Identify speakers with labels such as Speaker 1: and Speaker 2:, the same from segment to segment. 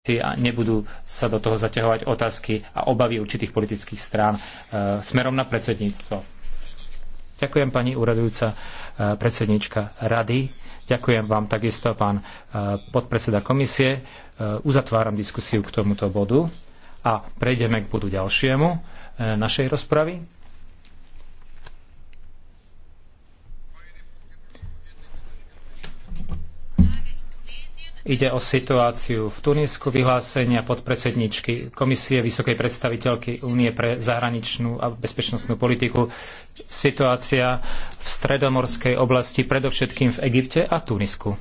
Speaker 1: a nebudú sa do toho zaťahovať otázky a obavy určitých politických strán e, smerom na predsedníctvo. Ďakujem pani úradujúca e, predsednička rady. Ďakujem vám takisto, pán e, podpredseda komisie. E, uzatváram diskusiu k tomuto bodu a prejdeme k bodu ďalšiemu e, našej rozpravy. Ide o situáciu v Tunisku, vyhlásenia podpredsedničky Komisie Vysokej predstaviteľky Únie pre zahraničnú a bezpečnostnú politiku, situácia v stredomorskej oblasti, predovšetkým
Speaker 2: v Egypte a Tunisku.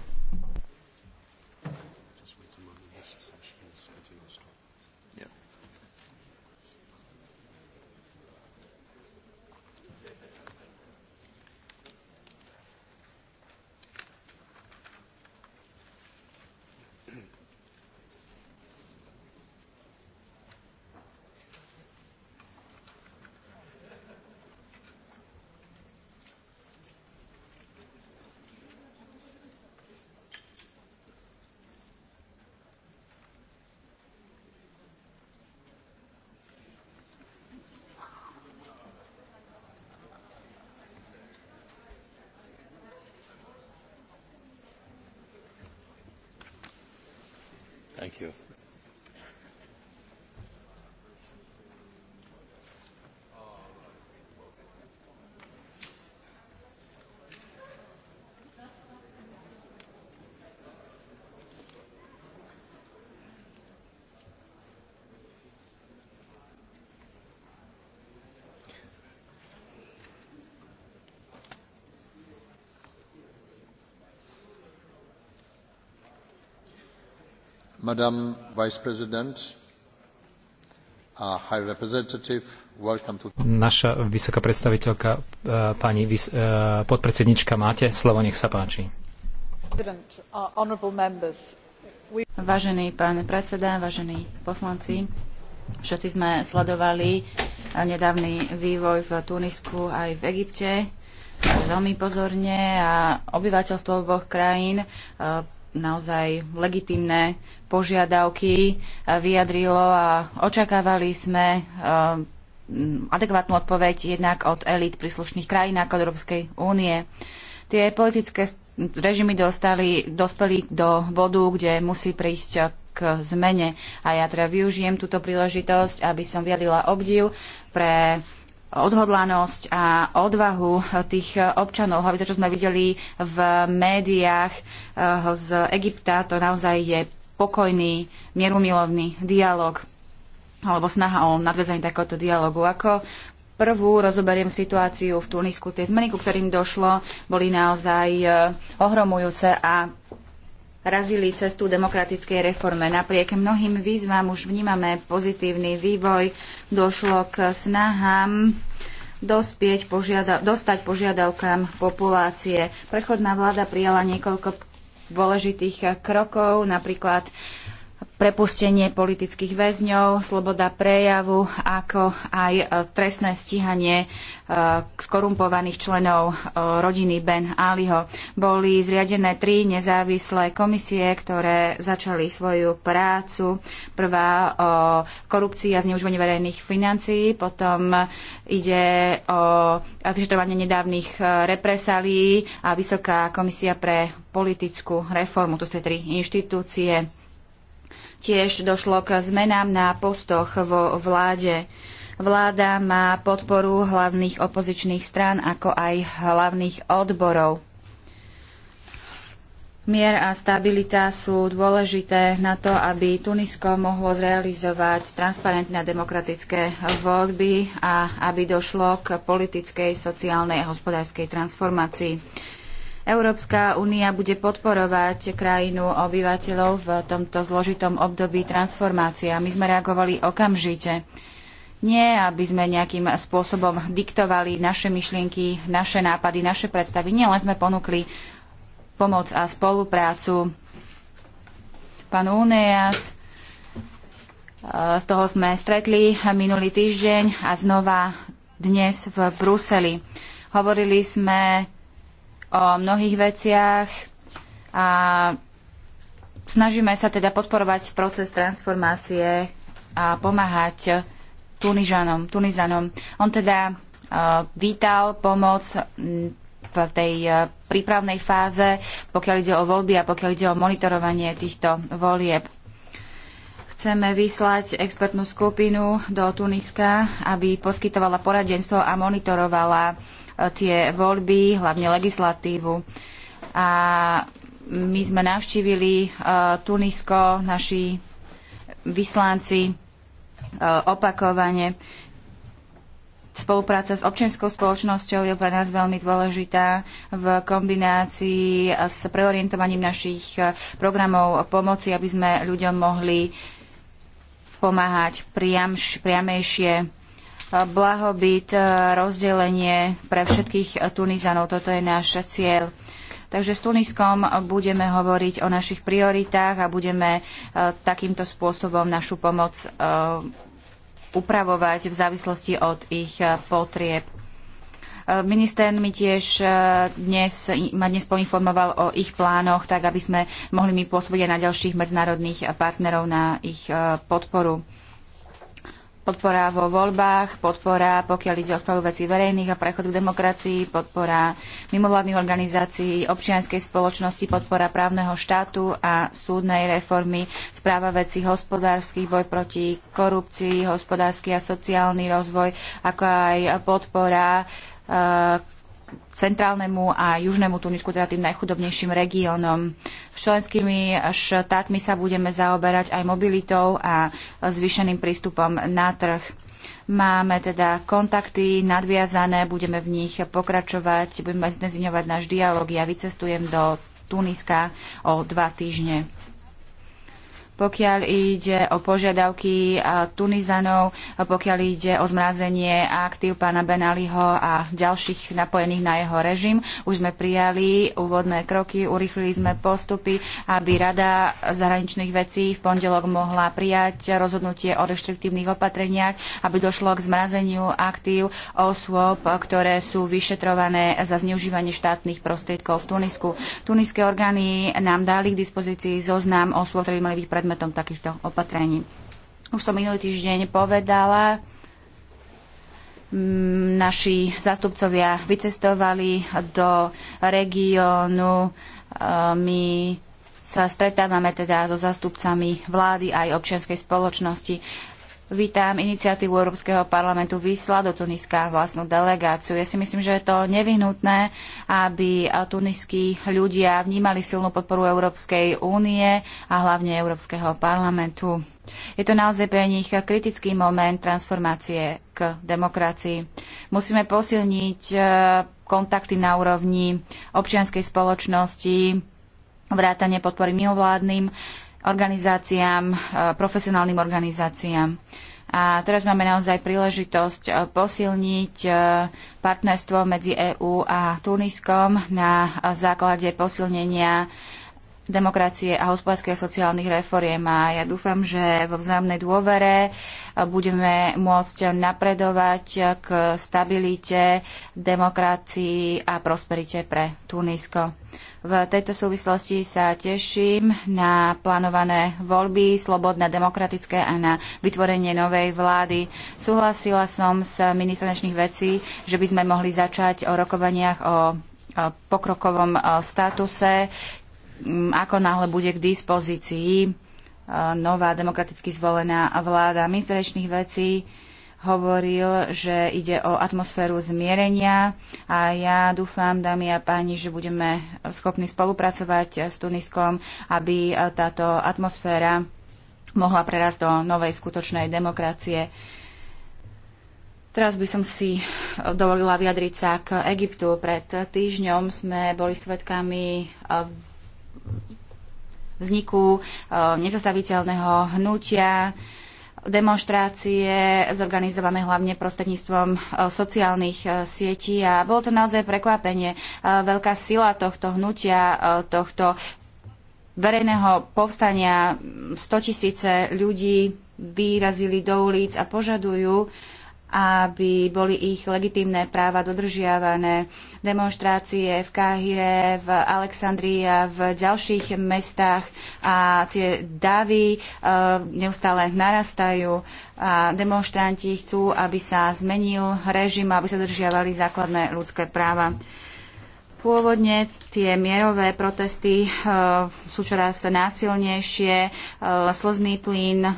Speaker 3: Vice President, High Representative, welcome to...
Speaker 1: Naša vysoká predstaviteľka, e, pani e, podpredsednička, máte slovo, nech sa
Speaker 4: páči.
Speaker 5: Uh,
Speaker 4: Vážený pán predseda, vážení poslanci, všetci sme sledovali uh, nedávny vývoj v Tunisku aj v Egypte uh, veľmi pozorne a obyvateľstvo oboch krajín naozaj legitimné požiadavky e, vyjadrilo a očakávali sme e, adekvátnu odpoveď jednak od elít príslušných krajín ako od Európskej únie. Tie politické režimy dostali, dospeli do bodu, kde musí prísť k zmene. A ja teda využijem túto príležitosť, aby som vyjadrila obdiv pre odhodlanosť a odvahu tých občanov, hlavne to, čo sme videli v médiách eh, z Egypta, to naozaj je pokojný, mierumilovný dialog alebo snaha o nadväzanie takéhoto dialogu. Ako prvú rozoberiem situáciu v Tunisku. Tie zmeny, ku ktorým došlo, boli naozaj eh, ohromujúce a razili cestu demokratickej reforme. Napriek mnohým výzvam už vnímame pozitívny vývoj, došlo k snahám dospieť požiada- dostať požiadavkám populácie. Prechodná vláda prijala niekoľko dôležitých krokov, napríklad prepustenie politických väzňov, sloboda prejavu, ako aj e, trestné stíhanie e, skorumpovaných členov e, rodiny Ben Aliho. Boli zriadené tri nezávislé komisie, ktoré začali svoju prácu. Prvá o korupcii a zneužívaní verejných financií, potom ide o vyšetrovanie nedávnych represálií a Vysoká komisia pre politickú reformu. To sú tie tri inštitúcie. Tiež došlo k zmenám na postoch vo vláde. Vláda má podporu hlavných opozičných strán, ako aj hlavných odborov. Mier a stabilita sú dôležité na to, aby Tunisko mohlo zrealizovať transparentné a demokratické voľby a aby došlo k politickej, sociálnej a hospodárskej transformácii. Európska únia bude podporovať krajinu obyvateľov v tomto zložitom období transformácie. My sme reagovali okamžite. Nie, aby sme nejakým spôsobom diktovali naše myšlienky, naše nápady, naše predstavy. Nie, len sme ponúkli pomoc a spoluprácu. Pán Uneas, z toho sme stretli minulý týždeň a znova dnes v Bruseli. Hovorili sme o mnohých veciach a snažíme sa teda podporovať proces transformácie a pomáhať Tunižanom, Tunizanom. On teda e, vítal pomoc v tej e, prípravnej fáze, pokiaľ ide o voľby a pokiaľ ide o monitorovanie týchto volieb. Chceme vyslať expertnú skupinu do Tuniska, aby poskytovala poradenstvo a monitorovala tie voľby, hlavne legislatívu. A my sme navštívili e, Tunisko, naši vyslanci e, opakovane. Spolupráca s občianskou spoločnosťou je pre nás veľmi dôležitá v kombinácii s preorientovaním našich e, programov pomoci, aby sme ľuďom mohli pomáhať priamejšie blahobyt, rozdelenie pre všetkých Tunizanov. Toto je náš cieľ. Takže s Tuniskom budeme hovoriť o našich prioritách a budeme e, takýmto spôsobom našu pomoc e, upravovať v závislosti od ich e, potrieb. Minister mi tiež dnes, ma dnes poinformoval o ich plánoch, tak aby sme mohli my pôsobiť aj na ďalších medzinárodných partnerov na ich podporu podpora vo voľbách, podpora pokiaľ ide o spravu vecí verejných a prechod k demokracii, podpora mimovládnych organizácií, občianskej spoločnosti, podpora právneho štátu a súdnej reformy, správa vecí hospodárskych, boj proti korupcii, hospodársky a sociálny rozvoj, ako aj podpora eh, centrálnemu a južnému Tunisku, teda tým najchudobnejším regiónom. S členskými štátmi sa budeme zaoberať aj mobilitou a zvýšeným prístupom na trh. Máme teda kontakty nadviazané, budeme v nich pokračovať, budeme zneziňovať náš dialog. Ja vycestujem do Tuniska o dva týždne pokiaľ ide o požiadavky Tunizanov, pokiaľ ide o zmrazenie aktív pána Benaliho a ďalších napojených na jeho režim. Už sme prijali úvodné kroky, urýchlili sme postupy, aby Rada zahraničných vecí v pondelok mohla prijať rozhodnutie o reštriktívnych opatreniach, aby došlo k zmrazeniu aktív osôb, ktoré sú vyšetrované za zneužívanie štátnych prostriedkov v Tunisku. Tuniské orgány nám dali k dispozícii zoznam osôb, ktorí mali byť predmetom predmetom takýchto opatrení. Už som minulý týždeň povedala, naši zástupcovia vycestovali do regiónu. My sa stretávame teda so zástupcami vlády aj občianskej spoločnosti. Vítam iniciatívu Európskeho parlamentu vyslať do Tuniska vlastnú delegáciu. Ja si myslím, že je to nevyhnutné, aby tuniskí ľudia vnímali silnú podporu Európskej únie a hlavne Európskeho parlamentu. Je to naozaj pre nich kritický moment transformácie k demokracii. Musíme posilniť e, kontakty na úrovni občianskej spoločnosti, vrátanie podpory mimovládnym organizáciám, e, profesionálnym organizáciám. A teraz máme naozaj príležitosť e, posilniť e, partnerstvo medzi EÚ a Tuniskom na základe posilnenia demokracie a hospodárskej a sociálnych reforiem a ja dúfam, že vo vzájomnej dôvere e, budeme môcť napredovať k stabilite, demokracii a prosperite pre Tunisko. V tejto súvislosti sa teším na plánované voľby, slobodné, demokratické a na vytvorenie novej vlády. Súhlasila som s ministerných vecí, že by sme mohli začať o rokovaniach o pokrokovom e, statuse Mm, ako náhle bude k dispozícii e, nová demokraticky zvolená vláda. ministerečných vecí hovoril, že ide o atmosféru zmierenia a ja dúfam, dámy a páni, že budeme schopní spolupracovať s Tuniskom, aby e, táto atmosféra mohla prerazť do novej skutočnej demokracie. Teraz by som si e, dovolila vyjadriť sa k Egyptu. Pred týždňom sme boli svedkami vzniku eh, nezastaviteľného hnutia, demonštrácie zorganizované hlavne prostredníctvom eh, sociálnych eh, sietí a bolo to naozaj prekvapenie. Veľká sila tohto hnutia, tohto verejného povstania 100 tisíce ľudí vyrazili do ulic a požadujú aby boli ich legitímne práva dodržiavané. Demonstrácie v Káhire, v Alexandrii a v ďalších mestách a tie davy e, neustále narastajú a demonstranti chcú, aby sa zmenil režim, aby sa dodržiavali základné ľudské práva. Pôvodne tie mierové protesty e, sú čoraz násilnejšie, e, slzný plyn, e,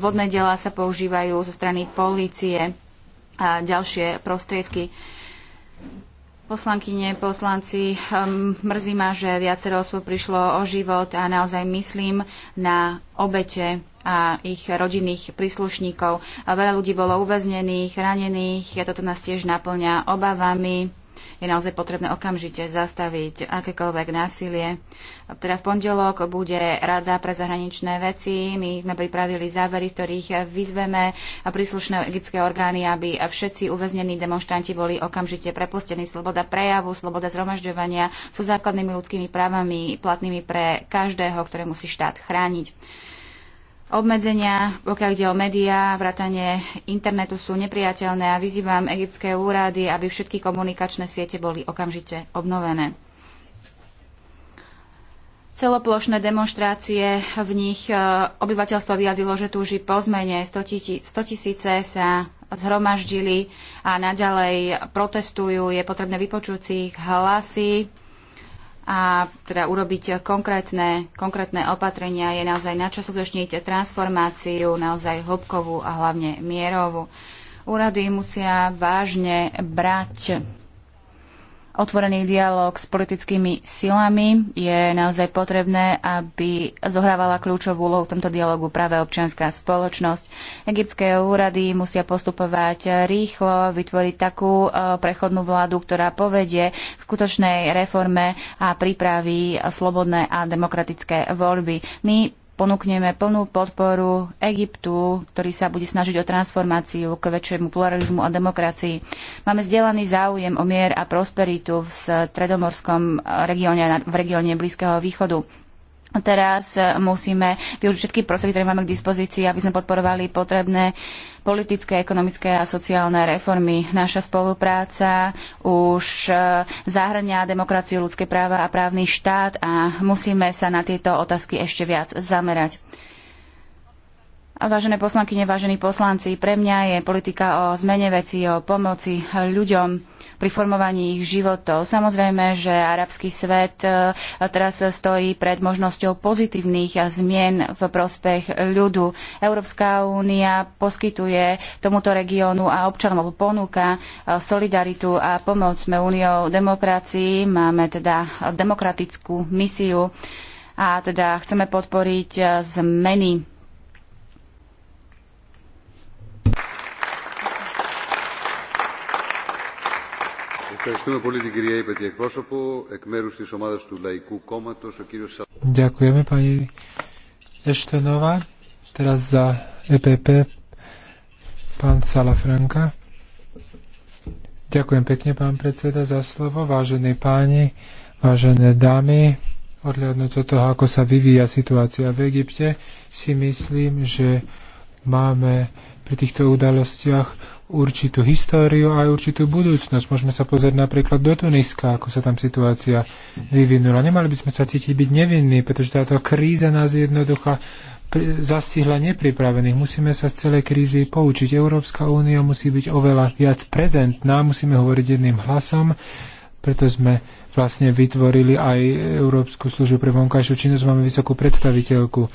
Speaker 4: vodné dela sa používajú zo strany polície a ďalšie prostriedky. Poslankyne, poslanci, ehm, mrzí ma, že viacero osôb prišlo o život a naozaj myslím na obete a ich rodinných príslušníkov. Veľa ľudí bolo uväznených, ranených a toto nás tiež naplňa obavami je naozaj potrebné okamžite zastaviť akékoľvek násilie. Teda v pondelok bude Rada pre zahraničné veci. My sme pripravili závery, v ktorých vyzveme príslušné egyptské orgány, aby všetci uväznení demonstranti boli okamžite prepustení. Sloboda prejavu, sloboda zhromažďovania sú základnými ľudskými právami platnými pre každého, ktoré musí štát chrániť. Obmedzenia, pokiaľ ide o médiá, vrátanie internetu sú nepriateľné a vyzývam egyptské úrady, aby všetky komunikačné siete boli okamžite obnovené. Celoplošné demonstrácie, v nich e, obyvateľstvo vyjadilo, že túži po zmene. 100 tisíce sa zhromaždili a naďalej protestujú. Je potrebné vypočuť ich hlasy a teda urobiť konkrétne, konkrétne opatrenia je naozaj na čas transformáciu, naozaj hĺbkovú a hlavne mierovú. Úrady musia vážne brať otvorený dialog s politickými silami. Je naozaj potrebné, aby zohrávala kľúčovú úlohu v tomto dialogu práve občianská spoločnosť. Egyptské úrady musia postupovať rýchlo, vytvoriť takú e, prechodnú vládu, ktorá povedie k skutočnej reforme a pripraví slobodné a demokratické voľby. My ponúkneme plnú podporu Egyptu, ktorý sa bude snažiť o transformáciu k väčšiemu pluralizmu a demokracii. Máme zdieľaný záujem o mier a prosperitu v stredomorskom regióne, v regióne Blízkeho východu. Teraz eh, musíme využiť všetky prostriedky, ktoré máme k dispozícii, aby sme podporovali potrebné politické, ekonomické a sociálne reformy. Naša spolupráca už eh, zahrňa demokraciu, ľudské práva a právny štát a musíme sa na tieto otázky ešte viac zamerať vážené poslankyne, vážení poslanci, pre mňa je politika o zmene veci, o pomoci ľuďom pri formovaní ich životov. Samozrejme, že arabský svet e, teraz stojí pred možnosťou pozitívnych zmien v prospech ľudu. Európska únia poskytuje tomuto regiónu a občanom ponúka e, solidaritu a pomoc. Sme úniou demokracií, máme teda demokratickú misiu a teda chceme podporiť e, zmeny
Speaker 1: Ďakujeme pani Eštenová. Teraz za EPP pán Salafranka. Ďakujem pekne, pán predseda, za slovo. Vážení páni, vážené dámy, odhľadnúť od toho, ako sa vyvíja situácia v Egypte, si myslím, že máme pri týchto udalostiach určitú históriu a aj určitú budúcnosť. Môžeme sa pozrieť napríklad do Tuniska, ako sa tam situácia vyvinula. Nemali by sme sa cítiť byť nevinní, pretože táto kríza nás jednoducho zastihla nepripravených. Musíme sa z celej krízy poučiť. Európska únia musí byť oveľa viac prezentná, musíme hovoriť jedným hlasom, preto sme vlastne vytvorili aj Európsku službu pre vonkajšiu činnosť, máme vysokú predstaviteľku.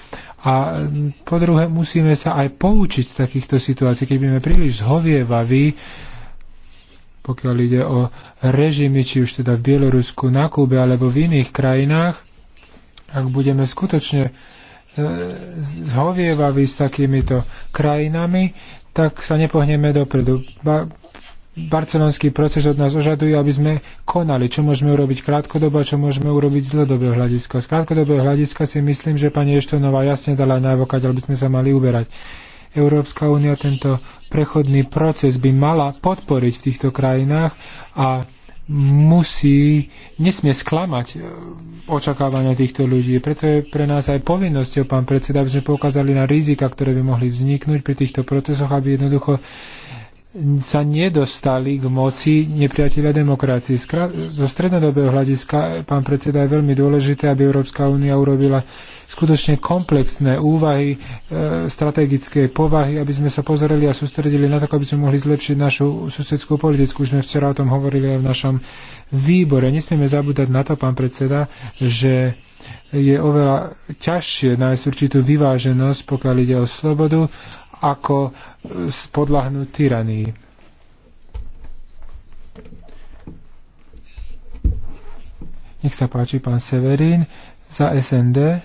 Speaker 1: A mm, po druhé, musíme sa aj poučiť z takýchto situácií, keď budeme príliš zhovievaví, pokiaľ ide o režimy, či už teda v Bielorusku, na Kube alebo v iných krajinách, ak budeme skutočne e, zhovievaví s takýmito krajinami, tak sa nepohneme dopredu barcelonský proces od nás ožaduje, aby sme konali, čo môžeme urobiť krátkodobo a čo môžeme urobiť z dlhodobého hľadiska. Z krátkodobého hľadiska si myslím, že pani Eštonová jasne dala najvokať, aby sme sa mali uberať. Európska únia tento prechodný proces by mala podporiť v týchto krajinách a musí, nesmie sklamať e, očakávania týchto ľudí. Preto je pre nás aj povinnosťou, pán predseda, aby sme poukázali na rizika, ktoré by mohli vzniknúť pri týchto procesoch, aby jednoducho sa nedostali k moci nepriateľa demokracie. Zo strednodobého hľadiska, pán predseda, je veľmi dôležité, aby Európska únia urobila skutočne komplexné úvahy e, strategickej povahy, aby sme sa pozreli a sústredili na to, aby sme mohli zlepšiť našu susedskú politiku. Už sme včera o tom hovorili aj v našom výbore. Nesmieme zabúdať na to, pán predseda, že je oveľa ťažšie nájsť určitú vyváženosť, pokiaľ ide o slobodu ako e, spodlahnúť tyranii. Nech sa páči, pán Severín, za SND.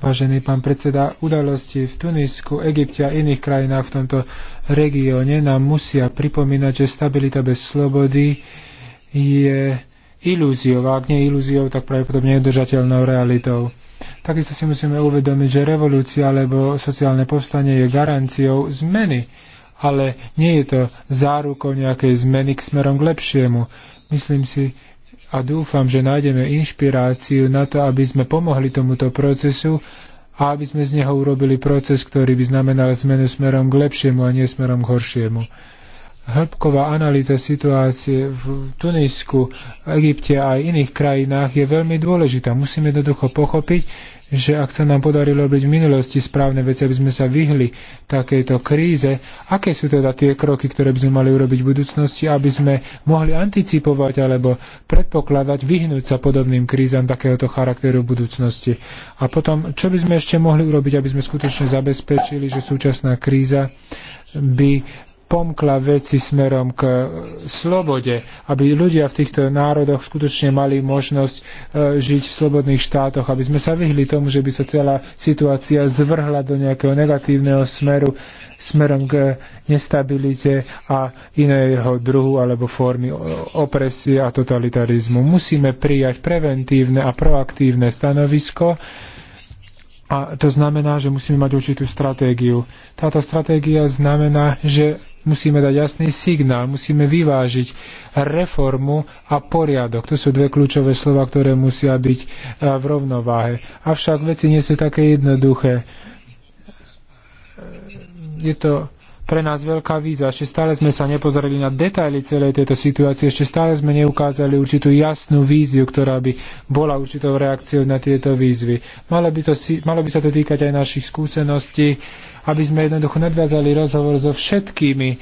Speaker 1: Vážený pán predseda, udalosti v Tunisku, Egypte a iných krajinách v tomto regióne nám musia pripomínať, že stabilita bez slobody je ilúziou, a ak nie ilúziou, tak pravdepodobne udržateľnou realitou. Takisto si musíme uvedomiť, že revolúcia alebo sociálne povstanie je garanciou zmeny, ale nie je to zárukou nejakej zmeny k smerom k lepšiemu. Myslím si a dúfam, že nájdeme inšpiráciu na to, aby sme pomohli tomuto procesu a aby sme z neho urobili proces, ktorý by znamenal zmenu smerom k lepšiemu a nie smerom k horšiemu hĺbková analýza situácie v Tunisku, Egypte a aj iných krajinách je veľmi dôležitá. Musíme jednoducho pochopiť, že ak sa nám podarilo robiť v minulosti správne veci, aby sme sa vyhli takejto kríze, aké sú teda tie kroky, ktoré by sme mali urobiť v budúcnosti, aby sme mohli anticipovať alebo predpokladať, vyhnúť sa podobným krízam takéhoto charakteru v budúcnosti. A potom, čo by sme ešte mohli urobiť, aby sme skutočne zabezpečili, že súčasná kríza by pomkla veci smerom k e, slobode, aby ľudia v týchto národoch skutočne mali možnosť e, žiť v slobodných štátoch, aby sme sa vyhli tomu, že by sa celá situácia zvrhla do nejakého negatívneho smeru, smerom k nestabilite a iného druhu alebo formy opresie a totalitarizmu. Musíme prijať preventívne a proaktívne stanovisko, a to znamená, že musíme mať určitú stratégiu. Táto stratégia znamená, že Musíme dať jasný signál, musíme vyvážiť reformu a poriadok. To sú dve kľúčové slova, ktoré musia byť e, v rovnováhe. Avšak veci nie sú také jednoduché. E, je to pre nás veľká víza. Ešte stále sme sa nepozreli na detaily celej tejto situácie, ešte stále sme neukázali určitú jasnú víziu, ktorá by bola určitou reakciou na tieto výzvy. Malo by, to, malo by sa to týkať aj našich skúseností aby sme jednoducho nadviazali rozhovor so všetkými e,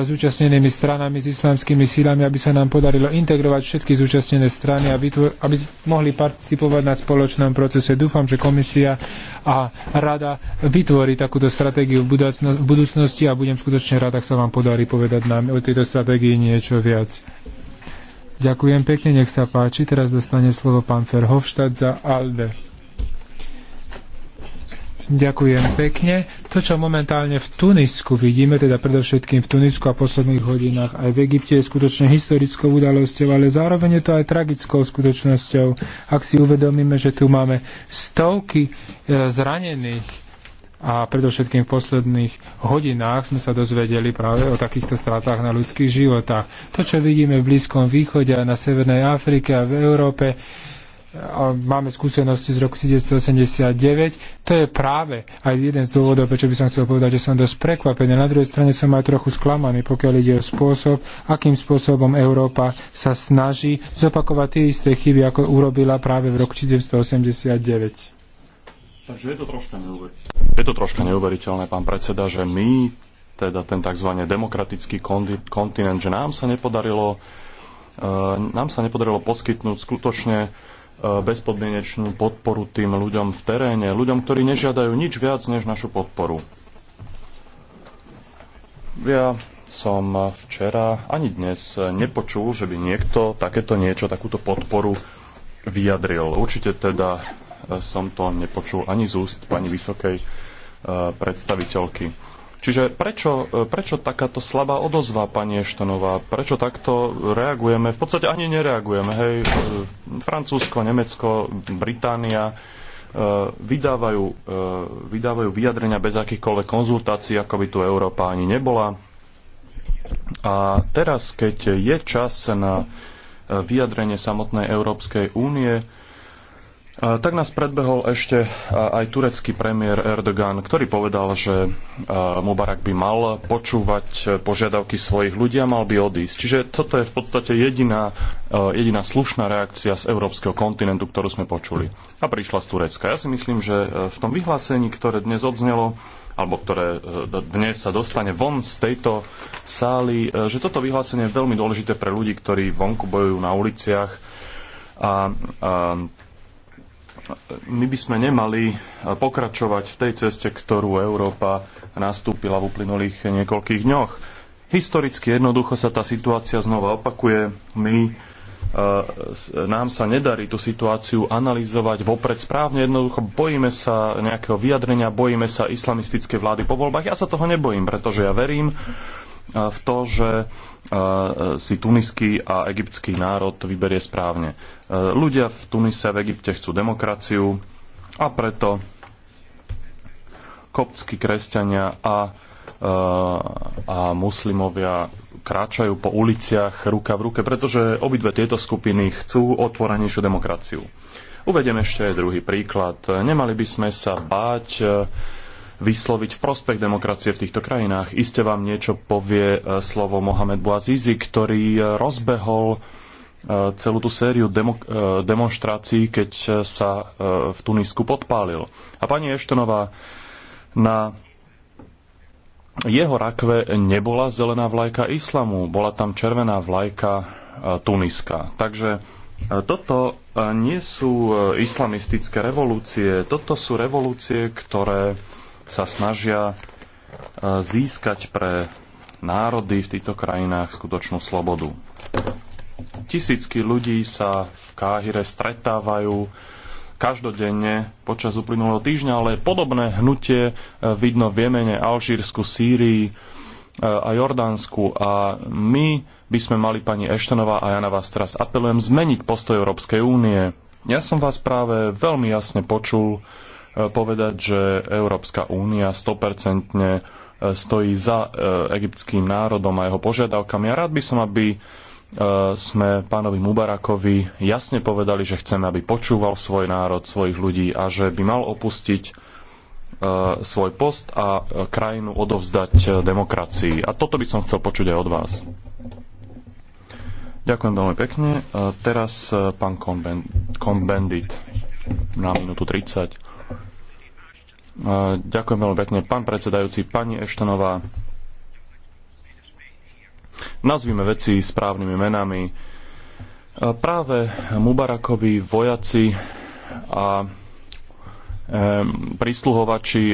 Speaker 1: zúčastnenými stranami, s islamskými sílami, aby sa nám podarilo integrovať všetky zúčastnené strany, aby, tu, aby mohli participovať na spoločnom procese. Dúfam, že komisia a rada vytvorí takúto stratégiu v, v budúcnosti a budem skutočne rád, ak sa vám podarí povedať nám o tejto stratégii niečo viac. Ďakujem pekne, nech sa páči. Teraz dostane slovo pán Ferhofštad za ALDE. Ďakujem pekne. To, čo momentálne v Tunisku vidíme, teda predovšetkým v Tunisku a posledných hodinách aj v Egypte, je skutočne historickou udalosťou, ale zároveň je to aj tragickou skutočnosťou, ak si uvedomíme, že tu máme stovky e, zranených a predovšetkým v posledných hodinách sme sa dozvedeli práve o takýchto stratách na ľudských životách. To, čo vidíme v Blízkom východe a na Severnej Afrike a v Európe, a máme skúsenosti z roku 1989. To je práve aj jeden z dôvodov, prečo by som chcel povedať, že som dosť prekvapený. Na druhej strane som aj trochu sklamaný, pokiaľ ide o spôsob, akým spôsobom Európa sa snaží zopakovať tie isté chyby, ako urobila práve v roku 1989.
Speaker 6: Takže je to troška neuveriteľné. Je to troška neuveriteľné, pán predseda, že my, teda ten tzv. demokratický kontinent, že nám sa nepodarilo e, nám sa nepodarilo poskytnúť skutočne E, bezpodmienečnú podporu tým ľuďom v teréne, ľuďom, ktorí nežiadajú nič viac než našu podporu. Ja som včera ani dnes nepočul, že by niekto takéto niečo, takúto podporu vyjadril. Určite teda e, som to nepočul ani z úst pani vysokej e, predstaviteľky. Čiže prečo, e, prečo takáto slabá odozva, pani Eštonová? Prečo takto reagujeme? V podstate ani nereagujeme. Hej, e, Francúzsko, Nemecko, Británia e, vydávajú, vydávajú vyjadrenia bez akýchkoľvek konzultácií, ako by tu Európa ani nebola. A teraz, keď je čas na vyjadrenie samotnej Európskej únie, tak nás predbehol ešte aj turecký premiér Erdogan, ktorý povedal, že Mubarak by mal počúvať e, požiadavky svojich ľudí a mal by odísť. Čiže toto je v podstate jediná, e, jediná slušná reakcia z európskeho kontinentu, ktorú sme počuli. A prišla z Turecka. Ja si myslím, že e, v tom vyhlásení, ktoré dnes odznelo, alebo ktoré dnes sa dostane von z tejto sály, že toto vyhlásenie je veľmi dôležité pre ľudí, ktorí vonku bojujú na uliciach a, a my by sme nemali eh, pokračovať v tej ceste, ktorú Európa nastúpila v uplynulých niekoľkých dňoch. Historicky jednoducho sa tá situácia znova opakuje. My, eh, nám sa nedarí tú situáciu analyzovať vopred správne. Jednoducho bojíme sa nejakého vyjadrenia, bojíme sa islamistickej vlády po voľbách. Ja sa toho nebojím, pretože ja verím, eh, v to, že si tuniský a egyptský národ vyberie správne. Ľudia v Tunise, v Egypte chcú demokraciu a preto koptskí kresťania a, a muslimovia kráčajú po uliciach ruka v ruke, pretože obidve tieto skupiny chcú otvorenejšiu demokraciu. Uvedem ešte aj druhý príklad. Nemali by sme sa báť e, vysloviť v prospech demokracie v týchto krajinách. Iste vám niečo povie e, slovo Mohamed Bouazizi, ktorý e, rozbehol E, celú tú sériu demo, e, demonstrácií, keď sa e, v Tunisku podpálil. A pani Eštonová, na jeho rakve nebola zelená vlajka islamu, bola tam červená vlajka Tuniska. Takže toto nie sú islamistické revolúcie, toto sú revolúcie, ktoré sa snažia získať pre národy v týchto krajinách skutočnú slobodu. Tisícky ľudí sa v Káhire stretávajú každodenne počas uplynulého týždňa, ale podobné hnutie e, vidno v Jemene, Alžírsku, Sýrii e, a Jordánsku. A my by sme mali, pani Eštenová, a ja na vás teraz apelujem, zmeniť postoj Európskej únie. Ja som vás práve veľmi jasne počul e, povedať, že Európska únia 100% stojí za egyptským národom a jeho požiadavkami. A rád by som, aby E, sme pánovi Mubarakovi jasne povedali, že chceme, aby počúval svoj národ, svojich ľudí a že by mal opustiť e, svoj post a e, krajinu odovzdať demokracii. A toto by som chcel počuť aj od vás. Ďakujem veľmi pekne. Teraz pán Konbendit na minútu 30. Ďakujem veľmi pekne. Pán predsedajúci, pani Eštenová, Nazvime veci správnymi menami. E, práve Mubarakovi vojaci a e, e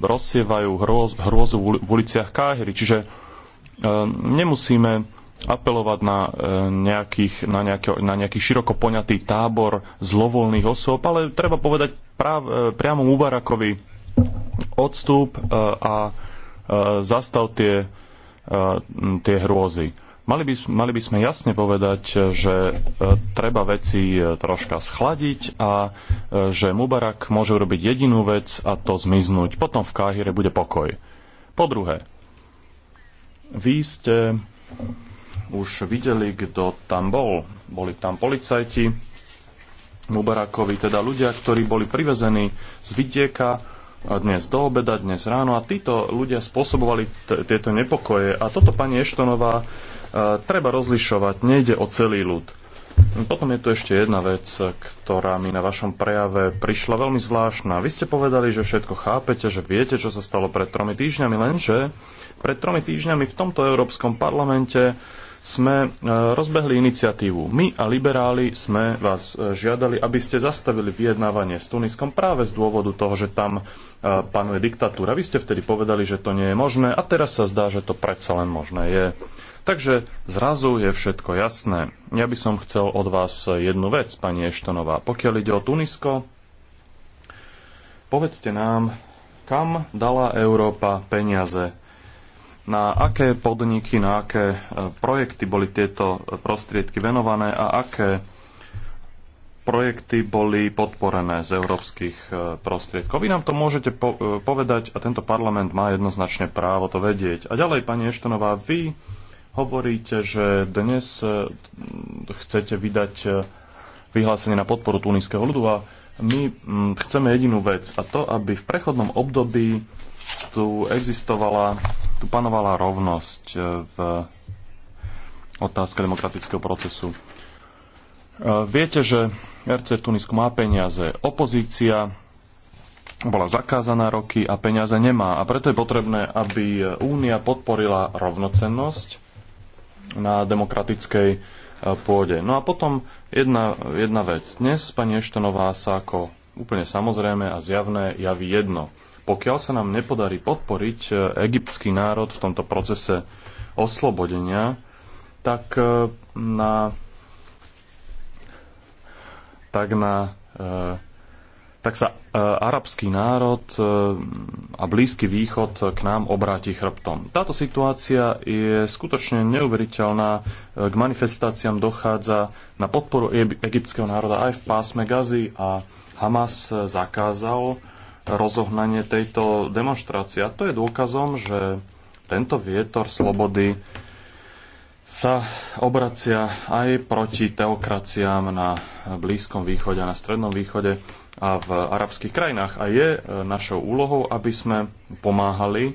Speaker 6: rozsievajú hrôz, hrôzu v uliciach Káhery. Čiže e, nemusíme apelovať na, nejakých, na, nejaký, na nejaký široko poňatý tábor zlovoľných osôb, ale treba povedať práv, priamo Mubarakovi odstup a zastav tie Eh, tie hrôzy. Mali by, mali by sme jasne povedať, že eh, treba veci eh, troška schladiť a že Mubarak môže urobiť jedinú vec a to zmiznúť. Potom v Káhire bude pokoj. Po druhé, vy ste už videli, kto tam bol. Boli tam policajti Mubarakovi, teda ľudia, ktorí boli privezení z vidieka dnes do obeda, dnes ráno a títo ľudia spôsobovali tieto nepokoje. A toto pani Eštonová e, treba rozlišovať, nejde o celý ľud. Potom je tu ešte jedna vec, ktorá mi na vašom prejave prišla veľmi zvláštna. Vy ste povedali, že všetko chápete, že viete, čo sa stalo pred tromi týždňami, lenže pred tromi týždňami v tomto Európskom parlamente sme e, rozbehli iniciatívu. My a liberáli sme vás e, žiadali, aby ste zastavili vyjednávanie s Tuniskom práve z dôvodu toho, že tam e, panuje diktatúra. Vy ste vtedy povedali, že to nie je možné a teraz sa zdá, že to predsa len možné je. Takže zrazu je všetko jasné. Ja by som chcel od vás jednu vec, pani Eštonová. Pokiaľ ide o Tunisko, povedzte nám, kam dala Európa peniaze na aké podniky, na aké e, projekty boli tieto e, prostriedky venované a aké projekty boli podporené z európskych e, prostriedkov. Vy nám to môžete povedať a tento parlament má jednoznačne právo to vedieť. A ďalej, pani Eštonová, vy hovoríte, že dnes chcete vydať vyhlásenie na podporu tunískeho ľudu a my chceme jedinú vec a to, aby v prechodnom období tu existovala tu panovala rovnosť e, v otázke demokratického procesu. E, viete, že RC v Tunisku má peniaze. Opozícia bola zakázaná roky a peniaze nemá. A preto je potrebné, aby Únia podporila rovnocennosť na demokratickej e, pôde. No a potom jedna, jedna vec. Dnes pani Eštonová sa ako úplne samozrejme a zjavné javí jedno – pokiaľ sa nám nepodarí podporiť e, egyptský národ v tomto procese oslobodenia, tak e, na, tak na e, tak sa arabský národ a Blízky východ k nám obráti chrbtom. Táto situácia je skutočne neuveriteľná. K manifestáciám dochádza na podporu egyptského národa aj v pásme Gazy a Hamas zakázal rozohnanie tejto demonstrácie. A to je dôkazom, že tento vietor slobody sa obracia aj proti teokraciám na Blízkom východe a na Strednom východe a v arabských krajinách. A je e, našou úlohou, aby sme pomáhali e,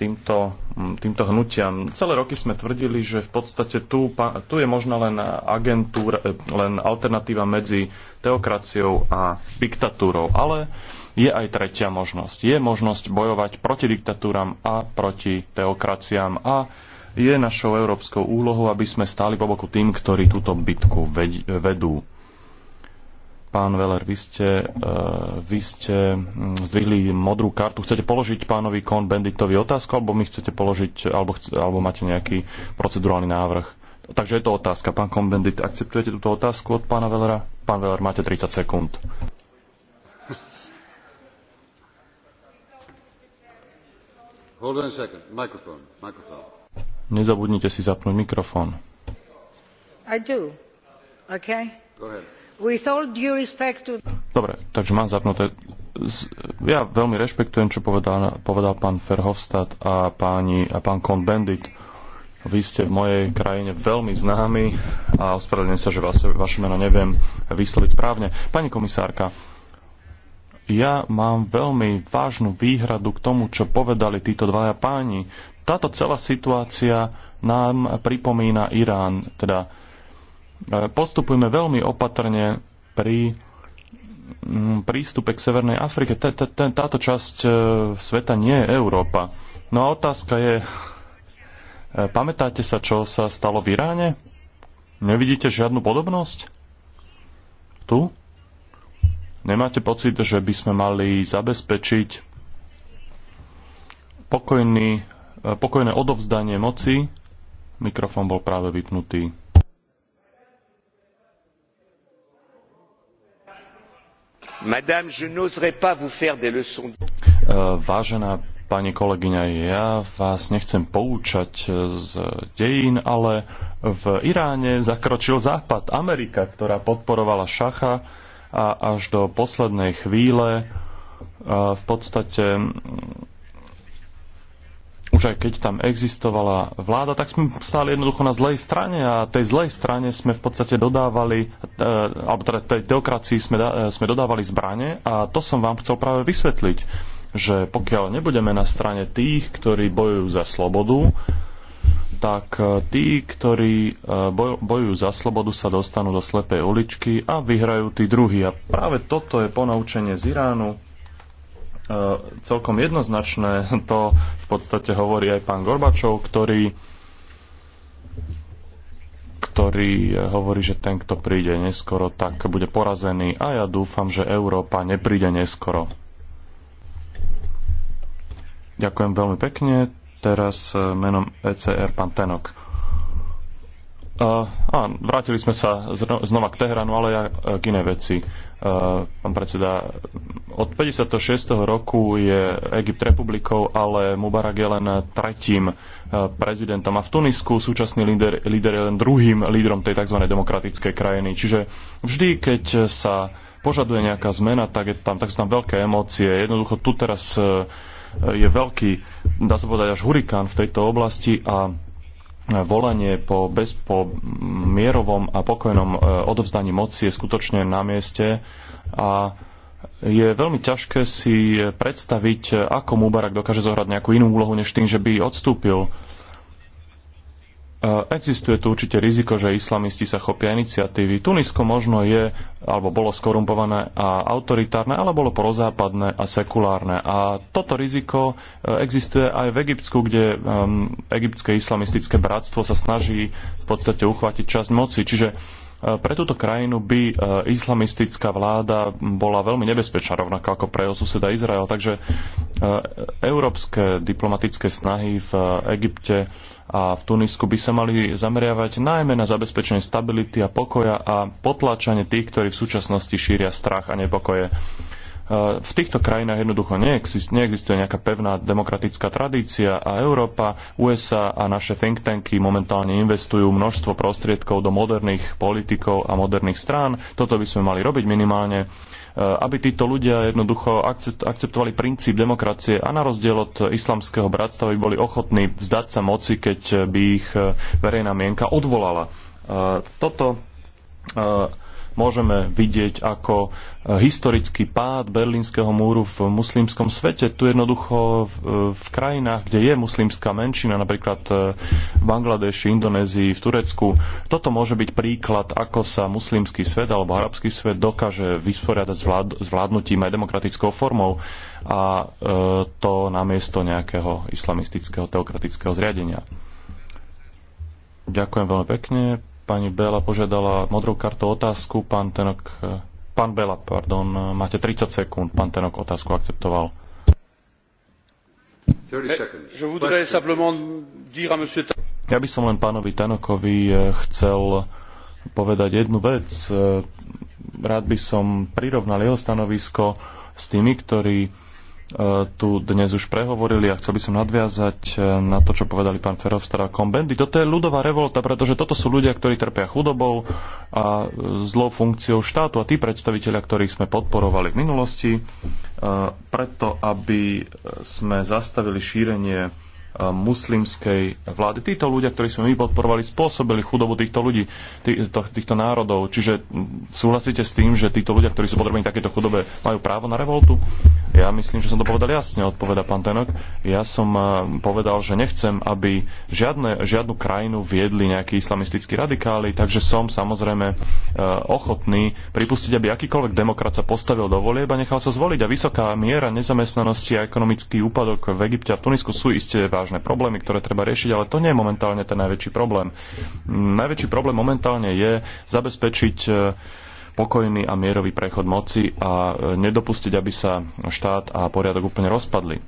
Speaker 6: týmto, týmto hnutiam. Celé roky sme tvrdili, že v podstate tu, tu je možná len agentúra, e, len alternatíva medzi teokraciou a diktatúrou. Ale je aj tretia možnosť. Je možnosť bojovať proti diktatúram a proti teokraciám a je našou európskou úlohou, aby sme stáli po boku tým, ktorí túto bitku vedú. Pán Veler, vy ste, eh, vy ste hm, zdvihli modrú kartu. Chcete položiť pánovi Kon Benditovi otázku, alebo my chcete položiť, alebo, alebo máte nejaký procedurálny návrh? Takže je to otázka. Pán Kon Bendit, akceptujete túto otázku od pána Vellera? Pán Veller máte 30 sekúnd. Nezabudnite si zapnúť mikrofón. Dobre, takže mám zapnuté. Ja veľmi rešpektujem, čo povedal, povedal pán Ferhofstadt a, páni, a pán Kohn-Bendit. Vy ste v mojej krajine veľmi známi a ospravedlňujem sa, že vaše, vaše meno neviem vysloviť správne. Pani komisárka, ja mám veľmi vážnu výhradu k tomu, čo povedali títo dvaja páni. Táto celá situácia nám pripomína Irán. Teda e, postupujme veľmi opatrne pri mm, prístupe k Severnej Afrike. Táto časť e, sveta nie je Európa. No a otázka je, e, pamätáte sa, čo sa stalo v Iráne? Nevidíte žiadnu podobnosť? Tu? Nemáte pocit, že by sme mali zabezpečiť pokojný, eh, pokojné odovzdanie moci? Mikrofón bol práve vypnutý.
Speaker 2: Madame, je n'oserais pas vous faire des leçons. Eh,
Speaker 6: vážená pani kolegyňa, ja vás nechcem poučať eh, z dejín, ale v Iráne zakročil Západ, Amerika, ktorá podporovala šacha, a až do poslednej chvíle v podstate už aj keď tam existovala vláda, tak sme stáli jednoducho na zlej strane a tej zlej strane sme v podstate dodávali, e, alebo teda tej teokracii sme, e, sme dodávali zbranie a to som vám chcel práve vysvetliť, že pokiaľ nebudeme na strane tých, ktorí bojujú za slobodu, tak e, tí, ktorí e, bojujú za slobodu, sa dostanú do slepej uličky a vyhrajú tí druhí. A práve toto je ponaučenie z Iránu. E, celkom jednoznačné to v podstate hovorí aj pán Gorbačov, ktorý ktorý hovorí, že ten, kto príde neskoro, tak bude porazený a ja dúfam, že Európa nepríde neskoro. Ďakujem veľmi pekne teraz e, menom ECR pán Tenok. Uh, e, áno, vrátili sme sa znova k Tehranu, ale aj e, k inej veci. Uh, pán predseda, od 56. roku je Egypt republikou, ale Mubarak je len tretím prezidentom. A v Tunisku súčasný líder, líder je len druhým lídrom tej tzv. demokratickej krajiny. Čiže vždy, keď sa požaduje nejaká zmena, tak je tam, tak sú tam veľké emócie. Jednoducho tu teraz uh, je veľký, dá sa povedať, až hurikán v tejto oblasti a volanie po, bez, po mierovom a pokojnom e, odovzdaní moci je skutočne na mieste a je veľmi ťažké si predstaviť, ako Mubarak dokáže zohrať nejakú inú úlohu, než tým, že by odstúpil. E, existuje tu určite riziko, že islamisti sa chopia iniciatívy. Tunisko možno je, alebo bolo skorumpované a autoritárne, ale bolo prozápadné a sekulárne. A toto riziko e, existuje aj v Egyptsku, kde um, egyptské islamistické bratstvo sa snaží v podstate uchvátiť časť moci. Čiže pre túto krajinu by e, islamistická vláda bola veľmi nebezpečná, rovnako ako pre jeho suseda Izrael. Takže e, európske diplomatické snahy v e, Egypte a v Tunisku by sa mali zameriavať najmä na zabezpečenie stability a pokoja a potláčanie tých, ktorí v súčasnosti šíria strach a nepokoje. Eh, v týchto krajinách jednoducho neexistuje, neexistuje nejaká pevná demokratická tradícia a Európa, USA a naše think tanky momentálne investujú množstvo prostriedkov do moderných politikov a moderných strán. Toto by sme mali robiť minimálne eh, aby títo ľudia jednoducho akceptovali princíp demokracie a na rozdiel od islamského bratstva by boli ochotní vzdať sa moci, keď by ich eh, verejná mienka odvolala. Toto môžeme vidieť ako e, historický pád berlínskeho múru v muslimskom svete. Tu jednoducho v e, krajinách, kde je muslimská menšina, napríklad e, v Bangladeši, Indonézii, v Turecku, toto môže byť príklad, ako sa muslimský svet alebo arabský svet dokáže vysporiadať s, vlád- s vládnutím aj demokratickou formou a to namiesto nejakého islamistického teokratického zriadenia. Ďakujem veľmi pekne. Pani Bela požiadala modrú kartu otázku. Pán Tenok, pán Bela, pardon, máte 30 sekúnd. Pán Tenok otázku akceptoval. Eh, ja by som len pánovi Tanokovi eh, chcel povedať jednu vec. Eh, rád by som prirovnal jeho stanovisko s tými, ktorí Eh, tu dnes už prehovorili a chcel by som nadviazať eh, na to, čo povedali pán Ferovstar a Kombendy. Toto je ľudová revolta, pretože toto sú ľudia, ktorí trpia chudobou a eh, zlou funkciou štátu a tí predstaviteľia, ktorých sme podporovali v minulosti, preto aby sme zastavili šírenie Eh, muslimskej vlády. Títo ľudia, ktorí sme my podporovali, spôsobili chudobu týchto ľudí, týchto, týchto národov. Čiže hm, súhlasíte s tým, že títo ľudia, ktorí sú podrobení takéto chudobe, majú právo na revoltu? Ja myslím, že som to povedal jasne, odpoveda pán Tenok. Ja som eh, povedal, že nechcem, aby žiadne, žiadnu krajinu viedli nejakí islamistickí radikáli, takže som samozrejme eh, ochotný pripustiť, aby akýkoľvek demokrat sa postavil do volieb a nechal sa zvoliť. A vysoká miera nezamestnanosti a ekonomický úpadok v Egypte a v Tunisku sú isté vážne problémy, ktoré treba riešiť, ale to nie je momentálne ten najväčší problém. Mm, najväčší problém momentálne je zabezpečiť e, pokojný a mierový prechod moci a e, nedopustiť, aby sa štát a poriadok úplne rozpadli.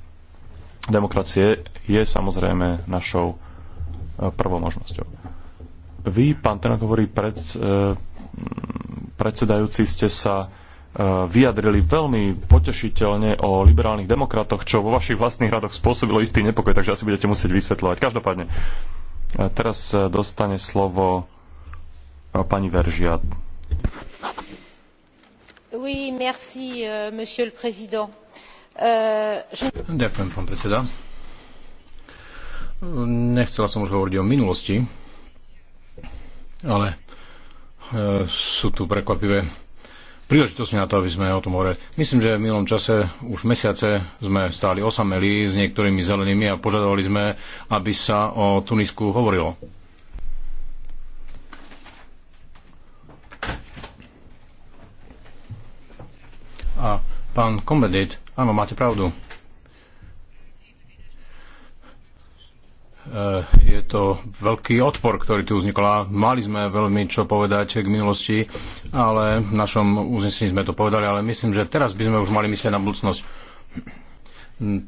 Speaker 6: Demokracie je samozrejme našou e, prvou možnosťou. Vy, pán Tenok, hovorí pred, predsedajúci, ste sa Eh, vyjadrili veľmi potešiteľne o liberálnych demokratoch, čo vo vašich vlastných radoch spôsobilo istý nepokoj, takže asi budete musieť vysvetľovať. Každopádne, eh, teraz eh, dostane slovo pani Veržiat.
Speaker 5: Oui, merci, monsieur le président. Uh, je...
Speaker 7: Ďakujem, pán predseda. Nechcela som už hovoriť o minulosti, ale uh, sú tu prekvapivé príležitosť na to, aby sme o tom hovorili. Myslím, že v minulom čase už mesiace sme stáli osameli s niektorými zelenými a požadovali sme, aby sa o Tunisku hovorilo. A pán Komedit, áno, máte pravdu. Eh, je to veľký odpor, ktorý tu vznikol. Mali sme veľmi čo povedať k minulosti, ale v našom uznesení sme to povedali, ale myslím, že teraz by sme už mali myslieť na budúcnosť.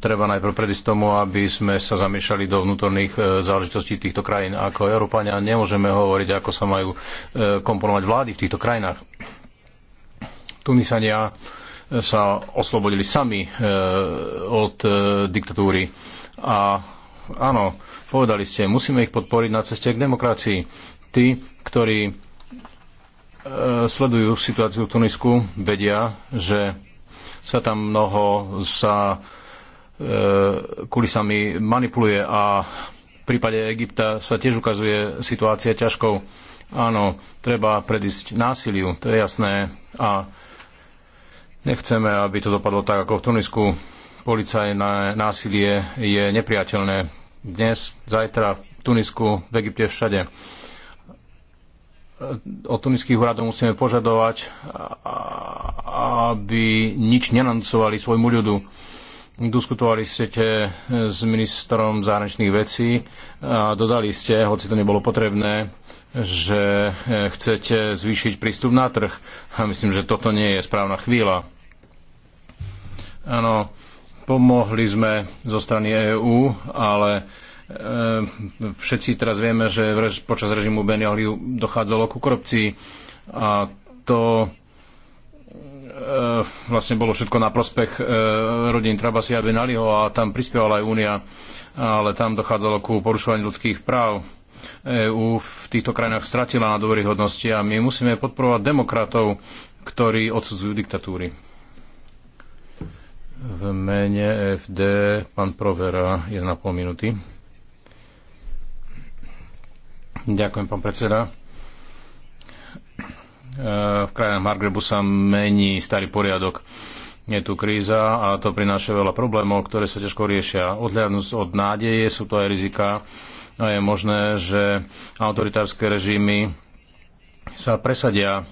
Speaker 7: Treba najprv predísť tomu, aby sme sa zamiešali do vnútorných eh, záležitostí týchto krajín. Ako Európania nemôžeme hovoriť, ako sa majú eh, komponovať vlády v týchto krajinách. Tunisania sa oslobodili sami od diktatúry a Áno, povedali ste, musíme ich podporiť na ceste k demokracii. Tí, ktorí e, sledujú situáciu v Tunisku, vedia, že sa tam mnoho sa e, kulisami manipuluje a v prípade Egypta sa tiež ukazuje situácia ťažkou. Áno, treba predísť násiliu, to je jasné a nechceme, aby to dopadlo tak ako v Tunisku policajné násilie je nepriateľné dnes, zajtra, v Tunisku, v Egypte, všade. Od tuniských úradov musíme požadovať, aby nič nenancovali svojmu ľudu. Diskutovali ste s ministrom zahraničných vecí a dodali ste, hoci to nebolo potrebné, že chcete zvýšiť prístup na trh. A myslím, že toto nie je správna chvíľa. Áno, Pomohli sme zo strany EÚ, ale e, všetci teraz vieme, že počas režimu Benialiu dochádzalo ku korupcii a to e, vlastne bolo všetko na prospech e, rodín Trabasia Ben Aliho a tam prispievala aj Únia, ale tam dochádzalo ku porušovaniu ľudských práv. EÚ v týchto krajinách stratila na dôveryhodnosti a my musíme podporovať demokratov, ktorí odsudzujú diktatúry. V mene FD pán Provera pol minúty. Ďakujem, pán predseda. E, v krajinách Margrebu sa mení starý poriadok. Je tu kríza a to prináša veľa problémov, ktoré sa ťažko riešia. Odhľadnúť od nádeje sú to aj rizika a je možné, že autoritárske režimy sa presadia e,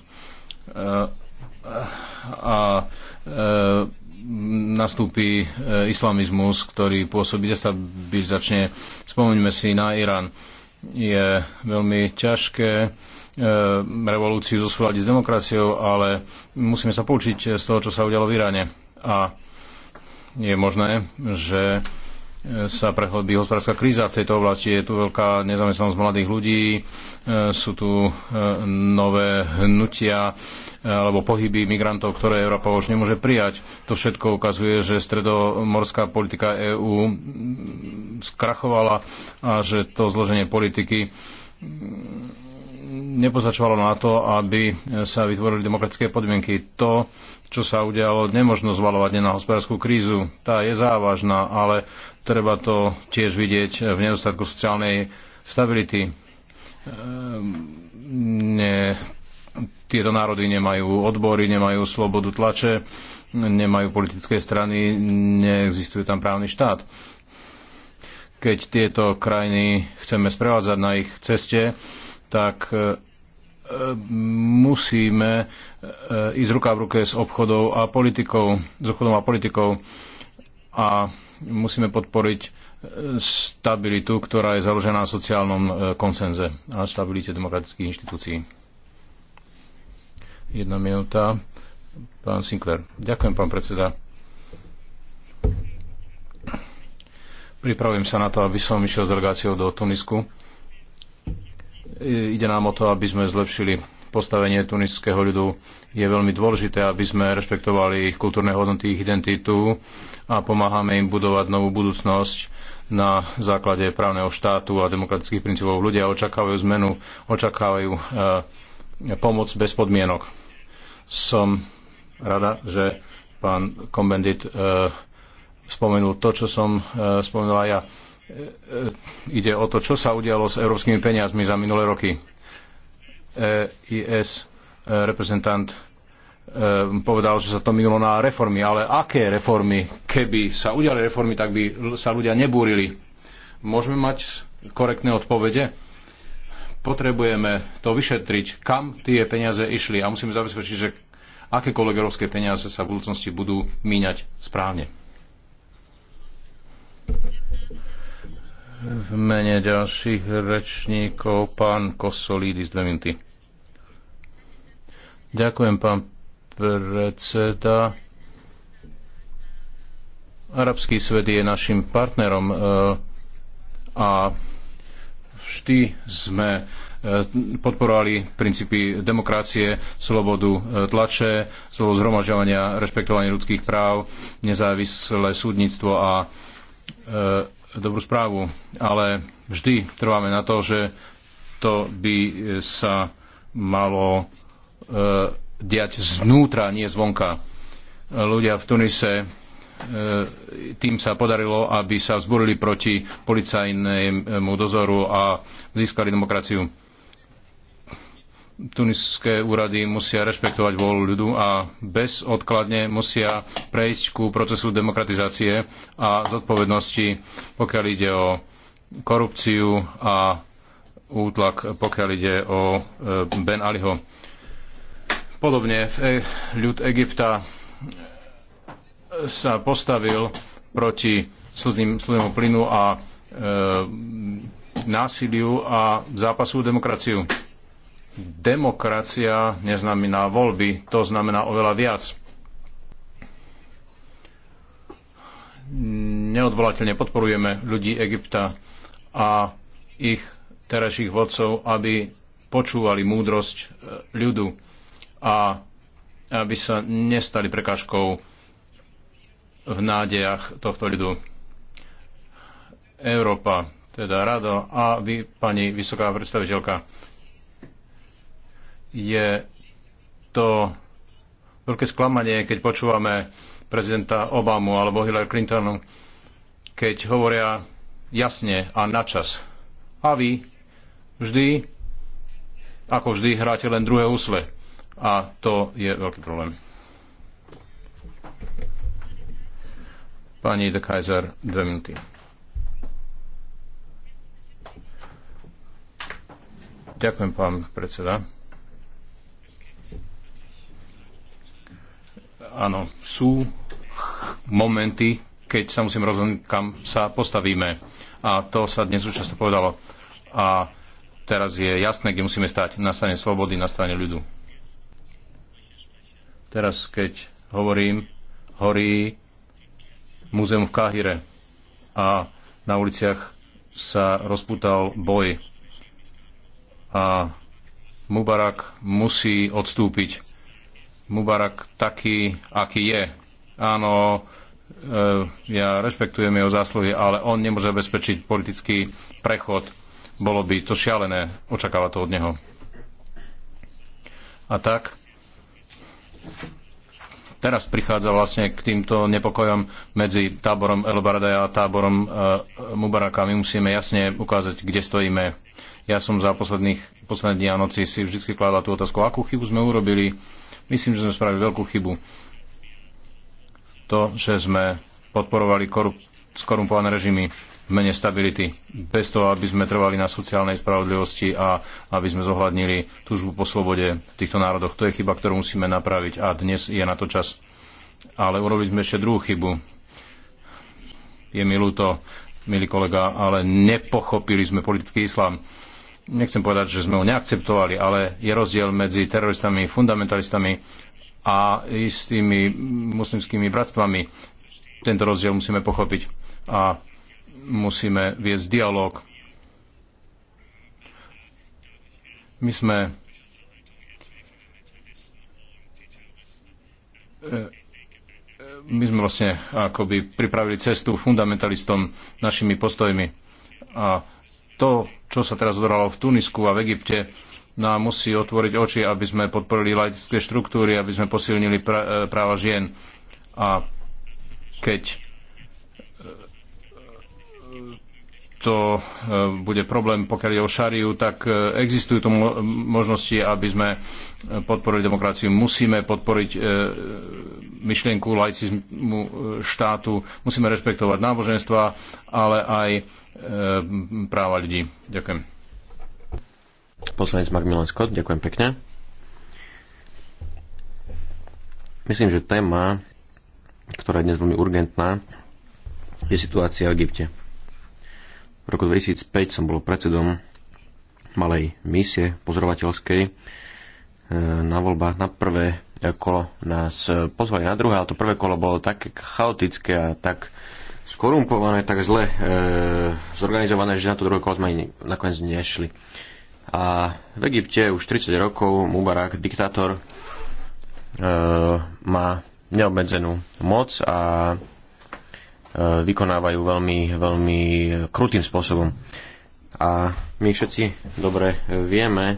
Speaker 7: a, a, e, a nastúpi e, islamizmus, ktorý pôsobí destabilizačne. Spomeňme si na Irán. Je veľmi ťažké e, revolúciu zosúľadiť s demokraciou, ale musíme sa poučiť z toho, čo sa udialo v Iráne. A je možné, že sa prehlbí hospodárska kríza v tejto oblasti. Je tu veľká nezamestnanosť mladých ľudí, e, sú tu e, nové hnutia e, alebo pohyby migrantov, ktoré Európa už nemôže prijať. To všetko ukazuje, že stredomorská politika EÚ skrachovala a že to zloženie politiky nepozačovalo na to, aby sa vytvorili demokratické podmienky. To, čo sa udialo, nemožno zvalovať na hospodárskú krízu. Tá je závažná, ale treba to tiež vidieť v nedostatku sociálnej stability. Ehm, ne, tieto národy nemajú odbory, nemajú slobodu tlače, nemajú politické strany, neexistuje tam právny štát. Keď tieto krajiny chceme sprevádzať na ich ceste, tak e, musíme e, ísť ruka v ruke s obchodou a politikou, s obchodom a politikou a musíme podporiť e, stabilitu, ktorá je založená na sociálnom e, konsenze a stabilite demokratických inštitúcií. Jedna minúta. Pán Sinclair. Ďakujem, pán predseda. Pripravím sa na to, aby som išiel s delegáciou do Tunisku. E, ide nám o to, aby sme zlepšili postavenie tuniského ľudu. Je veľmi dôležité, aby sme rešpektovali ich kultúrne hodnoty, ich identitu a pomáhame im budovať novú budúcnosť na základe právneho štátu a demokratických princípov. Ľudia očakávajú zmenu, očakávajú e, pomoc bez podmienok. Som rada, že pán Kombendit e, spomenul to, čo som e, spomenula ja. E, e, ide o to, čo sa udialo s európskymi peniazmi za minulé roky E IS e, reprezentant e, povedal, že sa to minulo na reformy. Ale aké reformy? Keby sa udiali reformy, tak by sa ľudia nebúrili. Môžeme mať korektné odpovede? Potrebujeme to vyšetriť, kam tie peniaze išli a musíme zabezpečiť, že akékoľvek európske peniaze sa v budúcnosti budú míňať správne. V mene ďalších rečníkov pán z dve minúty. Ďakujem, pán predseda. Arabský svet je našim partnerom e, a vždy sme e, podporovali princípy demokracie, slobodu e, tlače, slobodu zhromažďovania, rešpektovanie ľudských práv, nezávislé súdnictvo a e, dobrú správu. Ale vždy trváme na to, že to by sa malo E, diať znútra, nie zvonka. E, ľudia v Tunise e, tým sa podarilo, aby sa vzburili proti policajnému dozoru a získali demokraciu. Tuniské úrady musia rešpektovať vôľu ľudu a bezodkladne musia prejsť ku procesu demokratizácie a zodpovednosti, pokiaľ ide o korupciu a útlak, pokiaľ ide o Ben Aliho Podobne e- ľud Egypta sa postavil proti slznému plynu a e, násiliu a zápasu demokraciu. Demokracia neznamená voľby, to znamená oveľa viac. Neodvolateľne podporujeme ľudí Egypta a ich terajších vodcov, aby počúvali múdrosť e, ľudu a aby sa nestali prekážkou v nádejach tohto ľudu. Európa, teda Rado a vy, pani vysoká predstaviteľka, je to veľké sklamanie, keď počúvame prezidenta Obamu alebo Hillary Clintonu, keď hovoria jasne a načas. A vy vždy, ako vždy, hráte len druhé úsle. A to je veľký problém. Pani de Kaiser, dve minúty. Ďakujem, pán predseda. Áno, sú momenty, keď sa musím rozhodnúť, kam sa postavíme. A to sa dnes už často povedalo. A teraz je jasné, kde musíme stať. Na strane slobody, na strane ľudu. Teraz, keď hovorím, horí múzeum v Káhire a na uliciach sa rozputal boj a Mubarak musí odstúpiť. Mubarak taký, aký je. Áno, e, ja rešpektujem jeho zásluhy, ale on nemôže zabezpečiť politický prechod. Bolo by to šialené očakávať to od neho. A tak teraz prichádza vlastne k týmto nepokojom medzi táborom El Baradaja a táborom e, Mubaraka. My musíme jasne ukázať, kde stojíme. Ja som za posledných, posledné dní a noci si vždy kladla tú otázku, akú chybu sme urobili. Myslím, že sme spravili veľkú chybu. To, že sme podporovali korup- skorumpované režimy v mene stability, bez toho, aby sme trvali na sociálnej spravodlivosti a aby sme zohľadnili túžbu po slobode v týchto národoch. To je chyba, ktorú musíme napraviť a dnes je na to čas. Ale urobiť sme ešte druhú chybu. Je mi ľúto, milý kolega, ale nepochopili sme politický islám. Nechcem povedať, že sme ho neakceptovali, ale je rozdiel medzi teroristami, fundamentalistami a istými muslimskými bratstvami. Tento rozdiel musíme pochopiť. A musíme viesť dialog. My sme e, e, my sme vlastne akoby pripravili cestu fundamentalistom našimi postojmi. A to, čo sa teraz odhralo v Tunisku a v Egypte, nám musí otvoriť oči, aby sme podporili laické štruktúry, aby sme posilnili e, práva žien. A keď to e, bude problém, pokiaľ je o šariu, tak e, existujú to možnosti, aby sme podporili demokraciu. Musíme podporiť e, myšlienku laicizmu štátu, musíme rešpektovať náboženstva, ale aj práva ľudí. Ďakujem.
Speaker 8: Poslanec Macmillan Scott, ďakujem pekne. Myslím, že téma, ktorá je dnes veľmi urgentná, je situácia v Egypte v roku 2005 som bol predsedom malej misie pozorovateľskej e, na voľbách na prvé kolo nás e, pozvali na druhé, ale to prvé kolo bolo tak chaotické a tak skorumpované, tak zle e, zorganizované, že na to druhé kolo sme ani nakoniec nešli. A v Egypte už 30 rokov Mubarak, diktátor, e, má neobmedzenú moc a vykonávajú veľmi, veľmi krutým spôsobom. A my všetci dobre vieme, e,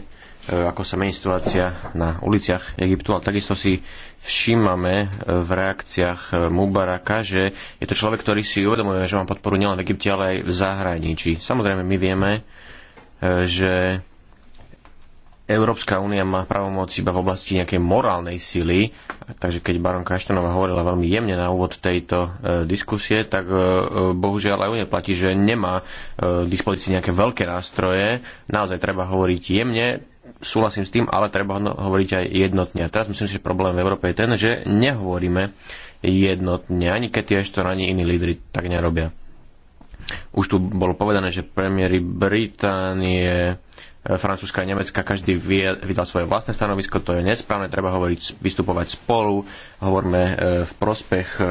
Speaker 8: ako sa mení situácia na uliciach Egyptu, ale takisto si všímame e, v reakciách e, Mubaraka, že je to človek, ktorý si uvedomuje, že má podporu nielen v Egypte, ale aj v zahraničí. Samozrejme, my vieme, že Európska únia má pravomoc iba v oblasti nejakej morálnej sily, takže keď baronka Aštenová hovorila veľmi jemne na úvod tejto e, diskusie, tak e, e bohužiaľ aj únie platí, že nemá e, k dispozícii nejaké veľké nástroje. Naozaj treba hovoriť jemne, súhlasím s tým, ale treba hovoriť aj jednotne. A teraz myslím si, že problém v Európe je ten, že nehovoríme jednotne, ani keď tiež to ani iní lídry tak nerobia. Už tu bolo povedané, že premiéry Británie, Francúzska a Nemecka, každý vydal svoje vlastné stanovisko, to je nesprávne, treba hovoriť, vystupovať spolu, hovorme e, v prospech e, e,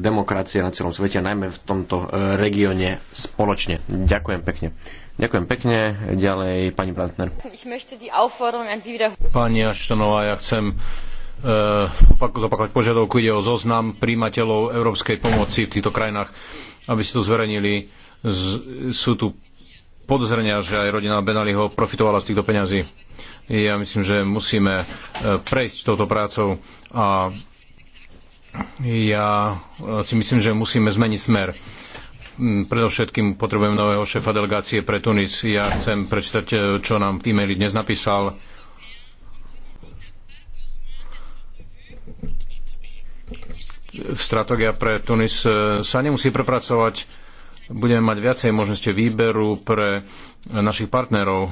Speaker 8: demokracie na celom svete, najmä v tomto regióne spoločne. Ďakujem pekne. Ďakujem
Speaker 7: pekne. Ďalej pani Brantner. Pani Aštonová, ja chcem uh, zopakovať požiadavku. Ide o zoznam príjmateľov európskej pomoci v týchto krajinách, aby ste to zverejnili. Z, sú tu podozrenia, že aj rodina Benaliho profitovala z týchto peňazí. Ja myslím, že musíme e, prejsť touto prácou a ja e, si myslím, že musíme zmeniť smer mm, predovšetkým potrebujem nového šéfa delegácie pre Tunis. Ja chcem prečítať, e, čo nám v e-maili dnes napísal. Stratégia pre Tunis sa nemusí prepracovať budeme mať viacej možnosti výberu pre našich partnerov,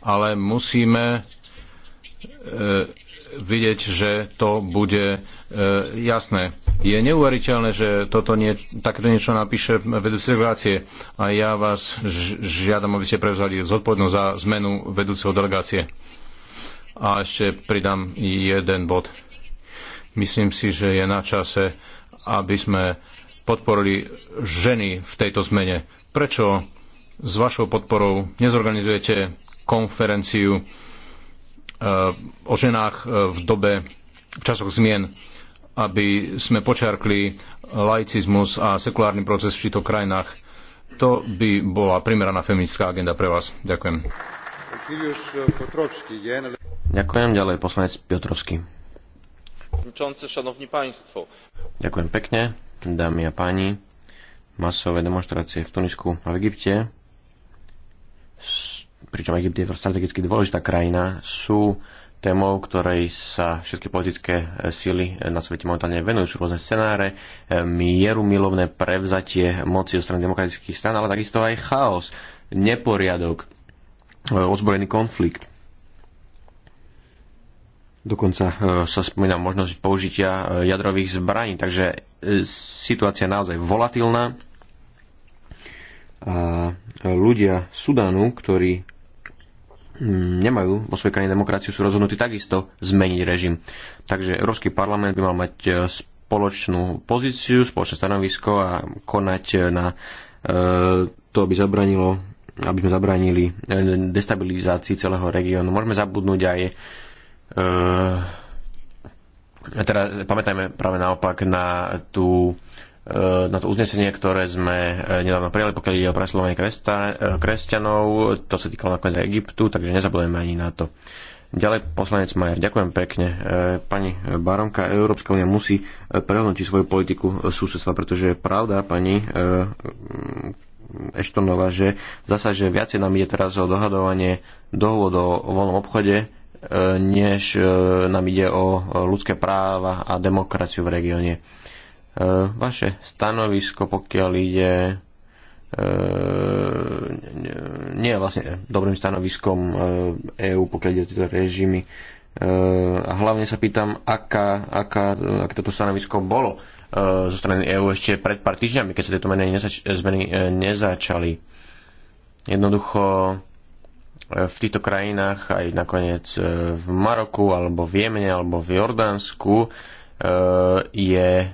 Speaker 7: ale musíme e, vidieť, že to bude e, jasné. Je neuveriteľné, že toto nie, takéto niečo napíše vedúci delegácie a ja vás žiadam, aby ste prevzali zodpovednosť za zmenu vedúceho delegácie. A ešte pridám jeden bod. Myslím si, že je na čase, aby sme podporili ženy v tejto zmene. Prečo s vašou podporou nezorganizujete konferenciu eh, o ženách eh, v dobe, v časoch zmien, aby sme počarkli laicizmus a sekulárny proces v týchto krajinách. To by bola primeraná feministická agenda pre vás. Ďakujem. Ďakujem ďalej, poslanec
Speaker 8: Piotrovský. Ďakujem pekne dámy a páni. Masové demonstrácie v Tunisku a v Egypte, pričom Egypt je strategicky dôležitá krajina, sú témou, ktorej sa všetky politické e, síly e, na svete momentálne venujú. Sú rôzne scenáre, e, mieru milovné prevzatie moci zo strany demokratických stran, ale takisto aj chaos, neporiadok, ozbrojený konflikt. Dokonca sa spomína možnosť použitia jadrových zbraní, takže situácia naozaj volatilná a ľudia Sudánu, ktorí mm, nemajú vo svojej krajine demokraciu, sú rozhodnutí takisto zmeniť režim. Takže Európsky parlament by mal mať e, spoločnú pozíciu, spoločné stanovisko a konať na e, to, aby zabranilo aby sme zabranili e, destabilizácii celého regiónu. Môžeme zabudnúť aj teda pamätajme práve naopak na tú e, na to uznesenie, ktoré sme e, nedávno prijali, pokiaľ ide o preslovenie e, kresťanov, to sa týkalo nakoniec aj Egyptu, takže nezabudujeme ani na to. Ďalej poslanec Majer, ďakujem pekne. Pani Baronka, Európska únia musí prehodnotiť svoju politiku susedstva, pretože je pravda, pani mm, Eštonová, že zasa, že viacej nám ide teraz o dohadovanie dohôd o voľnom obchode, než e, nám ide o ľudské práva a demokraciu v regióne. E, vaše stanovisko, pokiaľ ide e, nie je vlastne dobrým stanoviskom EÚ, pokiaľ ide tieto režimy. A hlavne sa pýtam, aká, aká, aké toto stanovisko bolo zo strany EÚ ešte pred pár týždňami, keď sa tieto zmeny nezačali. Jednoducho v týchto krajinách, aj nakoniec e, v Maroku, alebo v Jemene, alebo v Jordánsku e, je e,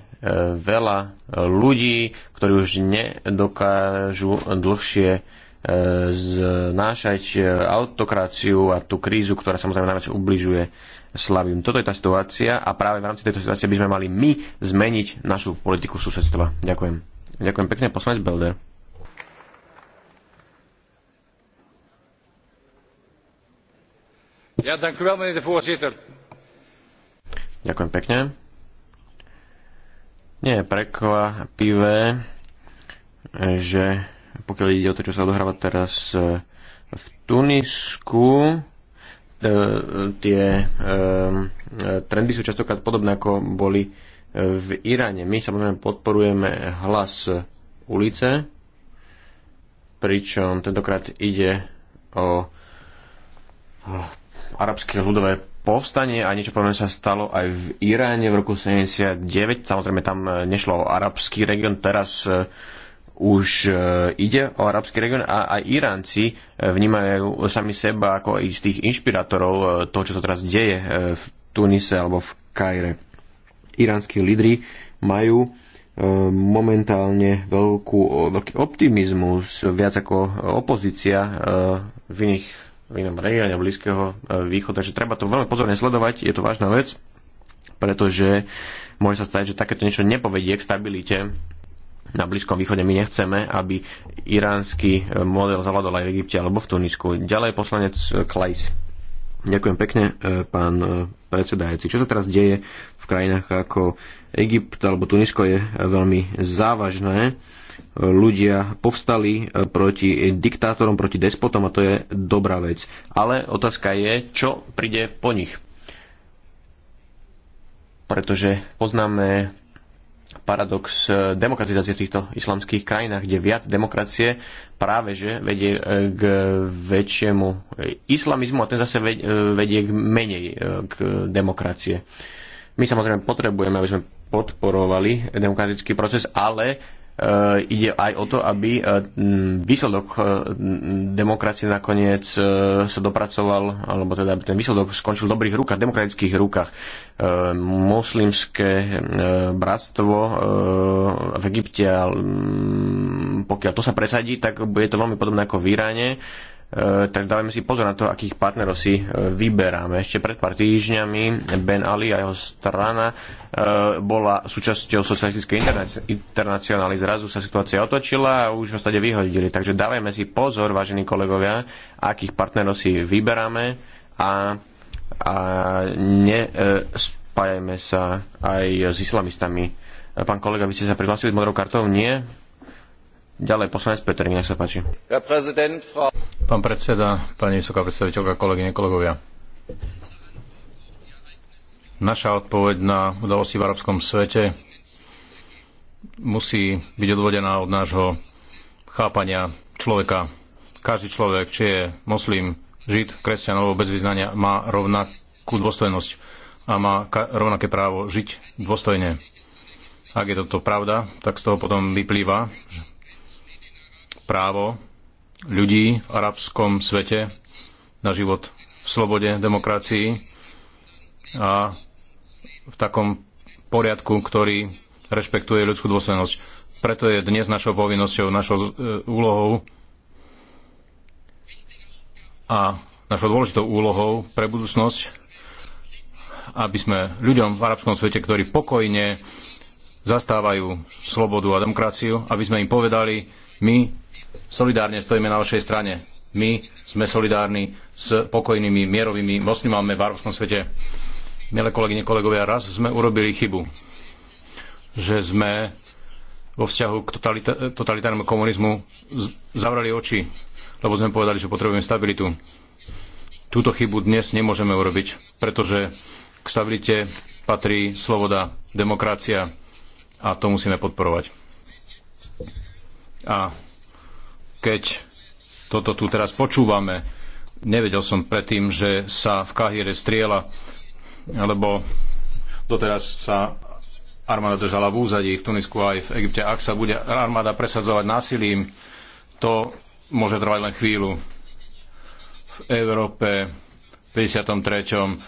Speaker 8: veľa ľudí, ktorí už nedokážu dlhšie znášať autokraciu a tú krízu, ktorá samozrejme najviac ubližuje slabým. Toto je tá situácia a práve v rámci tejto situácie by sme mali my zmeniť našu politiku susedstva. Ďakujem. Ďakujem pekne, poslanec Belder.
Speaker 1: ďakujem,
Speaker 8: Ďakujem pekne. Nie je prekvapivé, že pokiaľ ide o to, čo sa odohráva teraz e, v Tunisku, e, tie e, trendy sú častokrát podobné, ako boli v Iráne. My samozrejme podporujeme hlas ulice, pričom tentokrát ide o arabské ľudové povstanie a niečo podobné sa stalo aj v Iráne v roku 79. Samozrejme tam e, nešlo o arabský región, teraz e, už e, ide o arabský región a aj Iránci vnímajú sami seba ako istých inšpirátorov toho, čo sa teraz deje v Tunise alebo v Kajre. Iránsky lídry majú momentálne veľkú, veľký optimizmus, viac ako opozícia v iných v inom regióne Blízkeho e, východu. Takže treba to veľmi pozorne sledovať, je to vážna vec, pretože môže sa stať, že takéto niečo nepovedie k stabilite na Blízkom východe. My nechceme, aby iránsky e, model zavadol aj v Egypte alebo v Tunisku. Ďalej poslanec e, Klajs. Ďakujem pekne, pán predsedajúci. Čo sa teraz deje v krajinách ako Egypt alebo Tunisko je veľmi závažné ľudia povstali e, proti diktátorom, proti despotom a to je dobrá vec. Ale otázka je, čo príde po nich. Pretože poznáme paradox e, demokratizácie v týchto islamských krajinách, kde viac demokracie práve že vedie e, k väčšiemu islamizmu a ten zase vedie k menej k demokracie. My samozrejme potrebujeme, aby sme podporovali demokratický proces, ale E, ide aj o to, aby e, výsledok e, demokracie nakoniec sa dopracoval, alebo teda aby ten výsledok skončil v dobrých rukách, demokratických rukách. Moslimské bratstvo v Egypte, pokiaľ to sa presadí, tak je to veľmi podobné ako v Iráne Eh, takže dávame si pozor na to, akých partnerov si eh, vyberáme. Ešte pred pár týždňami Ben Ali a jeho strana eh, bola súčasťou socialistickej internacionály. Zrazu sa situácia otočila a už ho stade vyhodili. Takže dávajme si pozor, vážení kolegovia, akých partnerov si vyberáme a, a nespájajme sa aj s islamistami. Pán kolega, vy ste sa prihlásili
Speaker 7: s modrou kartou? Nie? Ďalej, poslanec Petering, nech sa páči. Pán predseda, pani vysoká predstaviteľka, kolegyne, kolegovia. Naša odpoveď na udalosti v arabskom svete musí byť odvodená od nášho chápania človeka. Každý človek, či je moslim, žid, kresťan alebo bez vyznania, má rovnakú dôstojnosť a má rovnaké právo žiť dôstojne. Ak je toto pravda, tak z toho potom vyplýva, právo ľudí v arabskom svete na život v slobode, demokracii a v takom poriadku, ktorý rešpektuje ľudskú dôslednosť. Preto je dnes našou povinnosťou, našou e, úlohou a našou dôležitou úlohou pre budúcnosť, aby sme ľuďom v arabskom svete, ktorí pokojne zastávajú slobodu a demokraciu, aby sme im povedali, my solidárne stojíme na vašej strane. My sme solidárni s pokojnými, mierovými moslimami v arabskom svete. Milé kolegyne, kolegovia, raz sme urobili chybu, že sme vo vzťahu k totalita- totalitárnemu komunizmu zavrali oči, lebo sme povedali, že potrebujeme stabilitu. Túto chybu dnes nemôžeme urobiť, pretože k stabilite patrí sloboda, demokracia a to musíme podporovať. A keď toto tu teraz počúvame. Nevedel som predtým, že sa v Kahire striela, lebo doteraz sa armáda držala v úzadí v Tunisku aj v Egypte. Ak sa bude armáda presadzovať násilím, to môže trvať len chvíľu. V Európe v 53.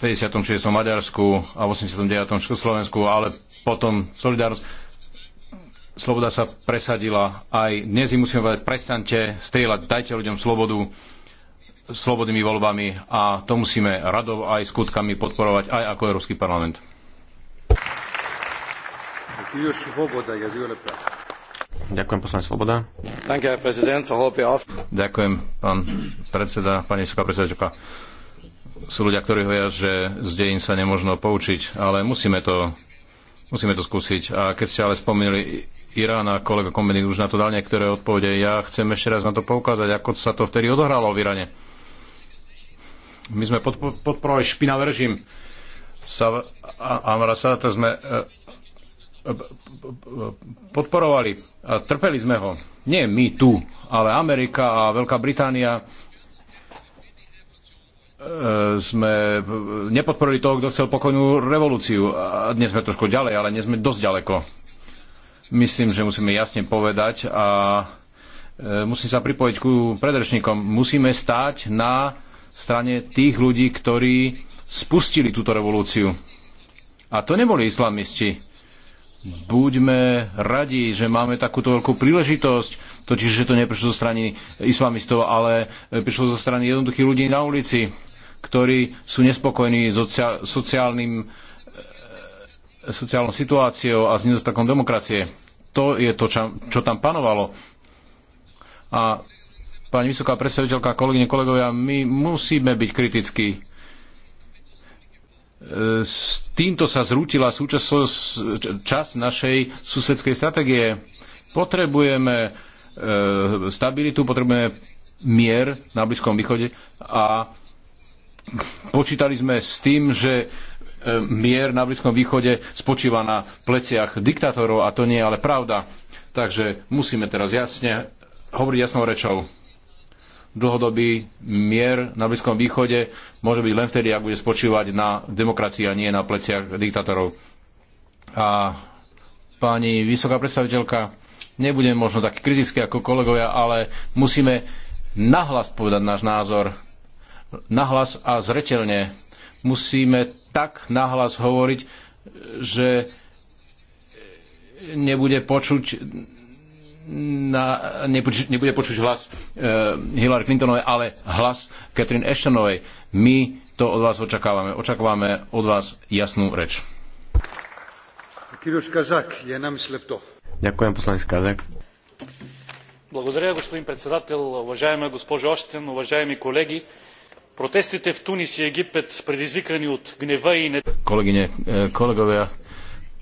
Speaker 7: 56. Maďarsku a 89. Československu, ale potom solidárnosť sloboda sa presadila. Aj dnes im musíme povedať, prestante strieľať, dajte ľuďom slobodu slobodnými voľbami a to musíme radov aj skutkami podporovať aj ako Európsky parlament. Ďakujem, poslanec Svoboda. Ďakujem, pán predseda, pani vysoká predsedačka. Sú ľudia, ktorí hovoria, že z dejín sa nemožno poučiť, ale musíme to, musíme to skúsiť. A keď ste ale spomenuli Irán a kolega Komedy už na to dal niektoré odpovede. Ja chcem ešte raz na to poukázať, ako sa to vtedy odohralo v Iráne. My sme podporovali špinavý režim. Sav, Amara Sadata sme e, e, podporovali a trpeli sme ho. Nie my tu, ale Amerika a Veľká Británia e, sme nepodporili toho, kto chcel pokojnú revolúciu. A dnes sme trošku ďalej, ale dnes sme dosť ďaleko myslím, že musíme jasne povedať a e, musím sa pripojiť ku predrečníkom. Musíme stáť na strane tých ľudí, ktorí spustili túto revolúciu. A to neboli islamisti. Buďme radi, že máme takúto veľkú príležitosť, totiž, že to neprišlo zo strany islamistov, ale e, prišlo zo strany jednoduchých ľudí na ulici, ktorí sú nespokojní so sociálnym sociálnou situáciou a s nedostatkom demokracie. To je to, čo, čo tam panovalo. A pani vysoká predstaviteľka, kolegyne, kolegovia, my musíme byť kritickí. E, s týmto sa zrútila časť našej susedskej stratégie. Potrebujeme e, stabilitu, potrebujeme mier na Blízkom východe a počítali sme s tým, že E, mier na Blízkom východe spočíva na pleciach diktátorov a to nie je ale pravda. Takže musíme teraz jasne hovoriť jasnou rečou. Dlhodobý mier na Blízkom východe môže byť len vtedy, ak bude spočívať na demokracii a nie na pleciach diktátorov. A pani vysoká predstaviteľka, nebudem možno taký kritický ako kolegovia, ale musíme nahlas povedať náš názor. Nahlas a zretelne musíme tak nahlas hovoriť, že nebude počuť na, nebude, nebude počuť hlas uh, Hillary Clintonovej, ale hlas Catherine Ashtonovej. My to od vás očakávame. Očakávame od vás jasnú reč.
Speaker 8: Ďakujem, poslanec Kazak.
Speaker 6: Благодаря, господин председател, уважаема госпожо Оштен, уважаеми колеги. Protestите в Тунис и Египет, предизвикани от гнева и...
Speaker 7: kolegovia,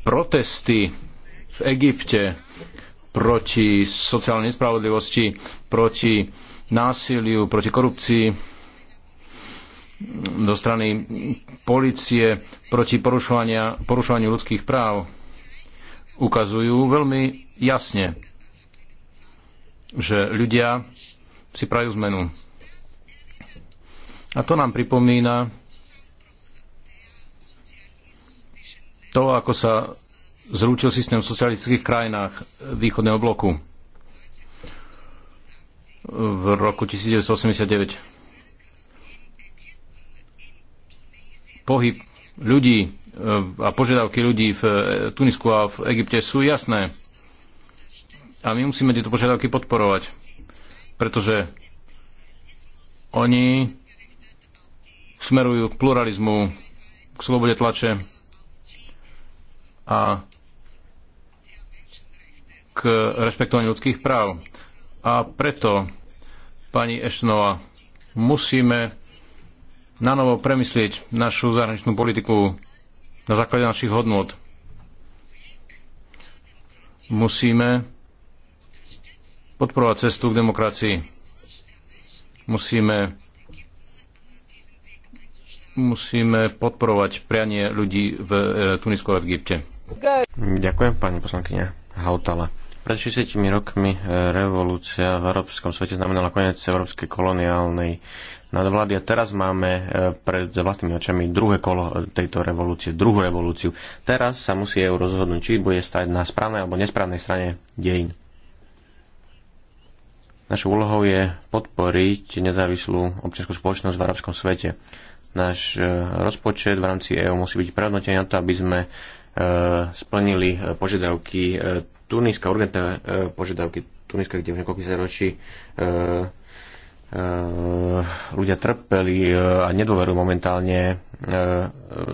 Speaker 7: protesty v Egypte proti sociálnej nespravodlivosti, proti násiliu, proti korupcii do strany policie, proti porušovaniu ľudských práv ukazujú veľmi jasne, že ľudia si prajú zmenu. A to nám pripomína to, ako sa zrúčil systém v socialistických krajinách východného bloku v roku 1989. Pohyb ľudí e, a požiadavky ľudí v e, Tunisku a v Egypte sú jasné. A my musíme tieto požiadavky podporovať, pretože oni smerujú k pluralizmu, k slobode tlače a k rešpektovaniu ľudských práv. A preto, pani Eštnova, musíme nanovo premyslieť našu zahraničnú politiku na základe našich hodnot. Musíme podporovať cestu k demokracii. Musíme musíme podporovať prianie ľudí v e, Tunisku a v Egypte.
Speaker 8: Ďakujem, pani poslankyňa Hautala. Pred 60 rokmi e, revolúcia v európskom svete znamenala koniec európskej koloniálnej nadvlády a teraz máme e, pred vlastnými očami druhé kolo tejto revolúcie, druhú revolúciu. Teraz sa musí EU rozhodnúť, či bude stať na správnej alebo nesprávnej strane dejín. Našou úlohou je podporiť nezávislú občianskú spoločnosť v arabskom svete náš e, rozpočet v rámci EÚ musí byť prehodnotený na to, aby sme e, splnili e, požiadavky Tuniska, urgentné požiadavky Tuniska, kde v niekoľkých ročí ľudia trpeli a nedôverujú momentálne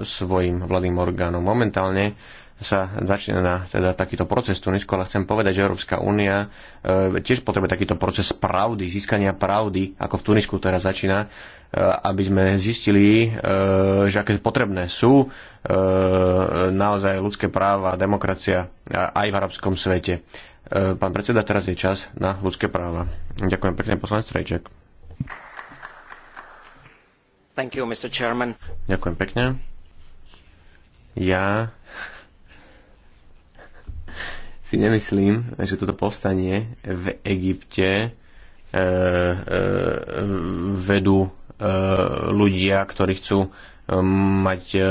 Speaker 8: svojim vládnym orgánom. Momentálne sa začína teda takýto proces Tunisko, ale chcem povedať, že Európska únia e, tiež potrebuje takýto proces pravdy, získania pravdy, ako v Tunisku teraz začína, Eh, aby sme zistili, eh, že aké potrebné sú eh, naozaj ľudské práva a demokracia aj v arabskom svete. Pán predseda, teraz je čas na ľudské práva. Ďakujem pekne, poslanec Strejček.
Speaker 5: Thank you, Mr. Chairman.
Speaker 8: Ďakujem pekne. Ja si nemyslím, že toto povstanie v Egypte e, e, vedú Eh, ľudia, ktorí chcú eh, mať eh,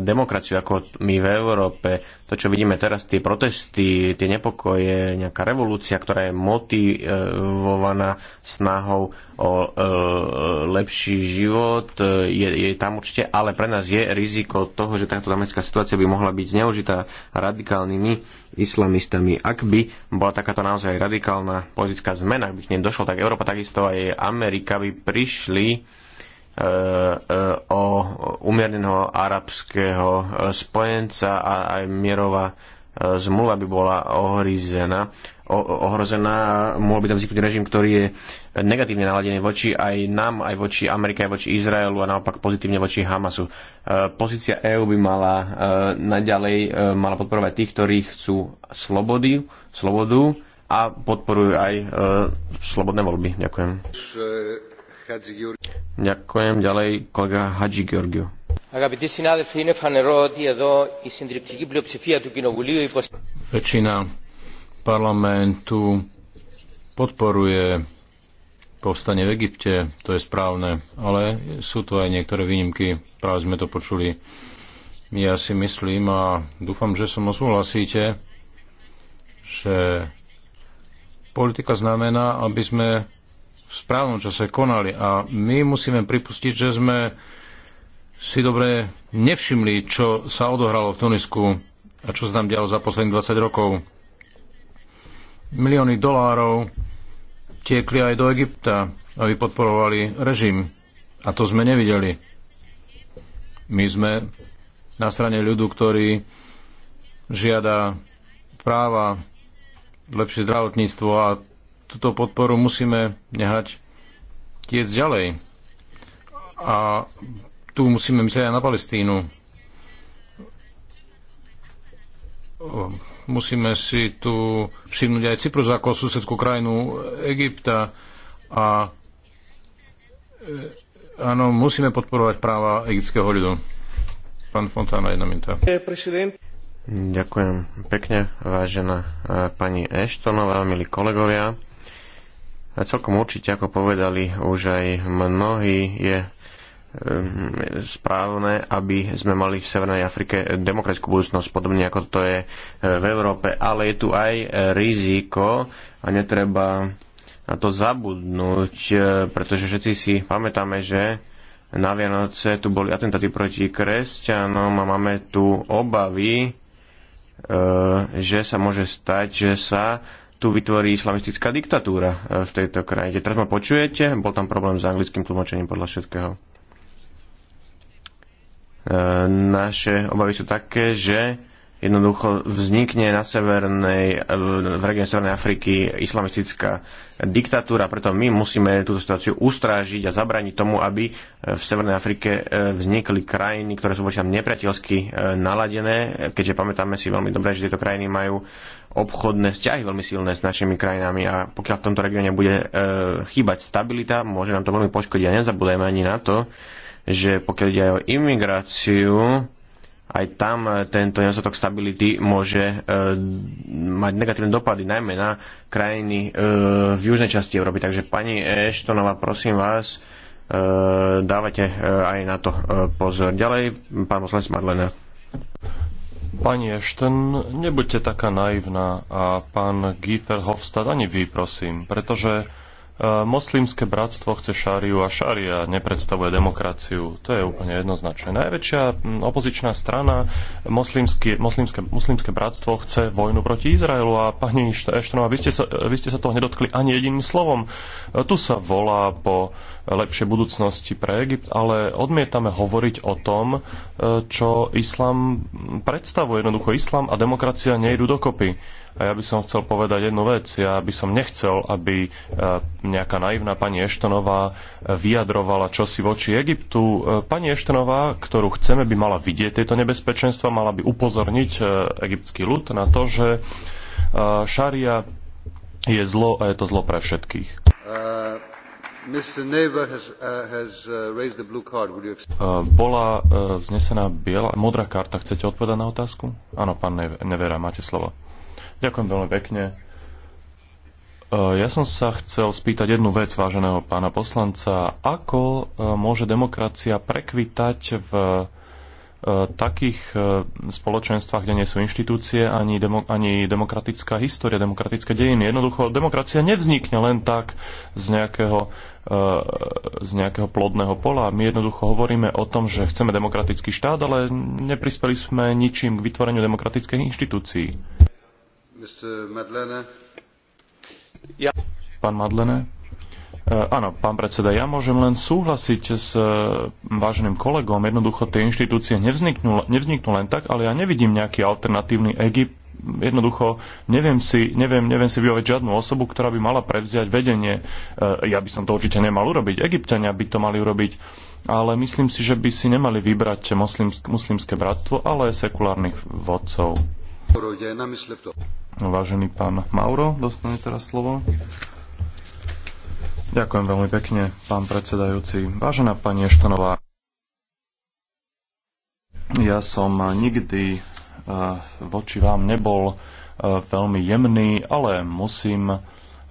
Speaker 8: demokraciu ako my v Európe. To, čo vidíme teraz, tie protesty, tie nepokoje, nejaká revolúcia, ktorá je motivovaná snahou o lepší život, je, je tam určite, ale pre nás je riziko toho, že táto americká situácia by mohla byť zneužitá radikálnymi islamistami. Ak by bola takáto naozaj radikálna politická zmena, ak by k nej došlo, tak Európa takisto aj Amerika by prišli o umierneného arabského spojenca a aj mierová e, zmluva by bola ohrizená, ohrozená a mohol by tam vzniknúť režim, ktorý je negatívne naladený voči aj nám, aj voči Amerike, aj voči Izraelu a naopak pozitívne voči Hamasu. E, pozícia EÚ by mala e, naďalej mala podporovať tých, ktorí chcú slobody, slobodu a podporujú aj slobodné voľby. Ďakujem. Ďakujem. Ďalej
Speaker 7: kolega Hadži Georgiu. Väčšina parlamentu podporuje povstanie v Egypte, to je správne, ale sú tu aj niektoré výnimky, práve sme to počuli. Ja si myslím a dúfam, že som súhlasíte, že politika znamená, aby sme v správnom čase konali. A my musíme pripustiť, že sme si dobre nevšimli, čo sa odohralo v Tunisku a čo sa tam dialo za posledných 20 rokov. Milióny dolárov tiekli aj do Egypta, aby podporovali režim. A to sme nevideli. My sme na strane ľudu, ktorý žiada práva, lepšie zdravotníctvo a túto podporu musíme nehať tiec ďalej. A tu musíme myslieť aj na Palestínu. Musíme si tu všimnúť aj Cyprus ako susedskú krajinu Egypta a e, áno, musíme podporovať práva egyptského ľudu. Pán Fontána, jedna minúta.
Speaker 8: Ďakujem pekne, vážená e, pani Eštonová, milí kolegovia. Celkom určite, ako povedali už aj mnohí, je ehm, správne, aby sme mali v Severnej Afrike demokratickú budúcnosť, podobne ako to je e, v Európe. Ale je tu aj riziko a netreba na to zabudnúť, e, pretože všetci si pamätáme, že na Vianoce tu boli atentáty proti kresťanom a máme tu obavy, e, že sa môže stať, že sa tu vytvorí islamistická diktatúra e, v tejto krajine. Teraz ma počujete? Bol tam problém s anglickým tlmočením podľa všetkého. E, naše obavy sú také, že jednoducho vznikne na severnej, v regióne Severnej Afriky islamistická diktatúra, preto my musíme túto situáciu ustrážiť a zabraniť tomu, aby e, v Severnej Afrike vznikli krajiny, ktoré sú voči nám nepriateľsky naladené, keďže pamätáme si veľmi dobre, že tieto krajiny majú obchodné vzťahy veľmi silné s našimi krajinami a pokiaľ v tomto regióne bude e, chýbať stabilita, môže nám to veľmi poškodiť. A nezabudajme ani na to, že pokiaľ ide aj o imigráciu, aj tam e, tento nedostatok stability môže e, mať negatívne dopady, najmä na krajiny e, v južnej časti Európy. Takže pani Eštonová, prosím vás, e, dávate e, aj
Speaker 6: na to e, pozor. Ďalej, pán poslanec Marlena. Pani Ešten, nebuďte taká naivná a pán Giefer Hofstad ani vy, prosím, pretože E, moslimské bratstvo chce šáriu a šária nepredstavuje demokraciu. To je úplne jednoznačné. Najväčšia opozičná strana moslimské, moslimské, moslimské bratstvo chce vojnu proti Izraelu a pani Eštonová, vy, ste sa, vy ste sa toho nedotkli ani jediným slovom. E, tu sa volá po lepšej budúcnosti pre Egypt, ale odmietame hovoriť o tom, e, čo islám predstavuje. Jednoducho islám a demokracia nejdu dokopy a ja by som chcel povedať jednu vec. Ja by som nechcel, aby e, nejaká naivná pani Eštonová vyjadrovala čosi voči Egyptu. E, pani Eštonová, ktorú chceme, by mala vidieť tieto nebezpečenstva, mala by upozorniť e, egyptský ľud na to, že šaria je zlo a je to zlo pre všetkých.
Speaker 3: Uh, uh, uh,
Speaker 6: bola vznesená biela, modrá karta. Chcete odpovedať na otázku? Áno, pán Nevera, máte slovo. Ďakujem veľmi pekne. E, ja som sa chcel spýtať jednu vec, váženého pána poslanca. Ako e, môže demokracia prekvitať v e, takých spoločenstvách, kde nie sú inštitúcie, ani, demo, ani demokratická história, demokratické dejiny. Jednoducho, demokracia nevznikne len tak z nejakého, z nejakého plodného pola. My jednoducho hovoríme o tom, že chceme demokratický štát, ale neprispeli sme ničím k vytvoreniu demokratických inštitúcií. Pán Madlene. E, áno, pán predseda, ja môžem len súhlasiť s e, váženým kolegom. Jednoducho tie inštitúcie nevzniknú, nevzniknú len tak, ale ja nevidím nejaký alternatívny Egypt. Jednoducho neviem si, neviem, neviem si vyhovať žiadnu osobu, ktorá by mala prevziať vedenie. E, ja by som to určite nemal urobiť. Egyptania by to mali urobiť. Ale myslím si, že by si nemali vybrať muslimské bratstvo, ale sekulárnych vodcov. No, vážený pán Mauro, dostane teraz slovo. Ďakujem veľmi pekne, pán predsedajúci. Vážená pani Eštanová, ja som nikdy eh, voči vám nebol eh, veľmi jemný, ale musím eh,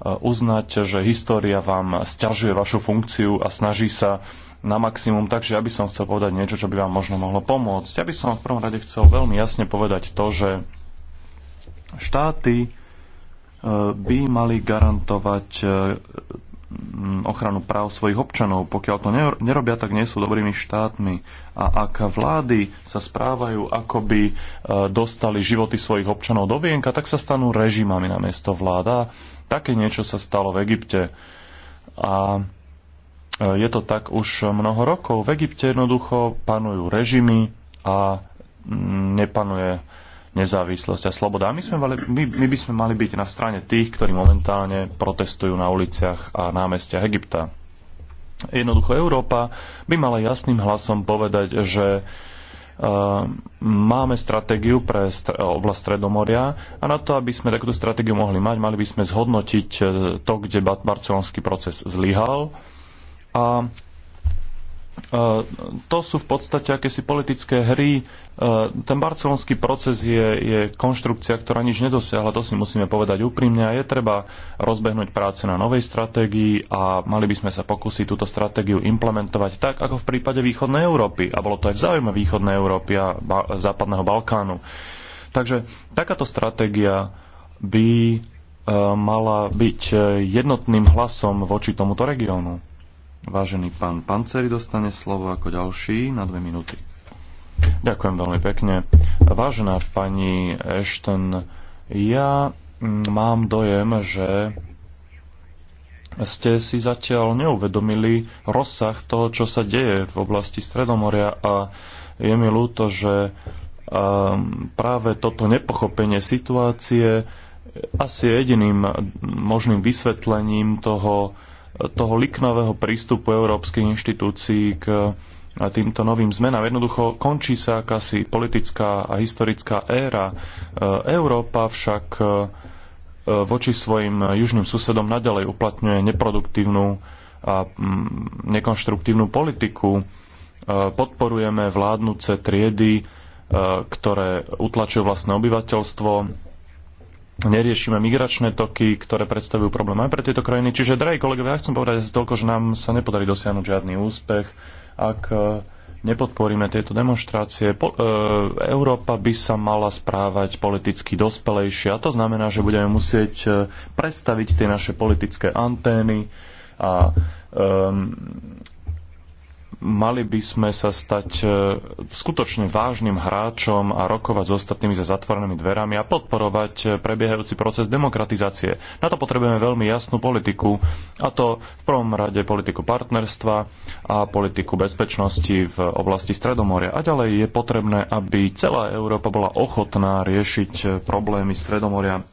Speaker 6: uznať, že história vám stiažuje vašu funkciu a snaží sa na maximum, takže ja by som chcel povedať niečo, čo by vám možno mohlo pomôcť. Ja by som v prvom rade chcel veľmi jasne povedať to, že Štáty e, by mali garantovať e, ochranu práv svojich občanov. Pokiaľ to nerobia, tak nie sú dobrými štátmi. A ak vlády sa správajú, ako by e, dostali životy svojich občanov do vienka, tak sa stanú režimami na miesto vláda. Také niečo sa stalo v Egypte. A je to tak už mnoho rokov. V Egypte jednoducho panujú režimy a nepanuje nezávislosť a sloboda. A my, sme mali, my, my by sme mali byť na strane tých, ktorí momentálne protestujú na uliciach a námestiach Egypta. Jednoducho Európa by mala jasným hlasom povedať, že eh, máme stratégiu pre oblasť Stredomoria a na to, aby sme takúto stratégiu mohli mať, mali by sme zhodnotiť eh, to, kde barcelonský proces zlyhal a E, to sú v podstate akési politické hry. E, ten barcelonský proces je, je konštrukcia, ktorá nič nedosiahla, to si musíme povedať úprimne a je treba rozbehnúť práce na novej stratégii a mali by sme sa pokúsiť túto stratégiu implementovať tak, ako v prípade východnej Európy. A bolo to aj v záujme východnej Európy a ba- západného Balkánu. Takže takáto stratégia by e, mala byť jednotným hlasom voči tomuto regiónu. Vážený pán Panceri dostane slovo ako ďalší na dve minúty. Ďakujem veľmi pekne. Vážená pani Ešten, ja mm, mám dojem, že ste si zatiaľ neuvedomili rozsah toho, čo sa deje v oblasti Stredomoria a je mi ľúto, že ehm, práve toto nepochopenie situácie asi je jediným možným vysvetlením toho, toho liknového prístupu európskych inštitúcií k e, týmto novým zmenám. Jednoducho končí sa akási politická a historická éra. E, Európa však e, voči svojim južným susedom nadalej uplatňuje neproduktívnu a mm, nekonštruktívnu politiku. Podporujeme vládnuce triedy, ktoré utlačujú vlastné obyvateľstvo, neriešime migračné toky, ktoré predstavujú problém aj pre tieto krajiny. Čiže, drahí kolegovia, ja chcem povedať toľko, že nám sa nepodarí dosiahnuť žiadny úspech, ak e, nepodporíme tieto demonstrácie. Po, e, Európa by sa mala správať politicky dospelejšie a to znamená, že budeme musieť e, prestaviť tie naše politické antény a e, mali by sme sa stať e, skutočne vážnym hráčom a rokovať s ostatnými za zatvorenými dverami a podporovať e, prebiehajúci proces demokratizácie. Na to potrebujeme veľmi jasnú politiku, a to v prvom rade politiku partnerstva a politiku bezpečnosti v oblasti Stredomoria. A ďalej je potrebné, aby celá Európa bola ochotná riešiť e, problémy Stredomoria.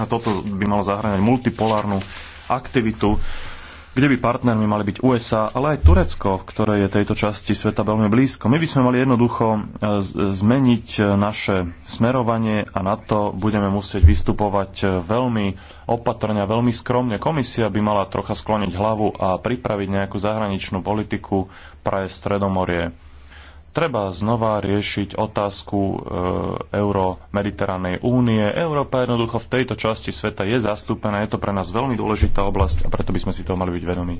Speaker 6: A toto by malo zahrňať multipolárnu aktivitu kde by partnermi mali byť USA, ale aj Turecko, ktoré je tejto časti sveta veľmi blízko. My by sme mali jednoducho e, zmeniť e, naše smerovanie a na to budeme musieť vystupovať e, veľmi opatrne a veľmi skromne. Komisia by mala trocha skloniť hlavu a pripraviť nejakú zahraničnú politiku pre Stredomorie treba znova riešiť otázku e, euro mediteránej únie. Európa jednoducho v tejto časti sveta je zastúpená, je to pre nás veľmi dôležitá oblasť a preto by sme si toho mali byť vedomí.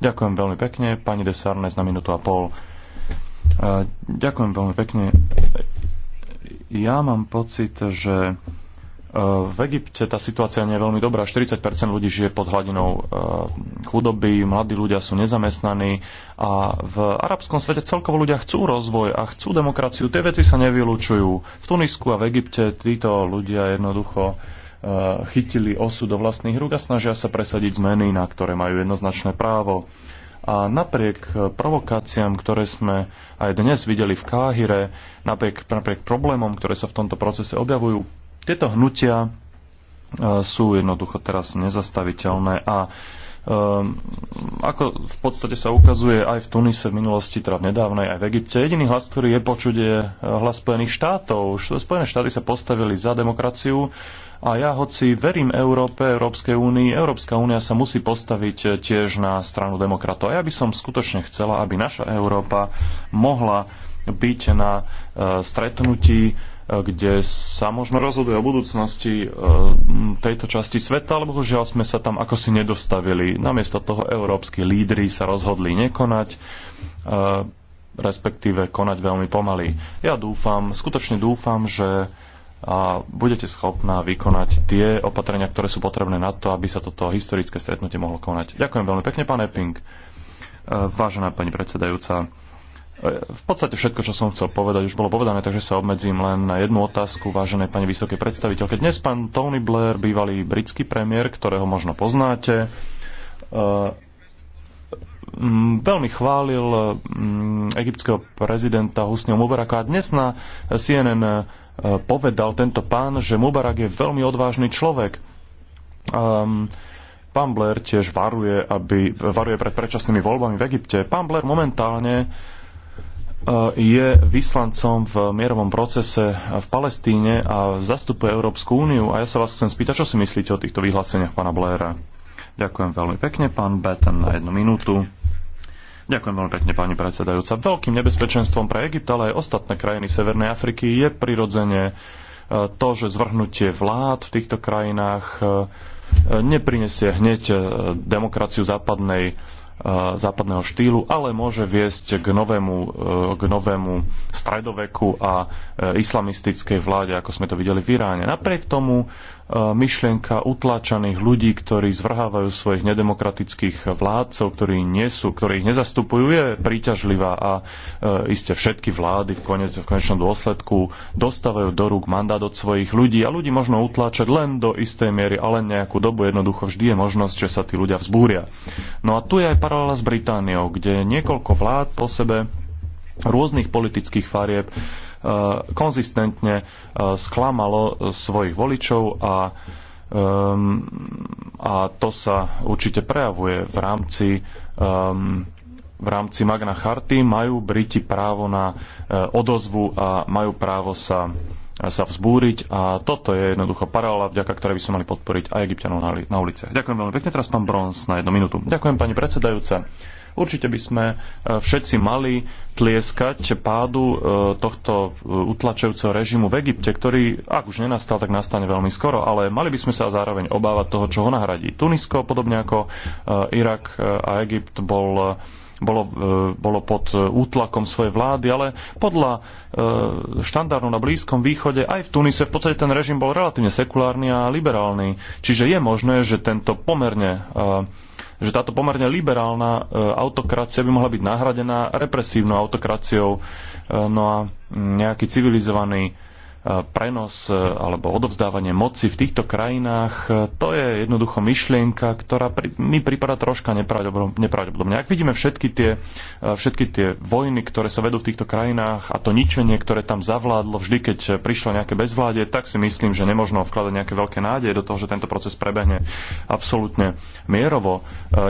Speaker 6: Ďakujem veľmi pekne, pani Desarnes na minútu a pol. E, ďakujem veľmi pekne. Ja mám pocit, že v Egypte tá situácia nie je veľmi dobrá. 40 ľudí žije pod hladinou e, chudoby, mladí ľudia sú nezamestnaní a v arabskom svete celkovo ľudia chcú rozvoj a chcú demokraciu. Tie veci sa nevylučujú. V Tunisku a v Egypte títo ľudia jednoducho e, chytili osud do vlastných rúk a snažia sa presadiť zmeny, na ktoré majú jednoznačné právo. A napriek provokáciám, ktoré sme aj dnes videli v Káhire, napriek, napriek problémom, ktoré sa v tomto procese objavujú, tieto hnutia e, sú jednoducho teraz nezastaviteľné a e, ako v podstate sa ukazuje aj v Tunise v minulosti, teda v nedávnej aj v Egypte, jediný hlas, ktorý je počuť, je e, hlas Spojených štátov. Spojené štáty sa postavili za demokraciu a ja hoci verím Európe, Európskej únii, Európska únia sa musí postaviť tiež na stranu demokratov. A ja by som skutočne chcela, aby naša Európa mohla byť na stretnutí kde sa možno rozhoduje o budúcnosti e, tejto časti sveta, ale bohužiaľ sme sa tam ako si nedostavili. Namiesto toho európsky lídry sa rozhodli nekonať, e, respektíve konať veľmi pomaly. Ja dúfam, skutočne dúfam, že a budete schopná vykonať tie opatrenia, ktoré sú potrebné na to, aby sa toto historické stretnutie mohlo konať. Ďakujem veľmi pekne, pán Epping. E, vážená pani predsedajúca, v podstate všetko, čo som chcel povedať, už bolo povedané, takže sa obmedzím len na jednu otázku, váženej pani vysokej predstaviteľke. Dnes pán Tony Blair, bývalý britský premiér, ktorého možno poznáte, e, veľmi chválil e, egyptského prezidenta Husniho Mubaraka a dnes na CNN e, povedal tento pán, že Mubarak je veľmi odvážny človek. Um, Pán Blair tiež varuje, aby, varuje pred predčasnými voľbami v Egypte. Pán Blair momentálne E, je vyslancom v mierovom procese v Palestíne a zastupuje Európsku úniu. A ja sa vás chcem spýtať, čo si myslíte o týchto vyhláseniach pána Blaira? Ďakujem veľmi pekne, pán Betten, na jednu minútu. Ďakujem veľmi pekne, pani predsedajúca. Veľkým nebezpečenstvom pre Egypt, ale aj ostatné krajiny Severnej Afriky je prirodzene e, to, že zvrhnutie vlád v týchto krajinách e, neprinesie hneď demokraciu západnej Eh, západného štýlu, ale môže viesť k novému, eh, k novému stredoveku a eh, islamistickej vláde, ako sme to videli v Iráne. Napriek tomu myšlienka utláčaných ľudí, ktorí zvrhávajú svojich nedemokratických vládcov, ktorí nie sú, ktorí ich nezastupujú, je príťažlivá a iste všetky vlády v, konec, v konečnom dôsledku dostávajú do rúk mandát od svojich ľudí a ľudí možno utláčať len do istej miery, ale nejakú dobu jednoducho vždy je možnosť, že sa tí ľudia vzbúria. No a tu je aj paralela s Britániou, kde niekoľko vlád po sebe rôznych politických farieb eh, konzistentne eh, sklamalo svojich voličov a, ehm, a to sa určite prejavuje v rámci ehm, v rámci Magna Charty majú Briti právo na eh, odozvu a majú právo sa sa vzbúriť a toto je jednoducho paralela, vďaka ktorej by sme mali podporiť aj Egyptianov na ulice. Ďakujem veľmi pekne, teraz pán Brons na jednu minútu. Ďakujem pani predsedajúca. Určite by sme e, všetci mali tlieskať pádu e, tohto e, utlačujúceho režimu v Egypte, ktorý, ak už nenastal, tak nastane veľmi skoro, ale mali by sme sa zároveň obávať toho, čo ho nahradí. Tunisko, podobne ako Irak a Egypt, bol bolo, e, bolo pod e, útlakom svojej vlády, ale podľa e, štandardov na Blízkom východe aj v Tunise v podstate ten režim bol relatívne sekulárny a liberálny. Čiže je možné, že tento pomerne že táto pomerne liberálna autokracia by mohla byť nahradená represívnou autokraciou. No a nejaký civilizovaný prenos e, alebo odovzdávanie moci v týchto krajinách, e, to je jednoducho myšlienka, ktorá pri, mi prípada troška nepravdepodobne. Ak vidíme všetky tie, e, všetky tie vojny, ktoré sa vedú v týchto krajinách a to ničenie, ktoré tam zavládlo vždy, keď prišlo nejaké bezvláde, tak si myslím, že nemožno vkladať nejaké veľké nádeje do toho, že tento proces prebehne absolútne mierovo.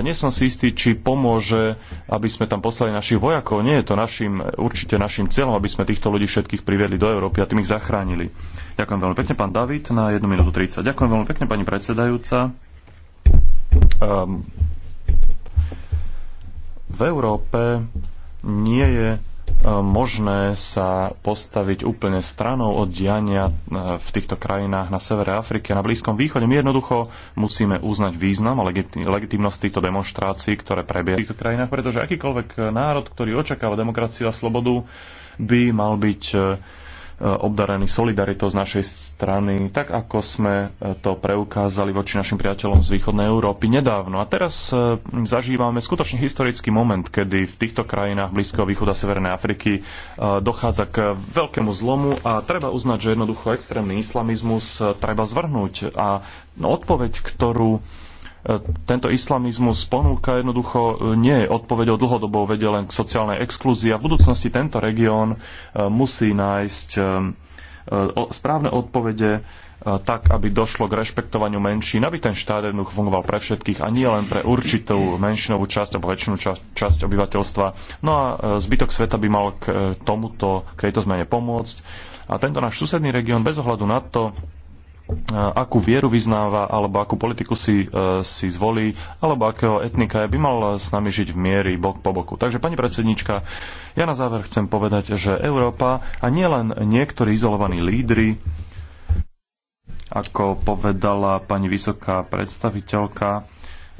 Speaker 6: Nie som si istý, či pomôže, aby sme tam poslali našich vojakov. Nie je to našim, určite našim cieľom, aby sme týchto ľudí všetkých priviedli do Európy a tým ich zachránili chránili. Ďakujem veľmi pekne, pán David, na 1 minútu 30. Ďakujem veľmi pekne, pani predsedajúca. Um, v Európe nie je ehm, možné sa postaviť úplne stranou od diania ehm, v týchto krajinách na severe Afriky a na Blízkom východe. My jednoducho musíme uznať význam a legitimnosť týchto demonstrácií, ktoré prebiehajú v týchto krajinách, pretože akýkoľvek národ, ktorý očakáva demokraciu a slobodu, by mal byť obdarení solidaritou z našej strany, tak ako sme to preukázali voči našim priateľom z východnej Európy nedávno. A teraz e, zažívame skutočne historický moment, kedy v týchto krajinách Blízkeho východa a Severnej Afriky e, dochádza k veľkému zlomu a treba uznať, že jednoducho extrémny islamizmus e, treba zvrhnúť. A no, odpoveď, ktorú tento islamizmus ponúka jednoducho e, nie je odpovedou dlhodobou vede len k sociálnej exklúzii a v budúcnosti tento región e, musí nájsť e, správne odpovede tak, aby došlo k rešpektovaniu menšín, aby ten štát jednoducho fungoval pre všetkých a nie len pre určitú menšinovú časť alebo väčšinu časť, časť obyvateľstva. No a zbytok sveta by mal k tomuto, k tejto zmene pomôcť. A tento náš susedný región bez ohľadu na to, akú vieru vyznáva, alebo akú politiku si, e, si zvolí, alebo akého etnika je, by mal s nami žiť v miery bok po boku. Takže, pani predsednička, ja na záver chcem povedať, že Európa a nielen niektorí izolovaní lídry, ako povedala pani vysoká predstaviteľka,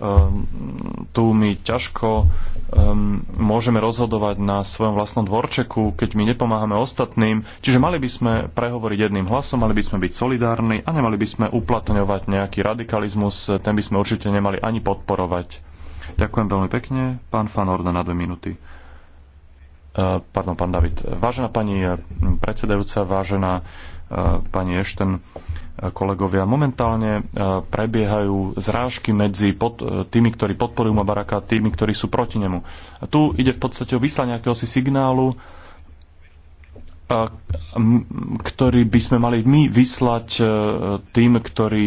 Speaker 6: Ehm, tu my ťažko ehm, môžeme rozhodovať na svojom vlastnom dvorčeku, keď my nepomáhame ostatným. Čiže mali by sme prehovoriť jedným hlasom, mali by sme byť solidárni a nemali by sme uplatňovať nejaký radikalizmus, ten by sme určite nemali ani podporovať. Ďakujem veľmi pekne. Pán Fan Orda na dve minúty. Ehm, pardon, pán David. Vážená pani predsedajúca, vážená pani Ešten, kolegovia. Momentálne e, prebiehajú zrážky medzi pod, e, tými, ktorí podporujú Mubaraka a tými, ktorí sú proti nemu. A tu ide v podstate o vyslanie akéhosi signálu, e, ktorý by sme mali my vyslať tým, ktorí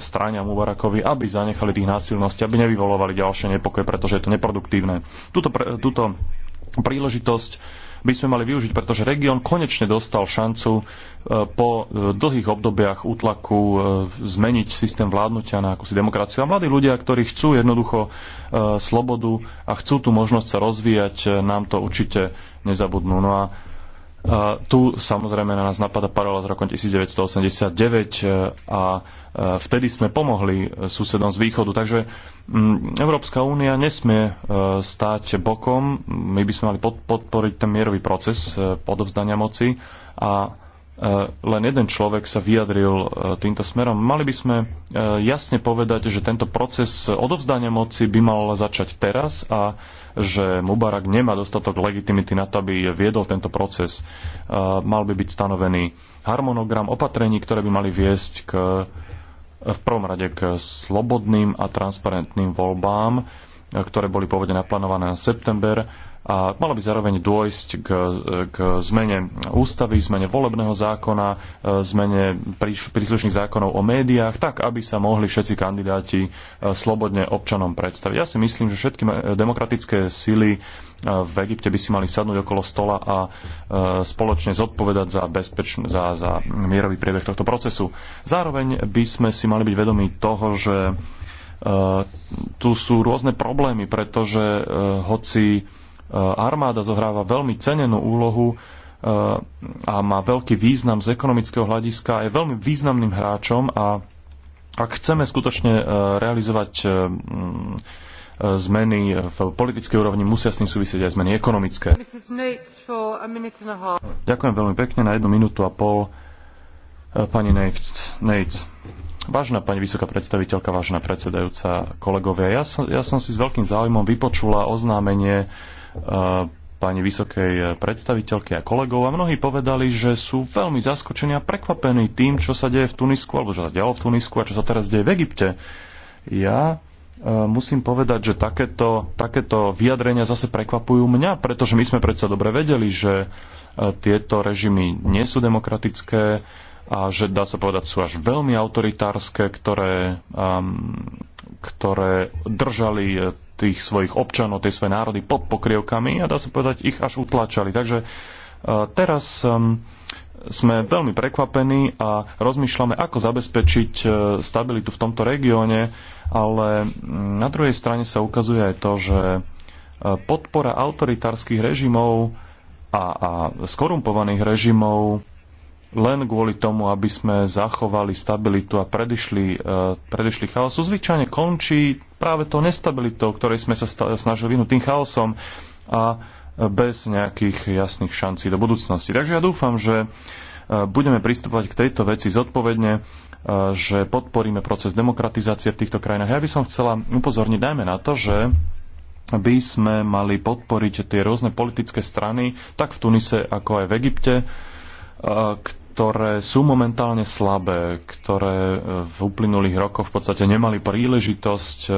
Speaker 6: stráňa Mubarakovi, aby zanechali tých násilností, aby nevyvolovali ďalšie nepokoje, pretože je to neproduktívne. Tuto, tuto príležitosť by sme mali využiť, pretože región konečne dostal šancu e, po e, dlhých obdobiach útlaku e, zmeniť systém vládnutia na akúsi demokraciu. A mladí ľudia, ktorí chcú jednoducho slobodu a chcú tú možnosť sa rozvíjať, nám to určite nezabudnú. No a a tu samozrejme na nás napadá paralela z roku 1989 e, a e, vtedy sme pomohli e, susedom z východu. Takže mm, Európska únia nesmie stať bokom. My by sme mali podporiť ten mierový proces podovzdania moci a len jeden človek sa vyjadril týmto smerom. Mali by sme jasne povedať, že tento proces odovzdania moci by mal začať teraz a že Mubarak nemá dostatok legitimity na to, aby viedol tento proces. Uh, mal by byť stanovený harmonogram opatrení, ktoré by mali viesť k, v prvom rade k slobodným a transparentným voľbám, uh, ktoré boli pôvodne naplánované na september a malo by zároveň dôjsť k, k zmene ústavy, zmene volebného zákona, e, zmene príslušných zákonov o médiách, tak aby sa mohli všetci kandidáti e, slobodne občanom predstaviť. Ja si myslím, že všetky demokratické sily e, v Egypte by si mali sadnúť okolo stola a spoločne zodpovedať za, bezpečn- za, za mierový priebeh tohto procesu. Zároveň by sme si mali byť vedomi toho, že tu sú rôzne problémy, pretože hoci E, armáda zohráva veľmi cenenú úlohu e, a má veľký význam z ekonomického hľadiska je veľmi významným hráčom a ak chceme skutočne e, realizovať zmeny v politickej úrovni, musia s tým súvisieť aj zmeny ekonomické. Ďakujem veľmi pekne na jednu minútu a pol pani Nates. vážna pani vysoká predstaviteľka, vážna predsedajúca, kolegovia, ja som, ja som si s veľkým záujmom vypočula oznámenie pani vysokej predstaviteľky a kolegov a mnohí povedali, že sú veľmi zaskočení a prekvapení tým, čo sa deje v Tunisku, alebo čo sa dialo v Tunisku a čo sa teraz deje v Egypte. Ja e, musím povedať, že takéto, takéto vyjadrenia zase prekvapujú mňa, pretože my sme predsa dobre vedeli, že e, tieto režimy nie sú demokratické a že dá sa povedať sú až veľmi autoritárske, ktoré, um, ktoré držali e, tých svojich občanov, tie svoje národy pod pokrievkami a dá sa povedať, ich až utlačali. Takže e, teraz e, sme veľmi prekvapení a rozmýšľame, ako zabezpečiť e, stabilitu v tomto regióne, ale na druhej strane sa ukazuje aj to, že podpora autoritárskych režimov a, a skorumpovaných režimov len kvôli tomu, aby sme zachovali stabilitu a predišli, e, predišli chaosu. Zvyčajne končí práve to nestabilitou, ktorej sme sa snažili vynúť tým chaosom a bez nejakých jasných šancí do budúcnosti. Takže ja dúfam, že e, budeme pristupovať k tejto veci zodpovedne, e, že podporíme proces demokratizácie v týchto krajinách. Ja by som chcela upozorniť najmä na to, že by sme mali podporiť tie rôzne politické strany, tak v Tunise, ako aj v Egypte, ktoré sú momentálne slabé, ktoré e, v uplynulých rokoch v podstate nemali príležitosť e,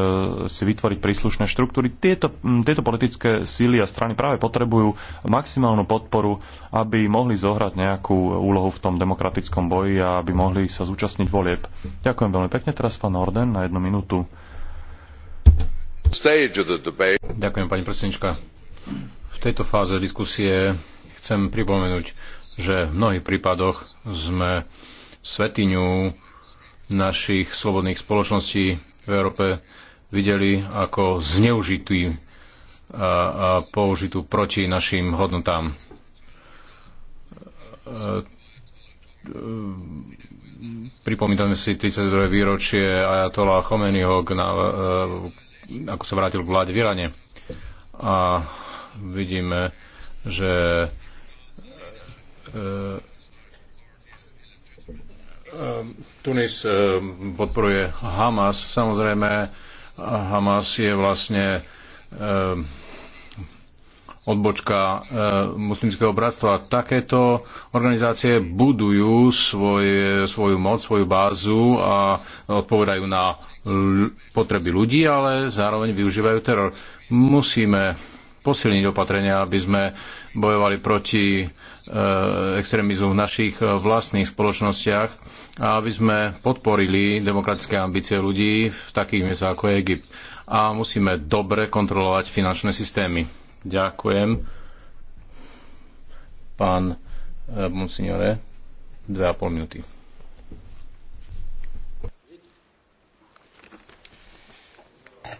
Speaker 6: si vytvoriť príslušné štruktúry. Tieto, tieto politické síly a strany práve potrebujú maximálnu podporu, aby mohli zohrať nejakú úlohu v tom demokratickom boji a aby mohli sa zúčastniť volieb. Ďakujem veľmi pekne. Teraz pán Orden na jednu minútu.
Speaker 7: Ďakujem, pani predsednička. V tejto fáze diskusie chcem pripomenúť, že v mnohých prípadoch sme svetiňu našich slobodných spoločností v Európe videli ako zneužitý a, a použitú proti našim hodnotám. E, e, pripomíname si 32. výročie Ajatola Chomeniho, e, ako sa vrátil k vláde v Irane. A vidíme, že E, e, Tunis e, podporuje Hamas. Samozrejme, Hamas je vlastne odbočka muslimského bratstva. Takéto organizácie budujú svoje, svoju moc, svoju bázu a odpovedajú na potreby ľudí, ale zároveň využívajú teror. Musíme posilniť opatrenia, aby sme bojovali proti Eh, extrémizmu v našich eh, vlastných spoločnostiach a aby sme podporili demokratické ambície ľudí v takých miestach ako je Egypt. A musíme dobre kontrolovať finančné systémy. Ďakujem. Pán eh, monsignore, dve a pol minúty.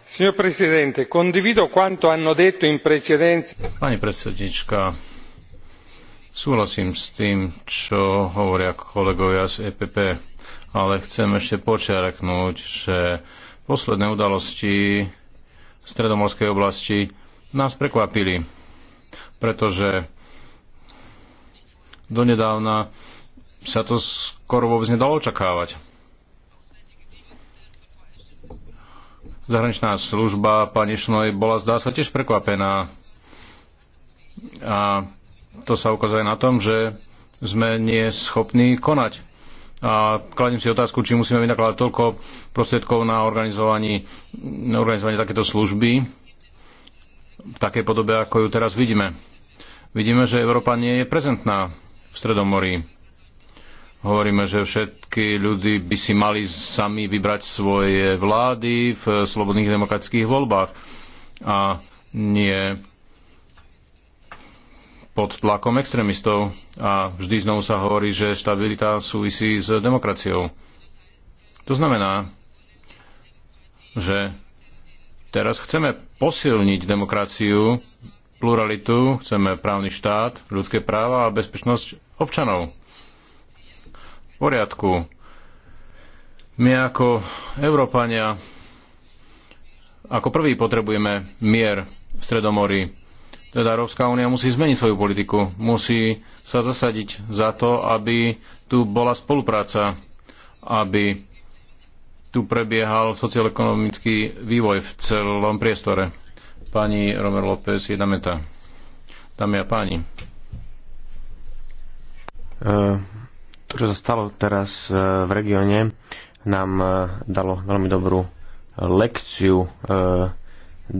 Speaker 1: Signor Presidente, condivido quanto hanno detto in precedenza.
Speaker 7: Pani predsednička, Súhlasím s tým, čo hovoria kolegovia z EPP, ale chcem ešte počiarknúť, že posledné udalosti v stredomorskej oblasti nás prekvapili, pretože donedávna sa to skoro vôbec nedalo očakávať. Zahraničná služba pani Šnoj bola zdá sa tiež prekvapená a to sa ukazuje na tom, že sme nie schopní konať. A kladím si otázku, či musíme vynakladať toľko prostriedkov na organizovanie, na organizovanie takéto služby v takej podobe, ako ju teraz vidíme. Vidíme, že Európa nie je prezentná v Stredomorí. Hovoríme, že všetky ľudí by si mali sami vybrať svoje vlády v slobodných demokratických voľbách a nie pod tlakom extrémistov a vždy znovu sa hovorí, že stabilita súvisí s demokraciou. To znamená, že teraz chceme posilniť demokraciu, pluralitu, chceme právny štát, ľudské práva a bezpečnosť občanov. V poriadku. My ako Európania ako prvý potrebujeme mier v Stredomorí teda Európska únia musí zmeniť svoju politiku, musí sa zasadiť za to, aby tu bola spolupráca, aby tu prebiehal socioekonomický vývoj v celom priestore. Pani Romer López, jedna meta. Dámy a páni.
Speaker 8: E, to, čo sa stalo teraz e, v regióne, nám e, dalo veľmi dobrú lekciu demokracia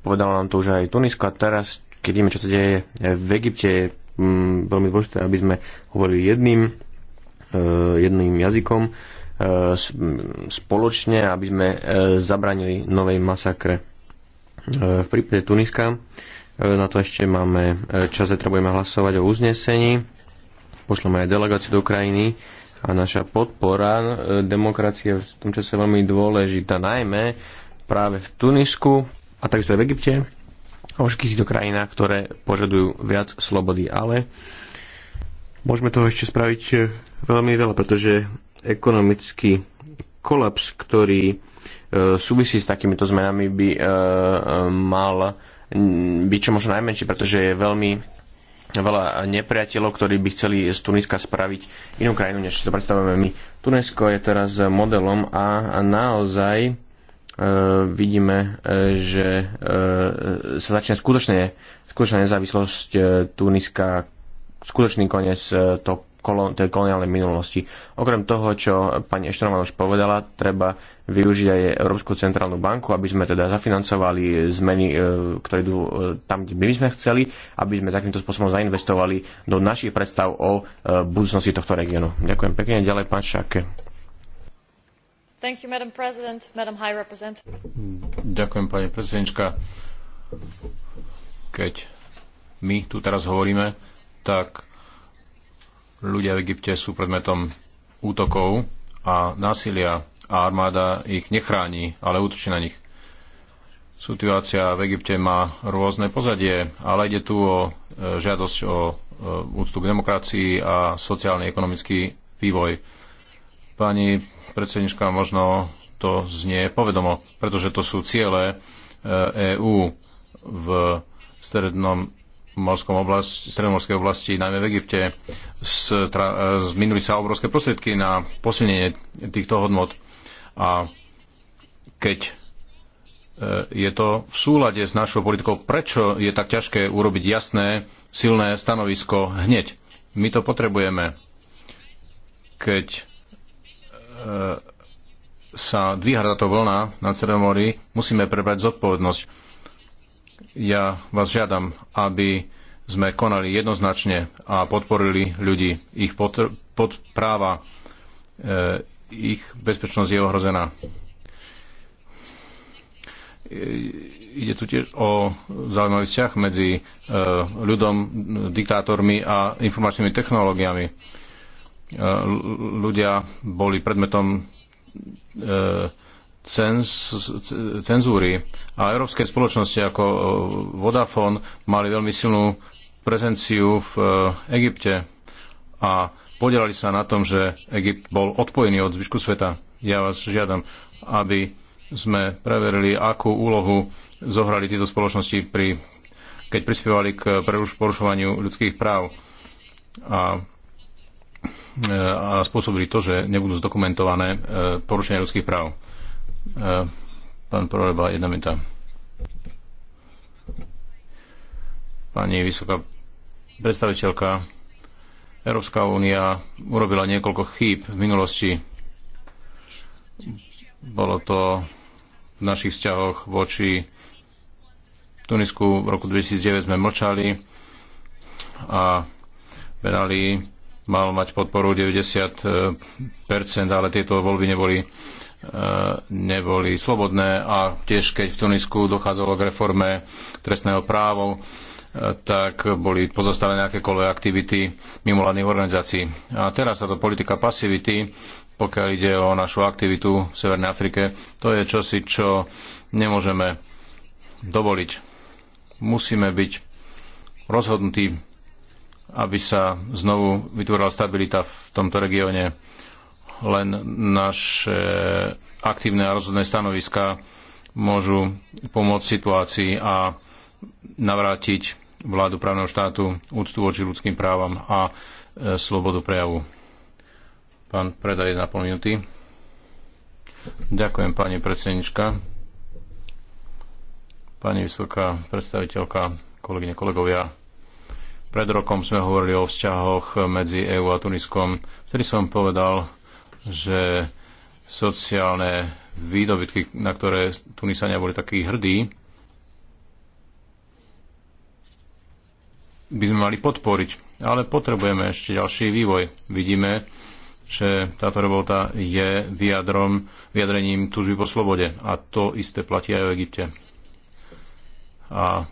Speaker 8: Povedala nám to už aj Tunisko a teraz, keď vieme, čo sa deje v Egypte, je mm, veľmi dôležité, aby sme hovorili jedným, eh, jedným jazykom eh, mm, spoločne, aby sme eh, zabranili novej masakre. V prípade Tuniska na to ešte máme čas, zajtra budeme hlasovať o uznesení. Pošleme aj delegáciu do krajiny a naša podpora demokracie v tom čase je veľmi dôležitá, najmä práve v Tunisku, a takisto aj v Egypte a si týchto krajinách, ktoré požadujú viac slobody. Ale môžeme toho ešte spraviť eh, veľmi veľa, pretože ekonomický kolaps, ktorý eh, súvisí s takýmito zmenami, by eh, mal byť čo možno najmenší, pretože je veľmi veľa nepriateľov, ktorí by chceli z Tuniska spraviť inú krajinu, než si to predstavujeme my. Tunesko je teraz modelom a naozaj E, vidíme, e, že e, sa začne skutočne, skutočná nezávislosť Tuniska, skutočný koniec to kolon, tej koloniálnej minulosti. Okrem toho, čo pani Eštrová už povedala, treba využiť aj Európsku centrálnu banku, aby sme teda zafinancovali zmeny, ktoré idú tam, kde by sme chceli, aby sme takýmto spôsobom zainvestovali do našich predstav o budúcnosti tohto regiónu. Ďakujem
Speaker 7: pekne. Ďalej pán Šake.
Speaker 3: You, Madam Madam
Speaker 7: Ďakujem, pani predsednička. Keď my tu teraz hovoríme, tak ľudia v Egypte sú predmetom útokov a násilia a armáda ich nechráni, ale útočí na nich. Situácia v Egypte má rôzne pozadie, ale ide tu o e, žiadosť o e, úctu k demokracii a sociálny ekonomický vývoj. Pani predsednička, možno to znie povedomo, pretože to sú ciele EÚ e v strednom morskom oblasti, stredomorskej oblasti, najmä v Egypte, e, zminuli sa obrovské prostriedky na posilnenie týchto hodnot. A keď e, je to v súlade s našou politikou, prečo je tak ťažké urobiť jasné, silné stanovisko hneď? My to potrebujeme. Keď E, sa dvíha táto vlna na Celom mori, musíme prebrať zodpovednosť. Ja vás žiadam, aby sme konali jednoznačne a podporili ľudí. Ich potr- pod práva, e, ich bezpečnosť je ohrozená. E, ide tu tiež o zaujímavý vzťah medzi e, ľudom, diktátormi a informačnými technológiami. E, ľudia boli predmetom e, cenzúry a európske spoločnosti ako e, Vodafone mali veľmi silnú prezenciu v e, Egypte a podielali sa na tom, že Egypt bol odpojený od zvyšku sveta. Ja vás žiadam, aby sme preverili, akú úlohu zohrali tieto spoločnosti, pri, keď prispievali k porušovaniu ľudských práv. A E, a spôsobili to, že nebudú zdokumentované e, porušenia ľudských práv. E, pán Proreba, jedna minúta. Pani vysoká predstaviteľka, Európska únia urobila niekoľko chýb v minulosti. Bolo to v našich vzťahoch voči Tunisku v roku 2009 sme mlčali a venali mal mať podporu 90%, ale tieto voľby neboli, e, neboli slobodné a tiež keď v Tunisku dochádzalo k reforme trestného právo, e, tak boli pozastavené akékoľvek aktivity mimovládnych organizácií. A teraz táto politika pasivity, pokiaľ ide o našu aktivitu v Severnej Afrike, to je čosi, čo nemôžeme dovoliť. Musíme byť rozhodnutí aby sa znovu vytvorila stabilita v tomto regióne. Len naše aktívne a rozhodné stanoviska môžu pomôcť situácii a navrátiť vládu právneho štátu, úctu voči ľudským právam a e, slobodu prejavu. Pán Preda, jedna pol minúty. Ďakujem, pani predsednička. Pani vysoká predstaviteľka, kolegyne, kolegovia pred rokom sme hovorili o vzťahoch medzi EÚ a Tuniskom. Vtedy som povedal, že sociálne výdobytky, na ktoré Tunisania boli takí hrdí, by sme mali podporiť. Ale potrebujeme ešte ďalší vývoj. Vidíme, že táto robota je vyjadrom, vyjadrením tužby po slobode. A to isté platí aj v Egypte. A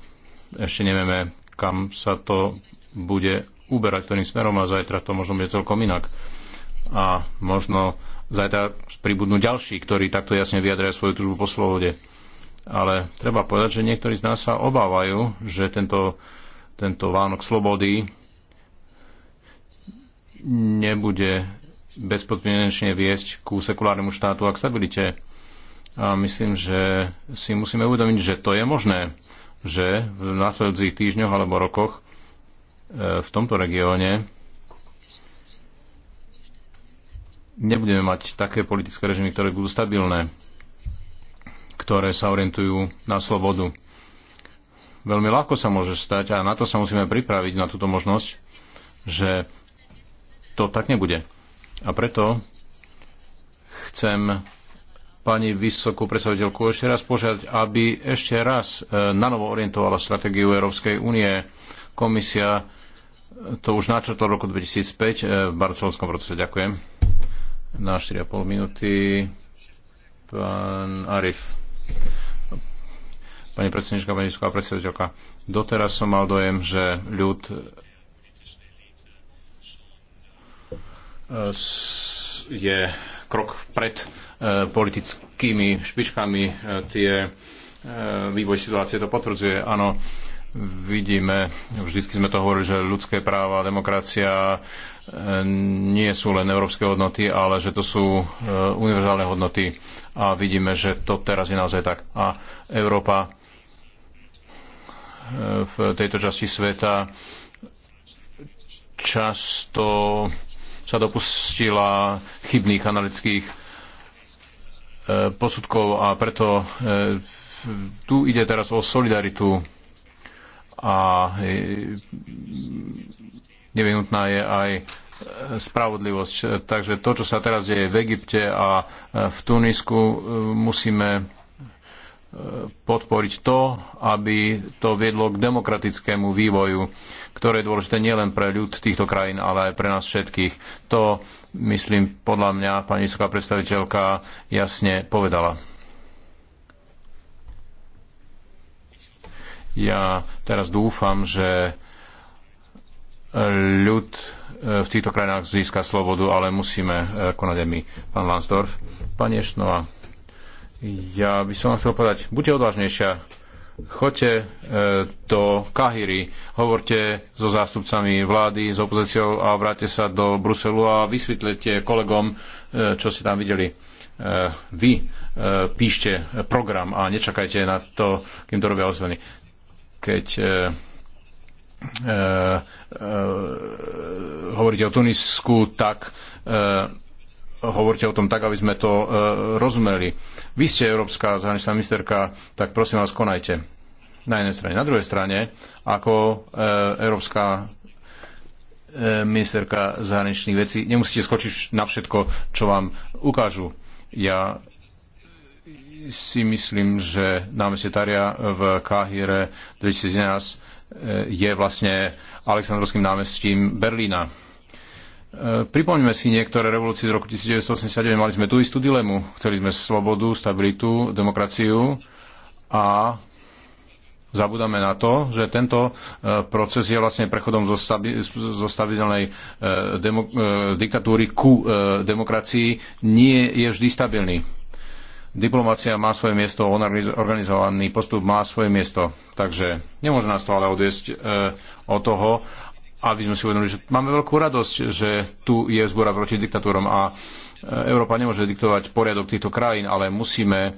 Speaker 7: ešte nevieme, kam sa to bude uberať, ktorým smerom a zajtra to možno bude celkom inak. A možno zajtra pribudnú ďalší, ktorí takto jasne vyjadria svoju túžbu po slobode. Ale treba povedať, že niektorí z nás sa obávajú, že tento, tento Vánok slobody nebude bezpodmienečne viesť ku sekulárnemu štátu a k stabilite. A myslím, že si musíme uvedomiť, že to je možné že v následujúcich týždňoch alebo rokoch e, v tomto regióne nebudeme mať také politické režimy, ktoré budú stabilné, ktoré sa orientujú na slobodu. Veľmi ľahko sa môže stať, a na to sa musíme pripraviť, na túto možnosť, že to tak nebude. A preto chcem pani vysokú predstaviteľku ešte raz požiadať, aby ešte raz e, nanovo orientovala stratégiu Európskej únie. Komisia to už načrtla v roku 2005 e, v barcelonskom procese. Ďakujem. Na 4,5 minúty pán Arif. Pani predsednička, pani vysoká predstaviteľka, doteraz som mal dojem, že ľud e, je krok pred e, politickými špičkami. E, tie e, vývoj situácie to potvrdzuje. Áno, vidíme, vždycky sme to hovorili, že ľudské práva, demokracia nie sú len európske hodnoty, ale že to sú univerzálne hodnoty a vidíme, že to teraz je naozaj tak. A Európa v tejto časti sveta často sa dopustila chybných analytických e, posudkov a preto e, tu ide teraz o solidaritu a e, nevyhnutná je aj spravodlivosť. Takže to, čo sa teraz deje v Egypte a v Tunisku, musíme podporiť to, aby to viedlo k demokratickému vývoju, ktoré je dôležité nielen pre ľud týchto krajín, ale aj pre nás všetkých. To, myslím, podľa mňa pani vysoká predstaviteľka jasne povedala. Ja teraz dúfam, že ľud e, v týchto krajinách získa slobodu, ale musíme e, konať aj my. Pán Lansdorf, pani Ešnova. Ja by som vám chcel povedať, buďte odvážnejšia, choďte e, do Kahiry, hovorte so zástupcami vlády, s opozíciou a vráte sa do Bruselu a vysvetlite kolegom, e, čo ste tam videli. E, vy e, píšte program a nečakajte na to, kým to robia ozveny. Keď e, e, e, hovoríte o Tunisku, tak e, hovorte o tom tak, aby sme to e, rozumeli. Vy ste európska zahraničná ministerka, tak prosím vás, konajte. Na jednej strane. Na druhej strane, ako e, európska e, ministerka zahraničných vecí, nemusíte skočiť na všetko, čo vám ukážu. Ja si myslím, že námestetária v Káhire 2011 je vlastne Aleksandrovským námestím Berlína E, Pripomňme si niektoré revolúcie z roku 1989. Mali sme tú istú dilemu. Chceli sme slobodu, stabilitu, demokraciu a zabudáme na to, že tento e, proces je vlastne prechodom zo, stabi- zo stabilnej e, demo- diktatúry ku demokracii. Nie je vždy stabilný. Diplomácia má svoje miesto, organizovaný postup má svoje miesto. Takže nemôže nás to ale odviesť od toho, aby sme si uvedomili, že máme veľkú radosť, že tu je zbora proti diktatúrom a e, Európa nemôže diktovať poriadok týchto krajín, ale musíme e,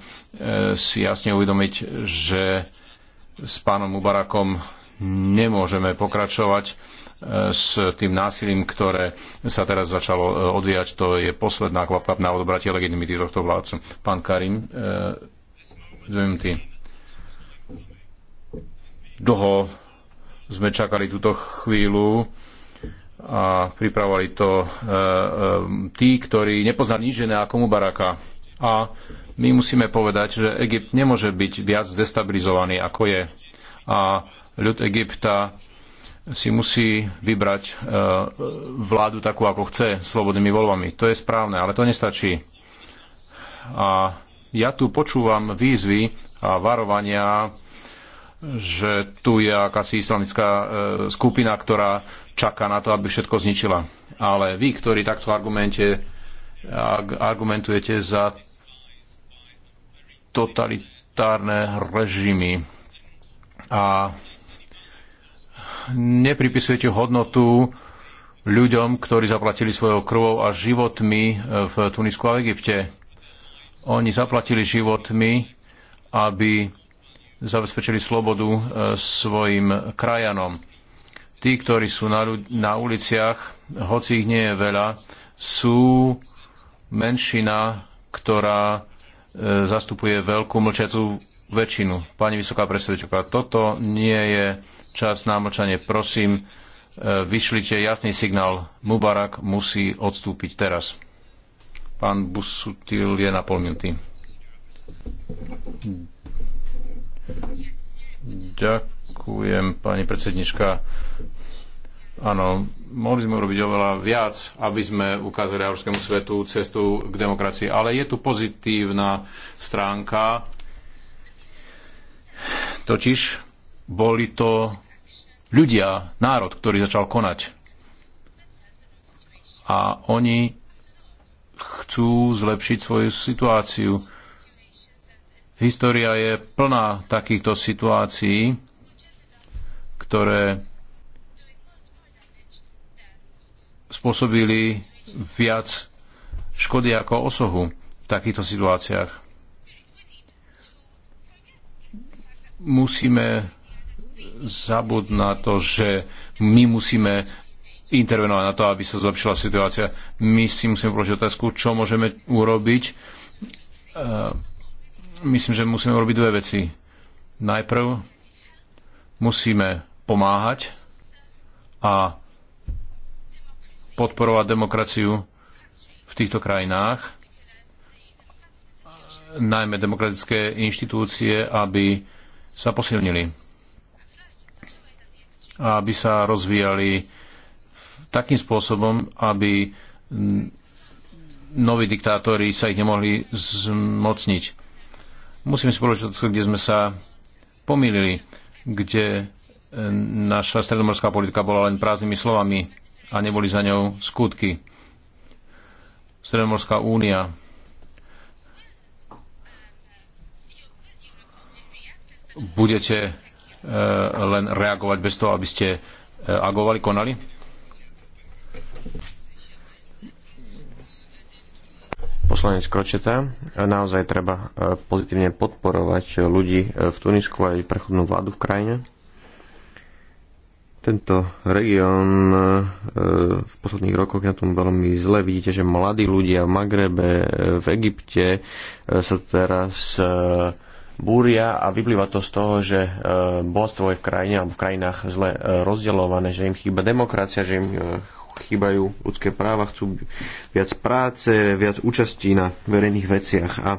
Speaker 7: si jasne uvedomiť, že s pánom Mubarakom nemôžeme pokračovať e, s tým násilím, ktoré sa teraz začalo odvíjať. To je posledná kvapka na odobratie legitimity tohto vládcu. Pán Karim, dve ty. Dlho sme čakali túto chvíľu a pripravovali to e, e, tí, ktorí nepoznali nič iné ako Mubaraka. A my musíme povedať, že Egypt nemôže byť viac destabilizovaný, ako je. A ľud Egypta si musí vybrať e, vládu takú, ako chce, slobodnými voľbami. To je správne, ale to nestačí. A ja tu počúvam výzvy a varovania že tu je akási islamická e, skupina, ktorá čaká na to, aby všetko zničila. Ale vy, ktorí takto argumente, argumentujete za totalitárne režimy a nepripisujete hodnotu ľuďom, ktorí zaplatili svojou krvou a životmi e, v Tunisku a v Egypte. Oni zaplatili životmi, aby zabezpečili slobodu e, svojim krajanom. Tí, ktorí sú na, na uliciach, hoci ich nie je veľa, sú menšina, ktorá e, zastupuje veľkú mlčiacú väčšinu. Pani vysoká predsedateľka, toto nie je čas na mlčanie. Prosím, e, vyšlite jasný signál. Mubarak musí odstúpiť teraz. Pán Busutil je na pol minúty. Ďakujem, pani predsednička. Áno, mohli sme urobiť oveľa viac, aby sme ukázali európskemu svetu cestu k demokracii, ale je tu pozitívna stránka. Totiž boli to ľudia, národ, ktorý začal konať. A oni chcú zlepšiť svoju situáciu História je plná takýchto situácií, ktoré spôsobili viac škody ako osohu v takýchto situáciách. Musíme zabudnúť na to, že my musíme intervenovať na to, aby sa zlepšila situácia. My si musíme položiť otázku, čo môžeme urobiť eh, myslím, že musíme urobiť dve veci. Najprv musíme pomáhať a podporovať demokraciu v týchto krajinách, najmä demokratické inštitúcie, aby sa posilnili a aby sa rozvíjali takým spôsobom, aby noví diktátori sa ich nemohli zmocniť Musíme si spoločiť, kde sme sa pomýlili, kde e, naša stredomorská politika bola len prázdnymi slovami a neboli za ňou skutky. Stredomorská únia budete e, len reagovať bez toho, aby ste e, agovali, konali?
Speaker 8: poslanec Kročeta. Naozaj treba e, pozitívne podporovať e, ľudí e, v Tunisku aj prechodnú vládu v krajine. Tento región v posledných rokoch na tom veľmi zle. Vidíte, že mladí ľudia v Magrebe, v Egypte sa teraz búria a vyplýva to z toho, že bohatstvo je v krajine alebo v krajinách zle rozdeľované, že im chýba demokracia, že im chýbajú ľudské práva, chcú viac práce, viac účastí na verejných veciach. A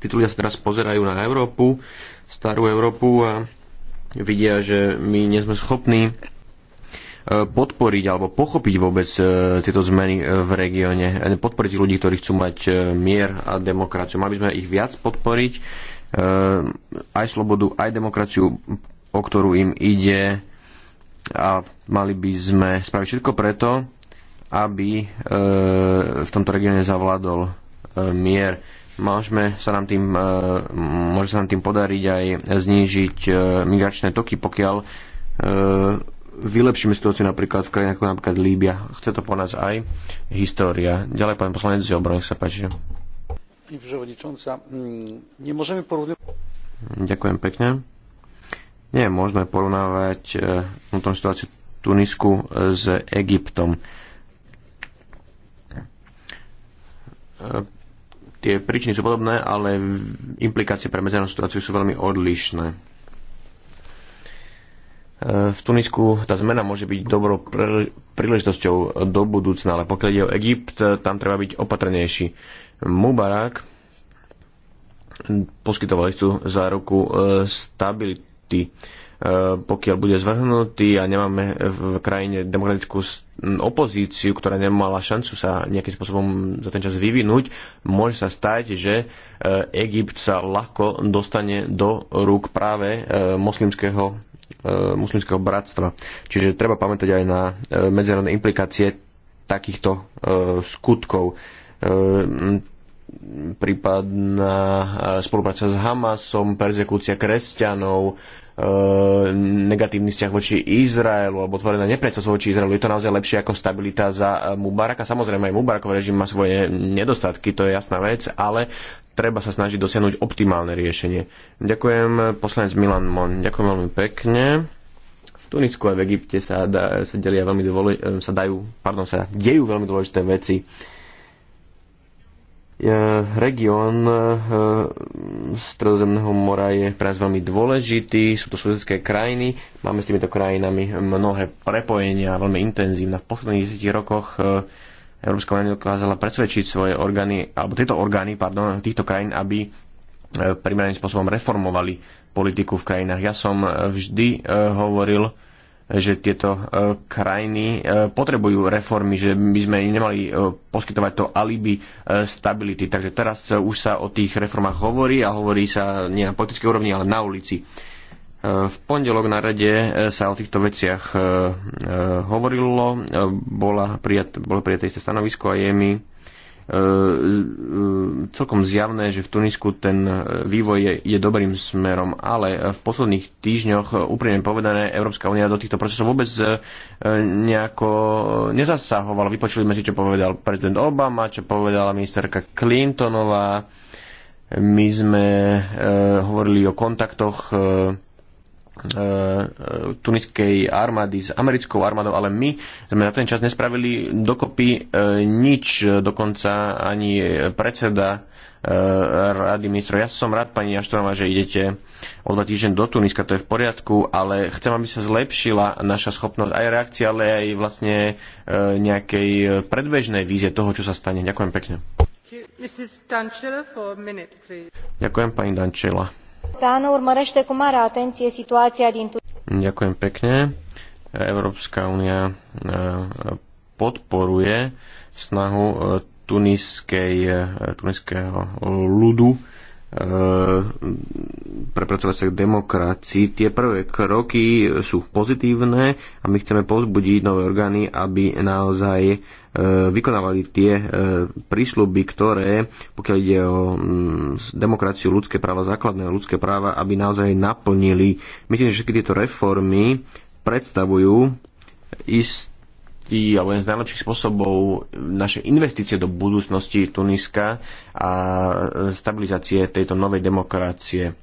Speaker 8: títo ľudia sa teraz pozerajú na Európu, starú Európu a vidia, že my nie sme schopní e, podporiť alebo pochopiť vôbec e, tieto zmeny v regióne, e, podporiť ľudí, ktorí chcú mať mier a demokraciu. Mali by sme ich viac podporiť, aj slobodu, aj demokraciu, o ktorú im ide, a mali by sme spraviť všetko preto, aby e, v tomto regióne zavládol e, mier. Môžeme sa nám tým, e, môže sa nám tým podariť aj znížiť migračné toky, pokiaľ vylepšíme situáciu napríklad v krajinách ako napríklad Líbia. Chce to po nás aj história. Ďalej, pán poslanec Ziobro, nech sa páči.
Speaker 3: Pani mm,
Speaker 8: Ďakujem pekne. Nie je možné porovnávať e, tom situáciu Tunisku s Egyptom. E, tie príčiny sú podobné, ale implikácie pre medzinárodnú situáciu sú veľmi odlišné. E, v Tunisku tá zmena môže byť dobrou príležitosťou do budúcna, ale pokiaľ ide o Egypt, tam treba byť opatrnejší. Mubarak poskytoval istú záruku stabilitu zvrhnutý. E, pokiaľ bude zvrhnutý a nemáme v krajine demokratickú opozíciu, ktorá nemala šancu sa nejakým spôsobom za ten čas vyvinúť, môže sa stať, že e, Egypt sa ľahko dostane do rúk práve e, moslimského muslimského bratstva. Čiže treba pamätať aj na medzinárodné implikácie takýchto skutkov prípadná e, spolupráca s Hamasom, perzekúcia kresťanov, e, negatívny vzťah voči Izraelu alebo otvorené nepriateľstvo voči Izraelu. Je to naozaj lepšie ako stabilita za Mubaraka. Samozrejme aj Mubarakov režim má svoje nedostatky, to je jasná vec, ale treba sa snažiť dosiahnuť optimálne riešenie. Ďakujem poslanec Milan Mon. Ďakujem veľmi pekne. V Tunisku a v Egypte sa, da, sa, delia veľmi dôlež- sa dajú, pardon, sa dejú veľmi dôležité veci E, Región e, e, Stredozemného mora je pre nás veľmi dôležitý, sú to sudecké krajiny, máme s týmito krajinami mnohé prepojenia, veľmi intenzívne. V posledných 10 rokoch Európska únia dokázala presvedčiť svoje orgány, alebo tieto orgány, pardon, týchto krajín, aby primeraným spôsobom reformovali politiku v krajinách. Ja som vždy hovoril, že tieto e, krajiny e, potrebujú reformy, že by sme nemali e, poskytovať to alibi stability. Takže teraz už sa o tých reformách hovorí a hovorí sa nie na politickej úrovni, ale na ulici. V pondelok na rade sa o týchto veciach hovorilo, bola prijat, bolo prijaté isté stanovisko a je mi E, e, celkom zjavné, že v Tunisku ten vývoj je, je dobrým smerom, ale v posledných týždňoch, e, úprimne povedané, Európska únia do týchto procesov vôbec nejako nezasahovala. Vypočuli sme si, čo povedal prezident Obama, čo povedala ministerka Clintonová. My sme e, hovorili o kontaktoch e, E, e, tuniskej armády s americkou armádou, ale my sme na ten čas nespravili dokopy e, nič, dokonca ani predseda rady ministrov. Ja som rád, pani Aštonová, že idete o dva týždeň do Tuniska, to je v poriadku, ale chcem, aby sa zlepšila naša schopnosť aj reakcia, ale aj vlastne nejakej predbežnej vízie toho, čo sa stane. Ďakujem pekne. Ďakujem, pani Dančela. Ďakujem pekne. Európska únia e, podporuje snahu e, tuniskej, e, tuniského ľudu E, prepracovať sa k demokracii. Tie prvé kroky sú pozitívne a my chceme povzbudiť nové orgány, aby naozaj e, vykonávali tie e, prísľuby, ktoré, pokiaľ ide o mm, demokraciu, ľudské práva, základné ľudské práva, aby naozaj naplnili. Myslím, že všetky tieto reformy predstavujú ist najlepší, alebo jeden z najlepších spôsobov naše investície do budúcnosti Tuniska a stabilizácie tejto novej demokracie.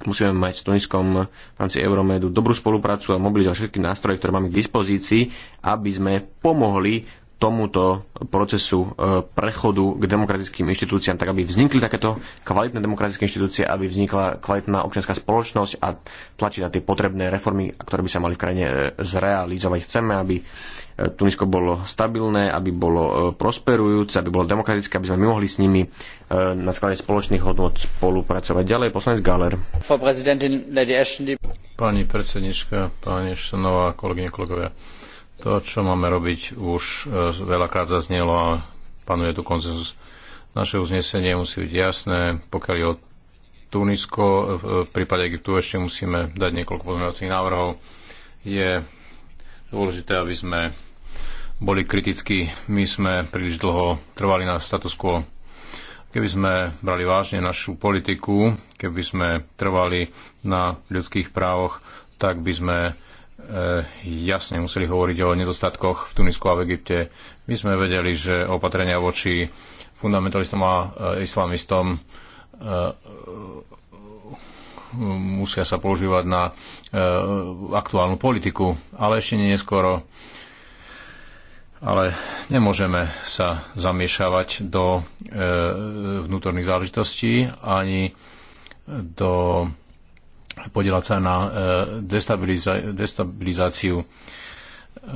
Speaker 8: Musíme mať s Tuniskom v rámci Euromedu dobrú spoluprácu a mobilizovať všetky nástroje, ktoré máme k dispozícii, aby sme pomohli tomuto procesu e, prechodu k demokratickým inštitúciám, tak aby vznikli takéto kvalitné demokratické inštitúcie, aby vznikla kvalitná občianská spoločnosť a tlačiť na tie potrebné reformy, ktoré by sa mali v krajine e, zrealizovať. Chceme, aby e, Tunisko bolo stabilné, aby bolo prosperujúce, aby bolo demokratické, aby sme my mohli s nimi na sklade spoločných hodnot spolupracovať. Ďalej poslanec Galer.
Speaker 7: Pani predsednička, pani Štenová, kolegyne, kolegovia to, čo máme robiť, už e, veľakrát zaznelo a panuje tu konsenzus. Naše uznesenie musí byť jasné, pokiaľ je o Tunisko, v prípade Egyptu ešte musíme dať niekoľko pozmeňovacích návrhov. Je dôležité, aby sme boli kritickí. My sme príliš dlho trvali na status quo. Keby sme brali vážne našu politiku, keby sme trvali na ľudských právoch, tak by sme Eh, jasne museli hovoriť o nedostatkoch v Tunisku a v Egypte. My sme vedeli, že opatrenia voči fundamentalistom a eh, islamistom eh, musia sa používať na aktuálnu politiku, ale ešte nie neskoro. Ale nemôžeme sa zamiešavať do vnútorných záležitostí ani do podielať sa na e, destabiliza- destabilizáciu. E,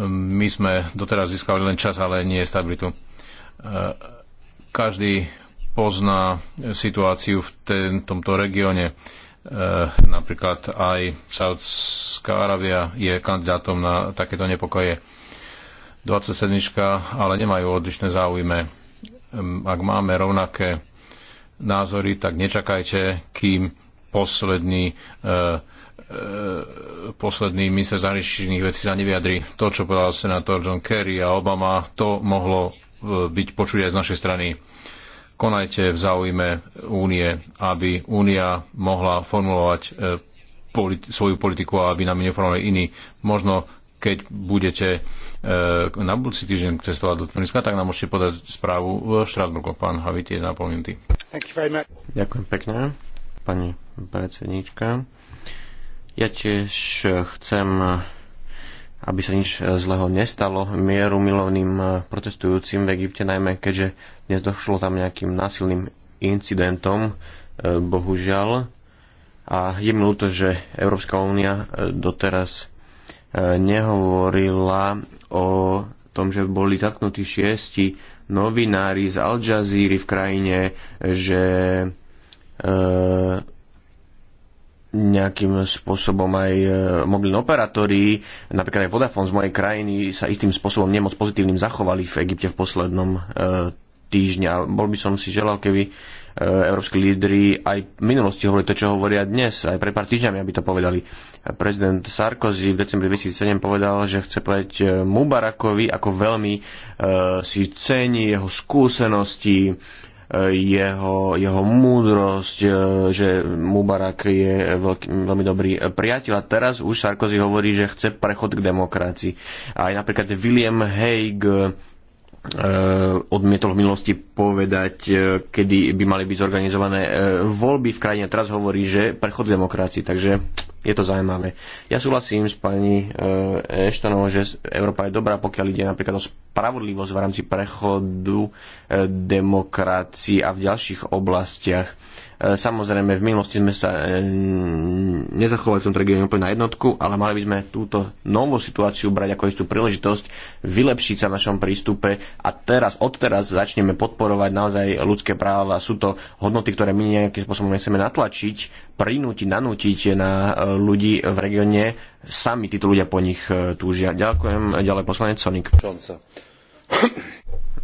Speaker 7: my sme doteraz získali len čas, ale nie stabilitu. E, každý pozná situáciu v ten, tomto regióne. Napríklad aj Saudská Arábia je kandidátom na takéto nepokoje. 27, ale nemajú odlišné záujme. Ak máme rovnaké názory, tak nečakajte, kým posledný e, e, posledný minister zahraničných vecí sa nevyjadri. To, čo povedal senátor John Kerry a Obama, to mohlo e, byť počuť aj z našej strany. Konajte v záujme únie, aby únia mohla formulovať politi- svoju politiku a aby nám neformovali iní. Možno keď budete na budúci týždeň cestovať do Tuniska, tak nám môžete podať správu v Štrasburgu, Pán Havit, je na Ďakujem pekne. Pani predsednička.
Speaker 8: Ja tiež chcem, aby sa nič zlého nestalo mieru milovným protestujúcim v Egypte, najmä keďže dnes došlo tam nejakým násilným incidentom, e, bohužiaľ. A je mi ľúto, že Európska únia e, doteraz e, nehovorila o tom, že boli zatknutí šiesti novinári z Al Jazeera v krajine, že e, nejakým spôsobom aj e, mobilní operátori, napríklad aj Vodafone z mojej krajiny, sa istým spôsobom nemoc pozitívnym zachovali v Egypte v poslednom e, týždňa A bol by som si želal, keby e, európsky lídry aj v minulosti hovorili to, čo hovoria dnes, aj pre pár týždňami, aby to povedali. Prezident Sarkozy v decembri 2007 povedal, že chce povedať Mubarakovi, ako veľmi uh, si cení jeho skúsenosti, jeho, jeho múdrosť, e, že Mubarak je veľký, veľmi dobrý priateľ. A teraz už Sarkozy hovorí, že chce prechod k demokracii. Aj napríklad William Hague Eh, odmietol v minulosti povedať, eh, kedy by mali byť zorganizované eh, voľby v krajine. Teraz hovorí, že prechod demokracii, takže je to zaujímavé. Ja súhlasím s pani Eštonovou, že Európa je dobrá, pokiaľ ide napríklad o spravodlivosť v rámci prechodu demokracii a v ďalších oblastiach. E, samozrejme, v minulosti sme sa e, nezachovali v tomto regióne úplne na jednotku, ale mali by sme túto novú situáciu brať ako istú príležitosť vylepšiť sa v našom prístupe a teraz, odteraz začneme podporovať naozaj ľudské práva. Sú to hodnoty, ktoré my nejakým spôsobom nechceme natlačiť, prinútiť, nanútiť na e, ľudí v regióne. Sami títo ľudia po nich túžia. Ďakujem. Ďalej poslanec Sonik.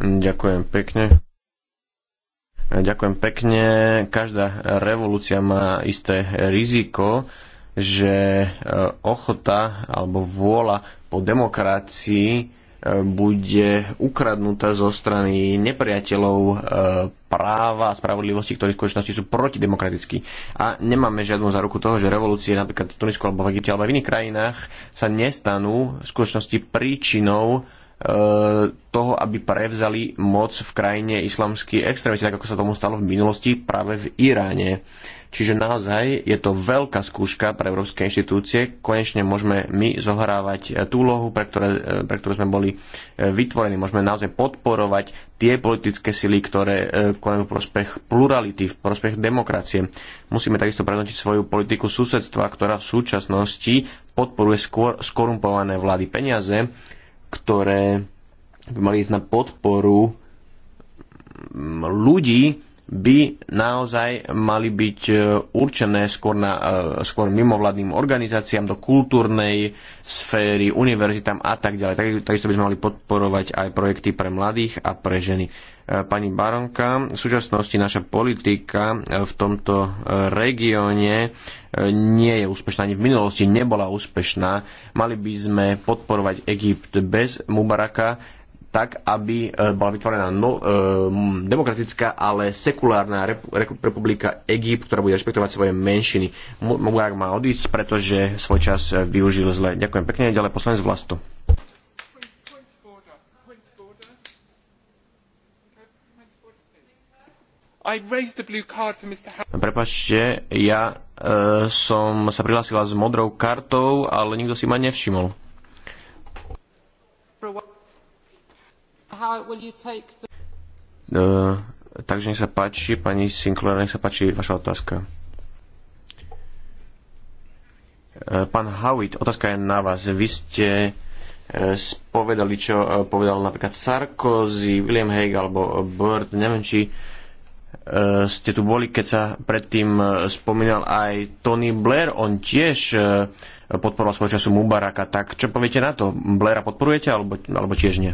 Speaker 8: Ďakujem pekne. Ďakujem pekne. Každá revolúcia má isté riziko, že e, ochota alebo vôľa po demokracii e, bude ukradnutá zo strany nepriateľov e, práva a spravodlivosti, ktorí v skutočnosti sú protidemokratickí. A nemáme žiadnu záruku toho, že revolúcie napríklad v Tunisku alebo v Egypte alebo v iných krajinách sa nestanú v skutočnosti príčinou E, toho, aby prevzali moc v krajine islamskí extrémisti, tak ako sa tomu stalo v minulosti práve v Iráne. Čiže naozaj je to veľká skúška pre európske inštitúcie. Konečne môžeme my zohrávať e, tú lohu, pre, ktoré, e, pre ktorú sme boli vytvorení. Môžeme naozaj podporovať tie politické sily, ktoré konajú v prospech plurality, v prospech demokracie. Musíme takisto prednotiť svoju politiku susedstva, ktorá v súčasnosti podporuje skôr skorumpované vlády peniaze, ktoré by mali ísť na podporu ľudí, by naozaj mali byť e, určené skôr, na, e, skôr mimovladným organizáciám do kultúrnej sféry, univerzitám a tak ďalej. takisto by sme mali podporovať aj projekty pre mladých a pre ženy pani Baronka. V súčasnosti naša politika e, v tomto e, regióne e, nie je úspešná, ani v minulosti nebola úspešná. Mali by sme podporovať Egypt bez Mubaraka, tak, aby bola vytvorená no, demokratická, ale sekulárna rep, republika Egypt, ktorá bude rešpektovať svoje menšiny. Mubarak má odísť, pretože svoj čas využil zle. Ďakujem pekne. Ďalej poslanec Vlasto. Prepačte, ja e, som sa prihlásila s modrou kartou, ale nikto si ma nevšimol.
Speaker 5: E,
Speaker 8: takže nech sa páči, pani Sinclair, nech sa páči vaša otázka. E, pán Howitt, otázka je na vás. Vy ste e, spovedali, čo e, povedal napríklad Sarkozy, William Hague alebo Bird, neviem, či Eh, ste tu boli, keď sa predtým eh, spomínal aj Tony Blair, on tiež eh, podporoval svojho času Mubaraka, tak čo poviete na to? Blaira podporujete alebo, alebo tiež nie?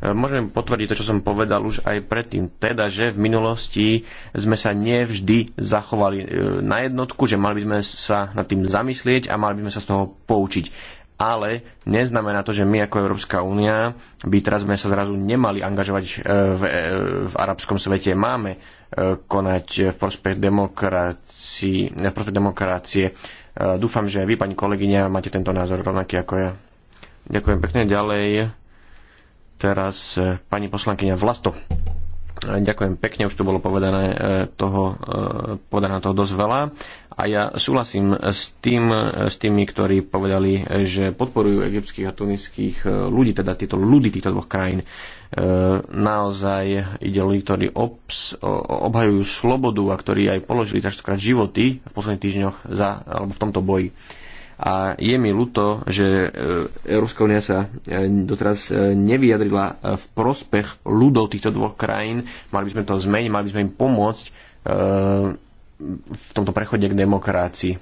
Speaker 8: Môžem potvrdiť to, čo som povedal už aj predtým, teda, že v minulosti sme sa nevždy zachovali na jednotku, že mali by sme sa nad tým zamyslieť a mali by sme sa z toho poučiť ale neznamená to, že my ako Európska únia by teraz sme sa zrazu nemali angažovať e, v, e, v arabskom svete. Máme e, konať v prospech demokracie, v prospech demokracie. Dúfam, že vy, pani kolegyňa, máte tento názor rovnaký ako ja. Ďakujem pekne. Ďalej teraz pani poslankyňa Vlasto. Ďakujem pekne, už to bolo povedané e, toho, e, povedané toho dosť veľa. A ja súhlasím s, tým, s tými, ktorí povedali, že podporujú egyptských a tuniských e, ľudí, teda tieto ľudí týchto dvoch krajín. Naozaj ide ľudí, ktorí obs, obhajujú slobodu a ktorí aj položili častokrát životy v posledných týždňoch za, alebo v tomto boji a je mi ľúto, že e, Európska únia sa e, doteraz e, nevyjadrila v prospech ľudov týchto dvoch krajín. Mali by sme to zmeniť, mali by sme im pomôcť v tomto prechode k demokracii.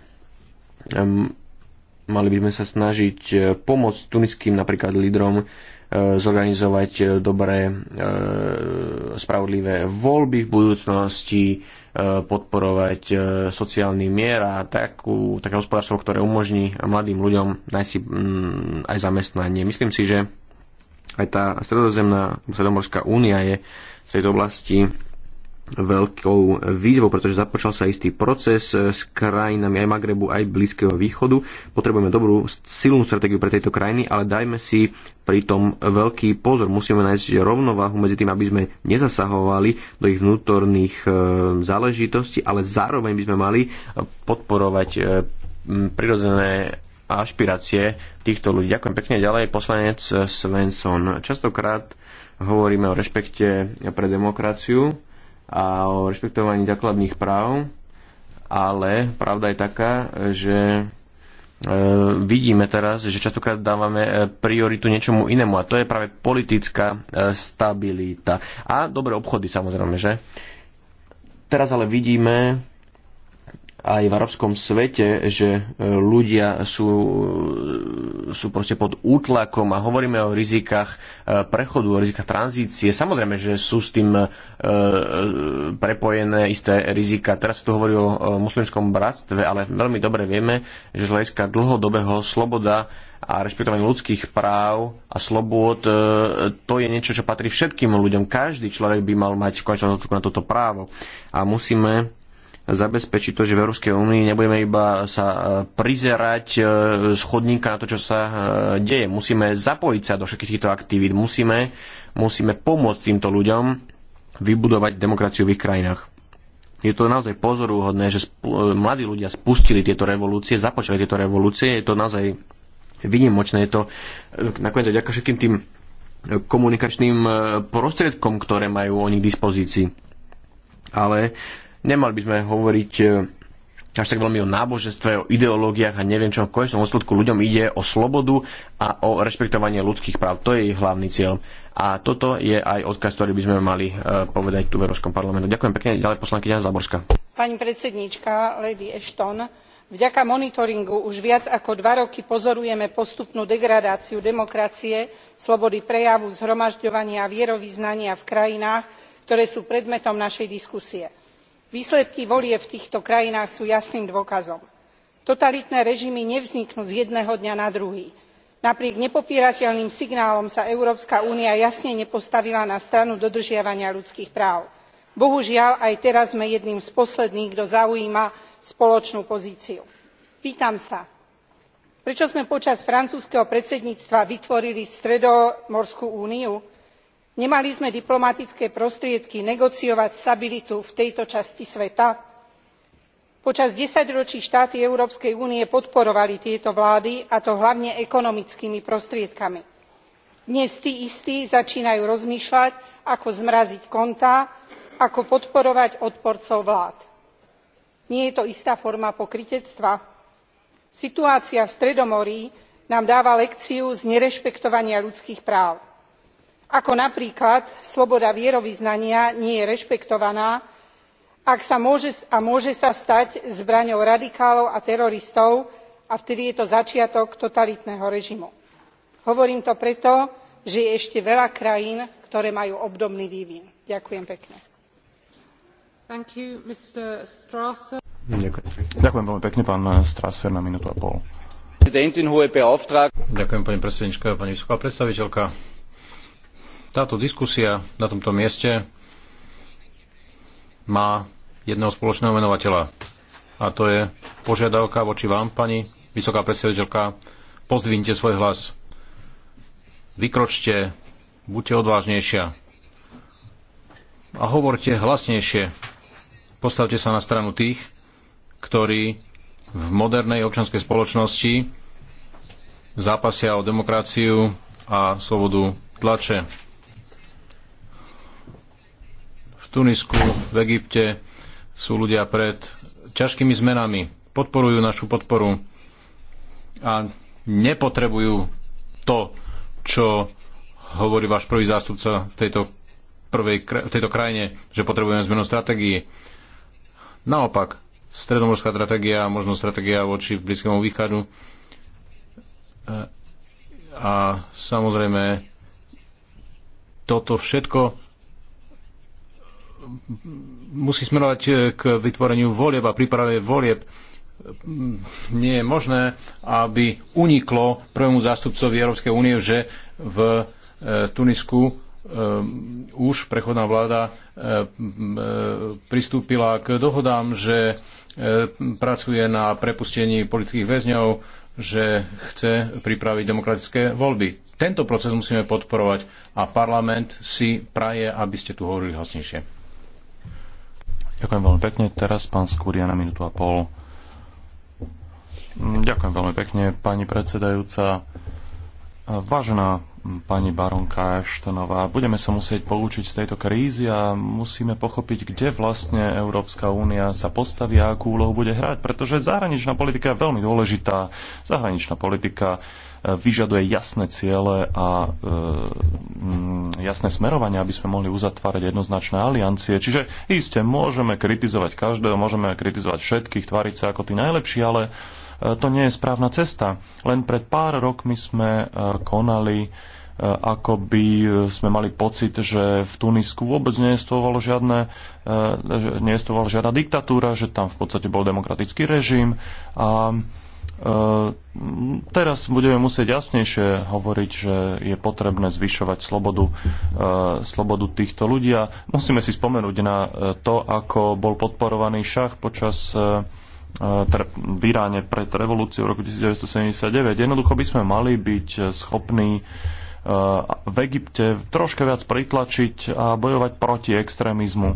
Speaker 8: Mali by sme sa snažiť pomôcť tuniským napríklad lídrom zorganizovať dobré, spravodlivé voľby v budúcnosti, podporovať e, sociálny mier a takú, také hospodárstvo, ktoré umožní mladým ľuďom nájsť si mm, aj zamestnanie. Myslím si, že aj tá stredozemná stredomorská únia je v tejto oblasti veľkou výzvou, pretože započal sa istý proces e, s krajinami aj Magrebu, aj Blízkeho východu. Potrebujeme dobrú, silnú stratégiu pre tejto krajiny, ale dajme si pritom veľký pozor. Musíme nájsť rovnováhu medzi tým, aby sme nezasahovali do ich vnútorných e, záležitostí, ale zároveň by sme mali podporovať e, prirodzené ašpirácie týchto ľudí. Ďakujem pekne. Ďalej poslanec Svensson. Častokrát hovoríme o rešpekte pre demokraciu a o rešpektovaní základných práv, ale pravda je taká, že e, vidíme teraz, že častokrát dávame e, prioritu niečomu inému a to je práve politická e, stabilita. A dobré obchody samozrejme, že? Teraz ale vidíme, aj v arabskom svete, že e, ľudia sú, e, sú proste pod útlakom a hovoríme o rizikách e, prechodu, o rizikách tranzície. Samozrejme, že sú s tým prepojené isté rizika. Teraz sa tu hovorí o muslimskom bratstve, ale veľmi dobre vieme, že z hľadiska dlhodobého sloboda a rešpektovanie ľudských práv a slobôd, to je niečo, čo patrí všetkým ľuďom. Každý človek by mal mať konečnú na toto právo. A musíme zabezpečiť to, že v Európskej únii nebudeme iba sa e, prizerať e, z chodníka na to, čo sa e, deje. Musíme zapojiť sa do všetkých týchto aktivít. Musíme, musíme pomôcť týmto ľuďom vybudovať demokraciu v ich krajinách. Je to naozaj pozoruhodné, že mladí ľudia spustili tieto revolúcie, započali tieto revolúcie. Je to naozaj vynimočné. Je to nakoniec vďaka všetkým tým komunikačným prostriedkom, ktoré majú oni k dispozícii. Ale Nemali by sme hovoriť e, až tak veľmi o náboženstve, o ideológiách a neviem čo. V konečnom osledku ľuďom ide o slobodu a o rešpektovanie ľudských práv. To je ich hlavný cieľ. A toto je aj odkaz, ktorý by sme mali e, povedať tu v Európskom parlamentu. Ďakujem pekne. Ďalej poslankyňa Zaborská.
Speaker 5: Pani predsedníčka Lady Ashton, vďaka monitoringu už viac ako dva roky pozorujeme postupnú degradáciu demokracie, slobody prejavu, zhromažďovania a vierovyznania v krajinách, ktoré sú predmetom našej diskusie výsledky volieb v týchto krajinách sú jasným dôkazom. totalitné režimy nevzniknú z jedného dňa na druhý. napriek nepopierateľným signálom sa európska únia jasne nepostavila na stranu dodržiavania ľudských práv. bohužiaľ aj teraz sme jedným z posledných kto zaujíma spoločnú pozíciu. pýtam sa prečo sme počas francúzskeho predsedníctva vytvorili stredomorskú úniu? nemali sme diplomatické prostriedky negociovať stabilitu v tejto časti sveta? počas desaťročí štáty európskej únie podporovali tieto vlády a to hlavne ekonomickými prostriedkami. dnes tí istí začínajú rozmýšľať ako zmraziť kontá ako podporovať odporcov vlád. nie je to istá forma pokrytectva? situácia v stredomorí nám dáva lekciu z nerešpektovania ľudských práv ako napríklad sloboda vierovyznania nie je rešpektovaná ak sa a môže sa stať zbraňou radikálov a teroristov a vtedy je to začiatok totalitného režimu. hovorím to preto že je ešte veľa krajín ktoré majú obdobný vývin. ďakujem pekne.
Speaker 6: ďakujem. veľmi pekne pán strasser na minútu a pol.
Speaker 3: ďakujem
Speaker 7: pani predsedníčka pani vysoká predstaviteľka táto diskusia na tomto mieste má jedného spoločného menovateľa. A to je požiadavka voči vám, pani vysoká predstaviteľka, pozdvinte svoj hlas. Vykročte, buďte odvážnejšia a hovorte hlasnejšie. Postavte sa na stranu tých, ktorí v modernej občanskej spoločnosti zápasia o demokraciu a slobodu tlače. Tunisku, v Egypte sú ľudia pred ťažkými zmenami, podporujú našu podporu a nepotrebujú to, čo hovorí váš prvý zástupca v tejto, prvej, v tejto krajine, že potrebujeme zmenu stratégie. Naopak, stredomorská stratégia, možno stratégia voči Blízkému východu e, a samozrejme toto všetko musí smerovať e, k vytvoreniu volieb a príprave volieb. Nie je možné, aby uniklo prvému zástupcovi Európskej únie, že v e, Tunisku e, už prechodná vláda pristúpila k dohodám, že pracuje na prepustení politických väzňov, že chce pripraviť demokratické voľby. Tento proces musíme podporovať a parlament si praje, aby ste tu hovorili hlasnejšie.
Speaker 6: Ďakujem veľmi pekne. Teraz pán Skúria na minútu a pol. Ďakujem veľmi pekne, pani predsedajúca. Vážená pani baronka Eštonová, budeme sa musieť poučiť z tejto krízy a musíme pochopiť, kde vlastne Európska únia sa postaví a akú úlohu bude hrať, pretože zahraničná politika je veľmi dôležitá. Zahraničná politika vyžaduje jasné ciele a e, mm, jasné smerovanie, aby sme mohli uzatvárať jednoznačné aliancie. Čiže iste môžeme kritizovať každého, môžeme kritizovať všetkých, tvariť sa ako tí najlepší, ale e, to nie je správna cesta. Len pred pár rokmi sme e, konali ako by sme mali pocit, že v Tunisku vôbec neestovalo žiadne, neestovala žiadna diktatúra, že tam v podstate bol demokratický režim a Ehm, teraz budeme musieť jasnejšie hovoriť, že je potrebné zvyšovať slobodu, ehm, slobodu týchto ľudí a musíme si spomenúť na e, to, ako bol podporovaný šach počas teda v Iráne pred revolúciou v roku 1979. Jednoducho by sme mali byť schopní v Egypte troška viac pritlačiť a bojovať proti extrémizmu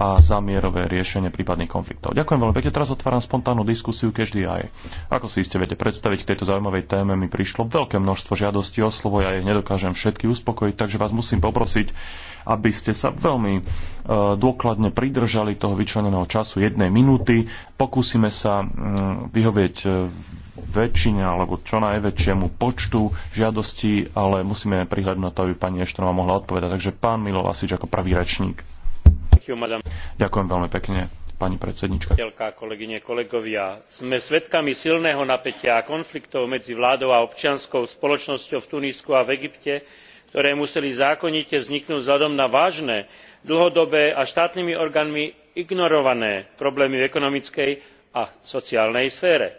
Speaker 6: a za mierové riešenie prípadných konfliktov. Ďakujem veľmi pekne. Teraz otváram spontánnu diskusiu každý aj. Ako si iste viete predstaviť, k tejto zaujímavej téme mi prišlo veľké množstvo žiadostí o slovo, ja ich nedokážem všetky uspokojiť, takže vás musím poprosiť, aby ste sa veľmi e, dôkladne pridržali toho vyčleneného času jednej minúty. Pokúsime sa mm, vyhovieť e, väčšine alebo čo najväčšiemu počtu žiadostí, ale musíme prihľadnúť na to, aby pani Eštonová mohla odpovedať. Takže pán Milo Lasič ako prvý rečník. Ďakujem veľmi pekne, pani predsednička.
Speaker 2: Kolegyne, kolegovia, sme svedkami silného napätia a konfliktov medzi vládou a občianskou spoločnosťou v Tunisku a v Egypte, ktoré museli zákonite vzniknúť vzhľadom na vážne dlhodobé a štátnymi orgánmi ignorované problémy v ekonomickej a sociálnej sfére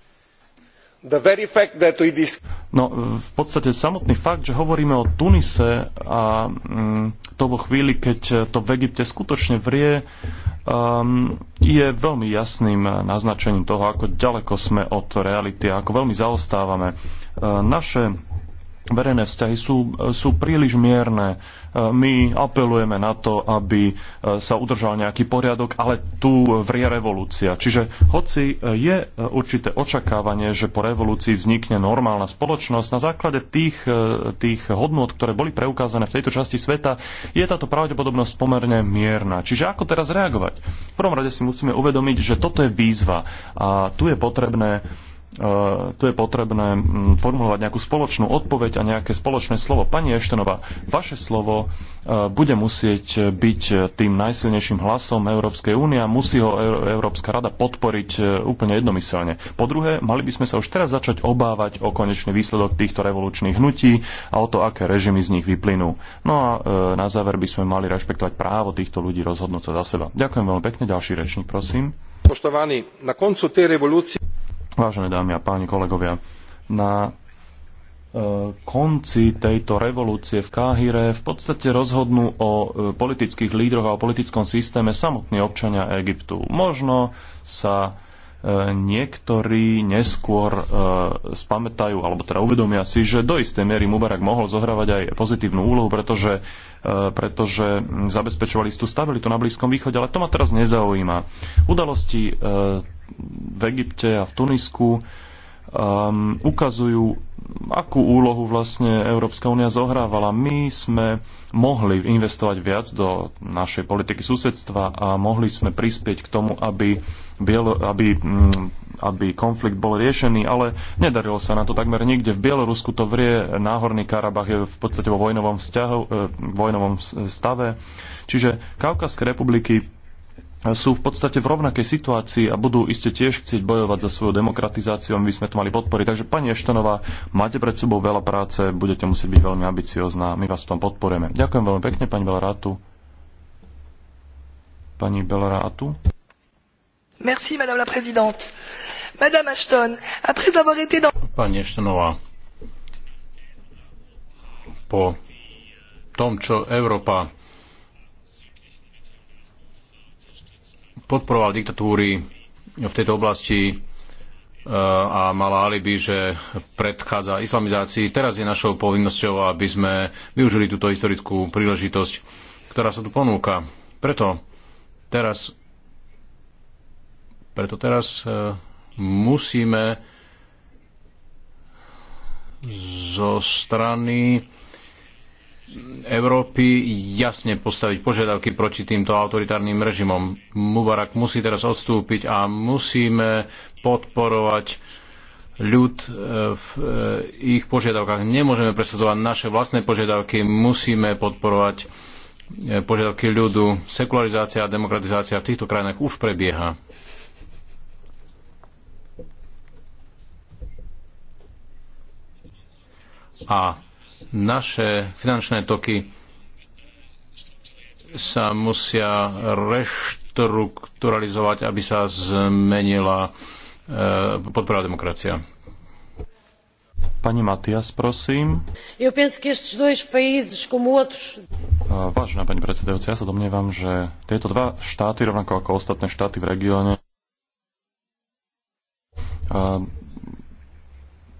Speaker 6: No, v podstate samotný fakt, že hovoríme o Tunise a mm, to vo chvíli, keď to v Egypte skutočne vrie, um, je veľmi jasným naznačením toho, ako ďaleko sme od reality a ako veľmi zaostávame. E, naše verejné vzťahy sú, sú príliš mierne. E, my apelujeme na to, aby e, sa udržal nejaký poriadok, ale tu vrie revolúcia. Čiže hoci e, je určité očakávanie, že po revolúcii vznikne normálna spoločnosť, na základe tých, tých hodnot, ktoré boli preukázané v tejto časti sveta, je táto pravdepodobnosť pomerne mierna. Čiže ako teraz reagovať? V prvom rade si musíme uvedomiť, že toto je výzva a tu je potrebné E, tu je potrebné formulovať nejakú spoločnú odpoveď a nejaké spoločné slovo. Pani Eštenová, vaše slovo e, bude musieť byť tým najsilnejším hlasom Európskej únie a musí ho Európska rada podporiť e, úplne jednomyselne. Po druhé, mali by sme sa už teraz začať obávať o konečný výsledok týchto revolučných hnutí a o to, aké režimy z nich vyplynú. No a na záver by sme mali rešpektovať právo týchto ľudí rozhodnúť sa za seba. Ďakujem veľmi pekne. Ďalší rečník, prosím. Poštovaní, na koncu tej revolúcie Vážené dámy a páni kolegovia, na e, konci tejto revolúcie v Káhire v podstate rozhodnú o e, politických lídroch a o politickom systéme samotní občania Egyptu. Možno sa e, niektorí neskôr spamätajú, alebo teda uvedomia si, že do istej miery Mubarak mohol zohrávať aj pozitívnu úlohu, pretože, pretože zabezpečovali istú stabilitu na Blízkom východe, ale to ma teraz nezaujíma. Udalosti v Egypte a v Tunisku um, ukazujú, akú úlohu vlastne Európska únia zohrávala. My sme mohli investovať viac do našej politiky susedstva a mohli sme prispieť k tomu, aby, Bielo, aby, mm, aby konflikt bol riešený, ale nedarilo sa na to takmer nikde. V Bielorusku to vrie, Náhorný Karabach je v podstate vo vojnovom, vzťahu, eh, vojnovom stave. Čiže Kaukazské republiky sú v podstate v rovnakej situácii a budú iste tiež chcieť bojovať za svoju demokratizáciu my sme to mali podporiť. Takže pani Eštonová, máte pred sebou veľa práce, budete musieť byť veľmi ambiciozná, my vás v tom podporujeme. Ďakujem veľmi pekne, pani Belarátu. Pani Belarátu.
Speaker 1: Merci, madame la présidente. Madame Ashton, après avoir été dans...
Speaker 6: Pani
Speaker 7: Eštonová, po tom, čo Európa podporoval diktatúry v tejto oblasti e, a mala alibi, že predchádza islamizácii. Teraz je našou povinnosťou, aby sme využili túto historickú príležitosť, ktorá sa tu ponúka. Preto teraz, preto teraz e, musíme zo strany Európy jasne postaviť požiadavky proti týmto autoritárnym režimom. Mubarak musí teraz odstúpiť a musíme podporovať ľud e, v e, ich požiadavkách. Nemôžeme presadzovať naše vlastné požiadavky, musíme podporovať e, požiadavky ľudu. Sekularizácia a demokratizácia v týchto krajinách už prebieha. A naše finančné toky sa musia reštrukturalizovať, aby sa zmenila eh, podpora demokracia.
Speaker 6: Pani Matias, prosím. Eh, vážená pani predsedajúca, ja sa domnievam, že tieto dva štáty, rovnako ako ostatné štáty v regióne, eh,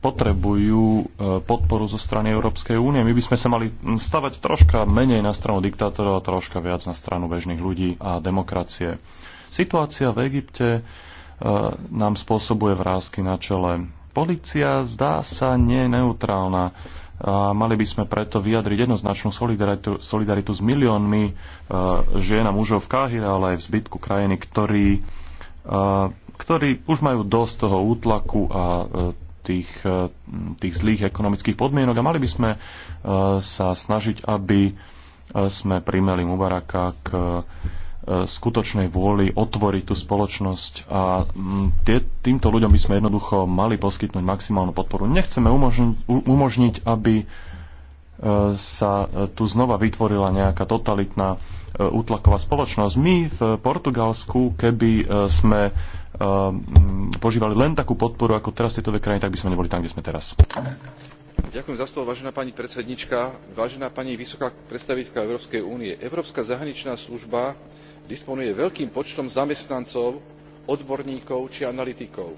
Speaker 6: potrebujú e, podporu zo strany Európskej únie. My by sme sa mali stavať troška menej na stranu diktátorov a troška viac na stranu bežných ľudí a demokracie. Situácia v Egypte e, nám spôsobuje vrázky na čele. Polícia zdá sa nie neutrálna a mali by sme preto vyjadriť jednoznačnú solidaritu, solidaritu s miliónmi e, žien a mužov v Káhire, ale aj v zbytku krajiny, ktorí, ktorí už majú dosť toho útlaku a tých, eh, tých zlých ekonomických podmienok a mali by sme eh, sa snažiť, aby eh, sme primeli Mubaraka k skutočnej vôli otvoriť tú spoločnosť a mm, tie, týmto ľuďom by sme jednoducho mali poskytnúť maximálnu podporu. Nechceme umožniť, umožniť aby sa tu znova vytvorila nejaká totalitná e, útlaková spoločnosť. My v Portugalsku, keby e, sme e, požívali len takú podporu, ako teraz tieto dve krajiny, tak by sme neboli tam, kde sme teraz.
Speaker 3: Ďakujem za slovo, vážená pani predsednička, vážená pani vysoká predstaviteľka Európskej únie. Európska zahraničná služba disponuje veľkým počtom zamestnancov, odborníkov či analytikov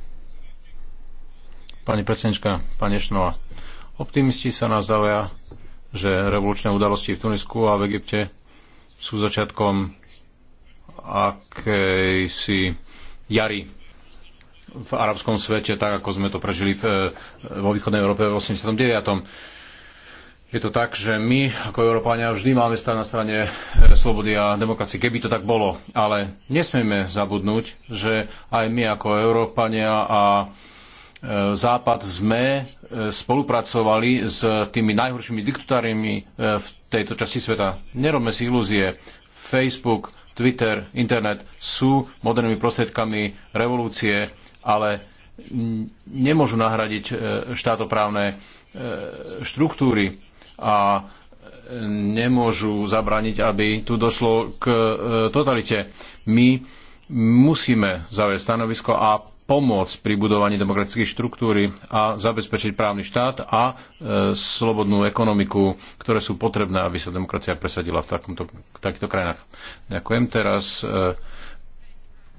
Speaker 7: Pani predsednička, pani Ešnová, optimisti sa nazdávajú, že revolučné udalosti v Tunisku a v Egypte sú začiatkom akejsi jary v arabskom svete, tak ako sme to prežili v, eh, vo východnej Európe v 89. Je to tak, že my ako Európania vždy máme stať na strane eh, slobody a demokracie, keby to tak bolo. Ale nesmieme zabudnúť, že aj my ako Európania a Západ sme e, spolupracovali s tými najhoršími diktátármi e, v tejto časti sveta. Nerobme si ilúzie. Facebook, Twitter, internet sú modernými prostriedkami revolúcie, ale nemôžu nahradiť e, štátoprávne štruktúry a nemôžu zabrániť, aby tu došlo k totalite. My musíme zaviesť stanovisko a pomôcť pri budovaní demokratickej štruktúry a zabezpečiť právny štát a e, slobodnú ekonomiku, ktoré sú potrebné, aby sa demokracia presadila v, takomto, v takýchto krajinách. Ďakujem. Teraz e,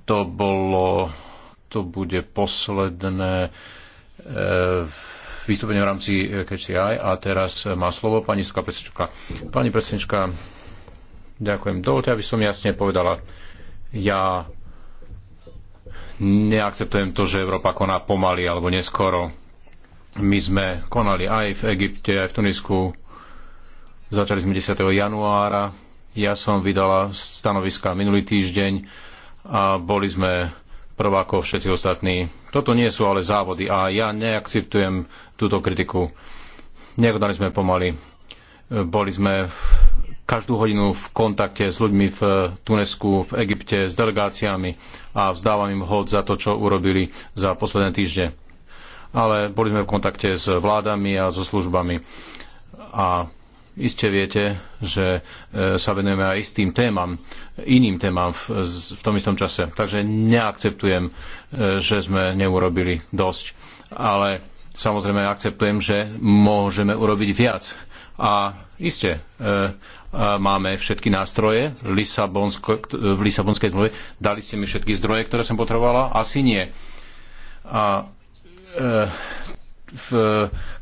Speaker 7: to bolo, to bude posledné e, vystúpenie v rámci KCI e, a teraz má slovo pani predsednička. Pani predsednička, ďakujem. Dovolte, aby som jasne povedala, ja neakceptujem to, že Európa koná pomaly alebo neskoro. My sme konali aj v Egypte, aj v Tunisku. Začali sme 10. januára. Ja som vydala stanoviska minulý týždeň a boli sme prvákov všetci ostatní. Toto nie sú ale závody a ja neakceptujem túto kritiku. Nekonali sme pomaly. Boli sme každú hodinu v kontakte s ľuďmi v eh, Tunesku, v Egypte, s delegáciami a vzdávam im hod za to, čo urobili za posledné týždne. Ale boli sme v kontakte s vládami a so službami. A iste viete, že eh, sa venujeme aj istým témam, iným témam v, v tom istom čase. Takže neakceptujem, eh, že sme neurobili dosť. Ale samozrejme akceptujem, že môžeme urobiť viac. A Isté, e, máme všetky nástroje Lisabonsko, v Lisabonskej zmluve. Dali ste mi všetky zdroje, ktoré som potrebovala? Asi nie. A e, v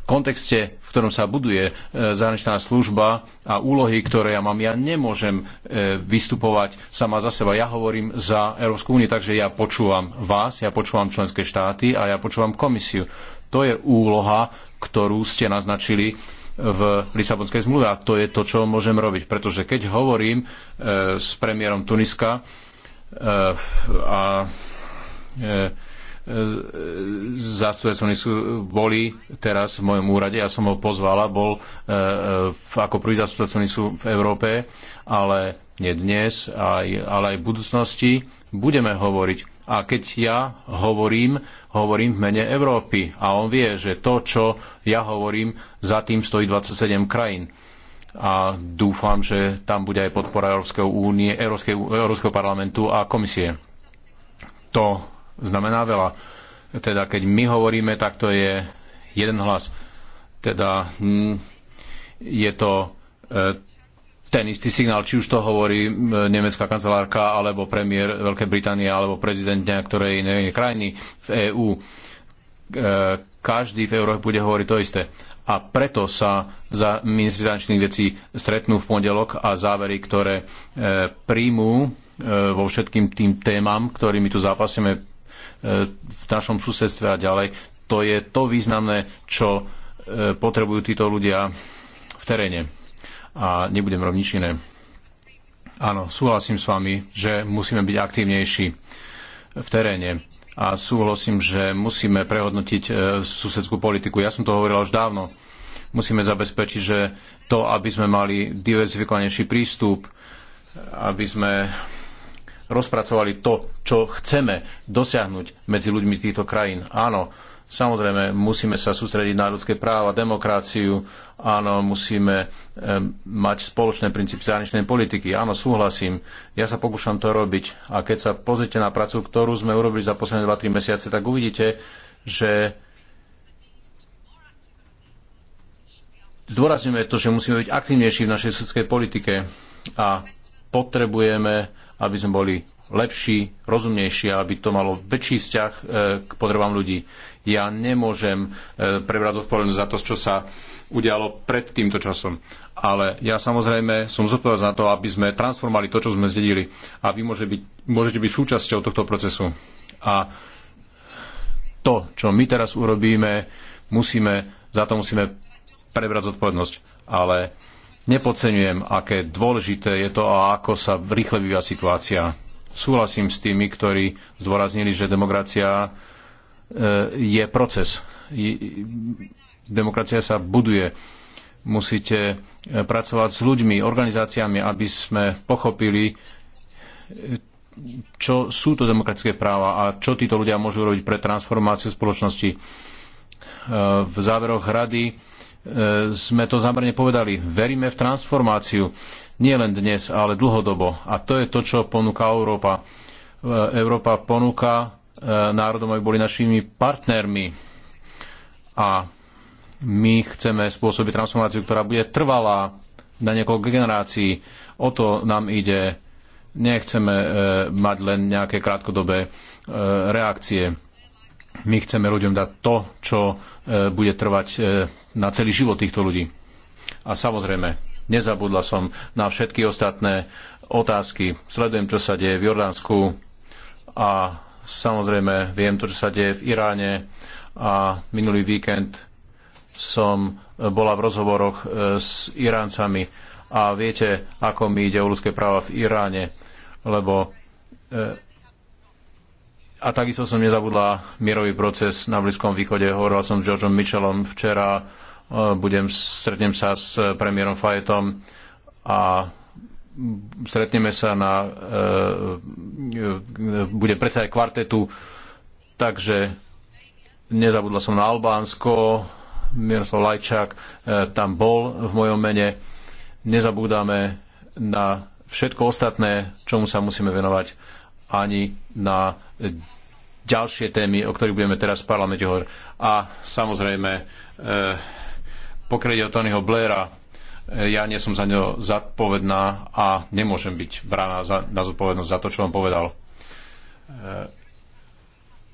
Speaker 7: kontexte, v ktorom sa buduje e, zahraničná služba a úlohy, ktoré ja mám, ja nemôžem vystupovať sama za seba. Ja hovorím za Európsku úniu, takže ja počúvam vás, ja počúvam členské štáty a ja počúvam komisiu. To je úloha, ktorú ste naznačili v Lisabonskej zmluve. A to je to, čo môžem robiť. Pretože keď hovorím e, s premiérom Tuniska e, a e, sú, boli teraz v mojom úrade, ja som ho pozvala, bol ako prvý zástupcovní sú v Európe, ale nie dnes, aj, ale aj v budúcnosti budeme hovoriť a keď ja hovorím, hovorím v mene Európy. A on vie, že to, čo ja hovorím, za tým stojí 27 krajín. A dúfam, že tam bude aj podpora Európskej únie, Európskej, Európskeho parlamentu a komisie. To znamená veľa. Teda keď my hovoríme, tak to je jeden hlas. Teda mm, je to e, ten istý signál, či už to hovorí nemecká kancelárka, alebo premiér Veľkej Británie, alebo prezident nejakej inej krajiny v EÚ. E, každý v Európe bude hovoriť to isté. A preto sa za ministri zahraničných vecí stretnú v pondelok a závery, ktoré e, príjmú e, vo všetkým tým témam, ktorými tu zápasíme v našom susedstve a ďalej, to je to významné, čo potrebujú títo ľudia v teréne a nebudem nič iné. Áno, súhlasím s vami, že musíme byť aktívnejší v teréne a súhlasím, že musíme prehodnotiť e, susedskú politiku. Ja som to hovoril už dávno. Musíme zabezpečiť, že to, aby sme mali diverzifikovanejší prístup, aby sme rozpracovali to, čo chceme dosiahnuť medzi ľuďmi týchto krajín. Áno, Samozrejme, musíme sa sústrediť na ľudské práva, demokraciu, áno, musíme eh, mať spoločné princípy zahraničnej politiky, áno, súhlasím, ja sa pokúšam to robiť. A keď sa pozrite na prácu, ktorú sme urobili za posledné 2-3 mesiace, tak uvidíte, že zdôrazňujeme to, že musíme byť aktívnejší v našej sudskej politike a potrebujeme, aby sme boli lepší, rozumnejší, aby to malo väčší vzťah e, k potrebám ľudí. Ja nemôžem e, prebrať zodpovednosť za to, čo sa udialo pred týmto časom. Ale ja samozrejme som zodpovedný za to, aby sme transformovali to, čo sme zdedili. A vy môže byť, môžete byť súčasťou tohto procesu. A to, čo my teraz urobíme, musíme, za to musíme prebrať zodpovednosť. Ale nepodceňujem, aké dôležité je to a ako sa rýchle vyvíja situácia súhlasím s tými, ktorí zdôraznili, že demokracia e, je proces. Demokracia sa buduje. Musíte e, pracovať s ľuďmi, organizáciami, aby sme pochopili, e, čo sú to demokratické práva a čo títo ľudia môžu robiť pre transformáciu spoločnosti. V záveroch rady sme to zámerne povedali. Veríme v transformáciu nielen dnes, ale dlhodobo. A to je to, čo ponúka Európa. E, Európa ponúka e, národom, aby boli našimi partnermi. A my chceme spôsobiť transformáciu, ktorá bude trvalá na niekoľko generácií. O to nám ide. Nechceme e, mať len nejaké krátkodobé reakcie. My chceme ľuďom dať to, čo bude trvať na celý život týchto ľudí. A samozrejme, Nezabudla som na všetky ostatné otázky. Sledujem, čo sa deje v Jordánsku a samozrejme viem to, čo sa deje v Iráne a minulý víkend som e, bola v rozhovoroch e, s Iráncami a viete, ako mi ide o ľudské práva v Iráne, lebo e, a takisto som nezabudla mierový proces na Blízkom východe. Hovorila som s Georgeom Mitchellom včera budem, stretnem sa s premiérom Fajetom a stretneme sa na e, bude predseda kvartetu takže nezabudla som na Albánsko Miroslav Lajčák e, tam bol v mojom mene nezabúdame na všetko ostatné, čomu sa musíme venovať ani na ďalšie témy, o ktorých budeme teraz v parlamente hovoriť. A samozrejme e, pokiaľ ide o Tonyho Blaira, e, ja nie som za ňo zodpovedná a nemôžem byť braná za, na zodpovednosť za to, čo on povedal. E,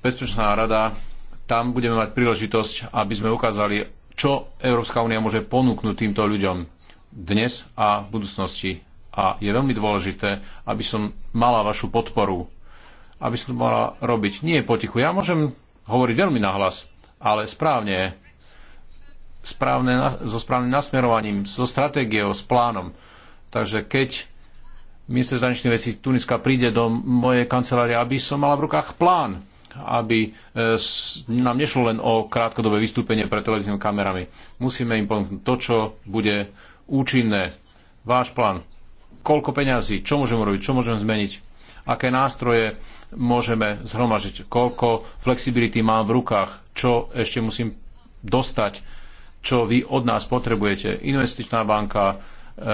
Speaker 7: Bezpečná rada, tam budeme mať príležitosť, aby sme ukázali, čo Európska únia môže ponúknuť týmto ľuďom dnes a v budúcnosti. A je veľmi dôležité, aby som mala vašu podporu, aby som to mala robiť. Nie potichu. Ja môžem hovoriť veľmi nahlas, ale správne správne, so správnym nasmerovaním, so stratégiou, s plánom. Takže keď minister zahraničných vecí Tuniska príde do mojej kancelárie, aby som mala v rukách plán, aby e, nám nešlo len o krátkodobé vystúpenie pred televíznymi kamerami. Musíme im ponúknuť to, čo bude účinné. Váš plán. Koľko peňazí, čo môžeme robiť, čo môžeme zmeniť, aké nástroje môžeme zhromažiť, koľko flexibility mám v rukách, čo ešte musím dostať čo vy od nás potrebujete. Investičná banka, e, e,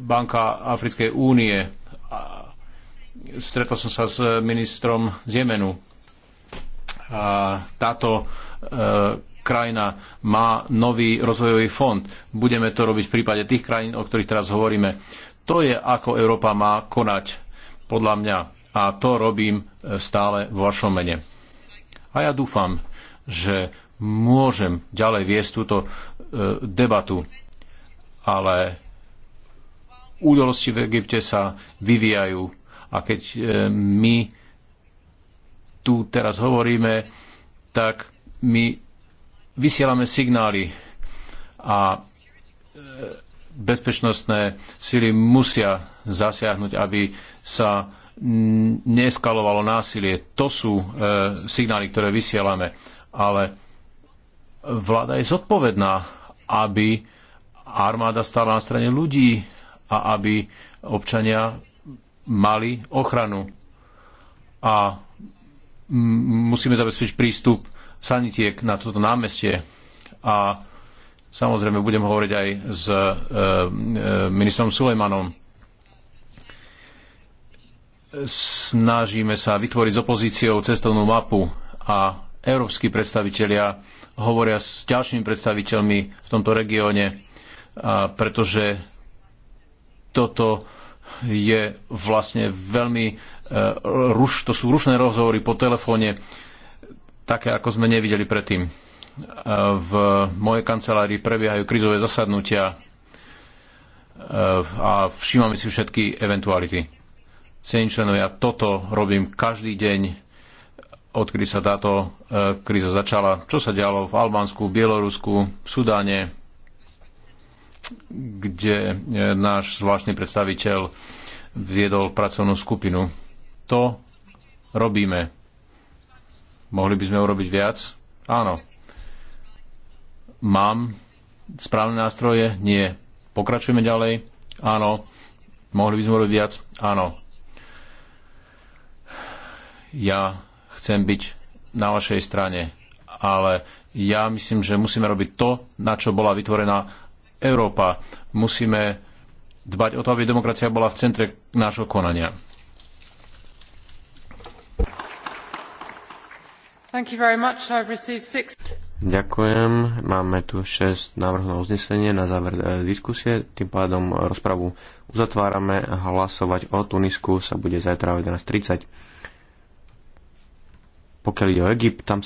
Speaker 7: banka Africkej únie. Stretol som sa s ministrom z Jemenu. A táto e, krajina má nový rozvojový fond. Budeme to robiť v prípade tých krajín, o ktorých teraz hovoríme. To je, ako Európa má konať, podľa mňa. A to robím stále vo vašom mene. A ja dúfam, že môžem ďalej viesť túto e, debatu, ale údolosti v Egypte sa vyvíjajú a keď e, my tu teraz hovoríme, tak my vysielame signály a e, bezpečnostné sily musia zasiahnuť, aby sa neskalovalo násilie. To sú e, signály, ktoré vysielame. Ale vláda je zodpovedná, aby armáda stála na strane ľudí a aby občania mali ochranu. A musíme zabezpečiť prístup sanitiek na toto námestie. A samozrejme budem hovoriť aj s e, e ministrom Sulejmanom. Snažíme sa vytvoriť s opozíciou cestovnú mapu a európsky predstavitelia hovoria s ďalšími predstaviteľmi v tomto regióne, pretože toto je vlastne veľmi e, ruš, to sú rušné rozhovory po telefóne, také ako sme nevideli predtým. E, v mojej kancelárii prebiehajú krizové zasadnutia e, a všímame si všetky eventuality. Cení členovia, toto robím každý deň odkedy sa táto e, kríza začala. Čo sa dialo v Albánsku, Bielorusku, v Sudáne, kde e, náš zvláštny predstaviteľ viedol pracovnú skupinu. To robíme. Mohli by sme urobiť viac? Áno. Mám správne nástroje? Nie. Pokračujeme ďalej? Áno. Mohli by sme urobiť viac? Áno. Ja chcem byť na vašej strane, ale ja myslím, že musíme robiť to, na čo bola vytvorená Európa. Musíme dbať o to, aby demokracia bola v centre nášho konania.
Speaker 5: Six...
Speaker 8: Ďakujem. Máme tu 6 návrhov na uznesenie na záver e, diskusie. Tým pádom rozpravu uzatvárame. Hlasovať
Speaker 1: o Tunisku sa bude zajtra o 11.30. Pokiaľ ide o Egypt, tam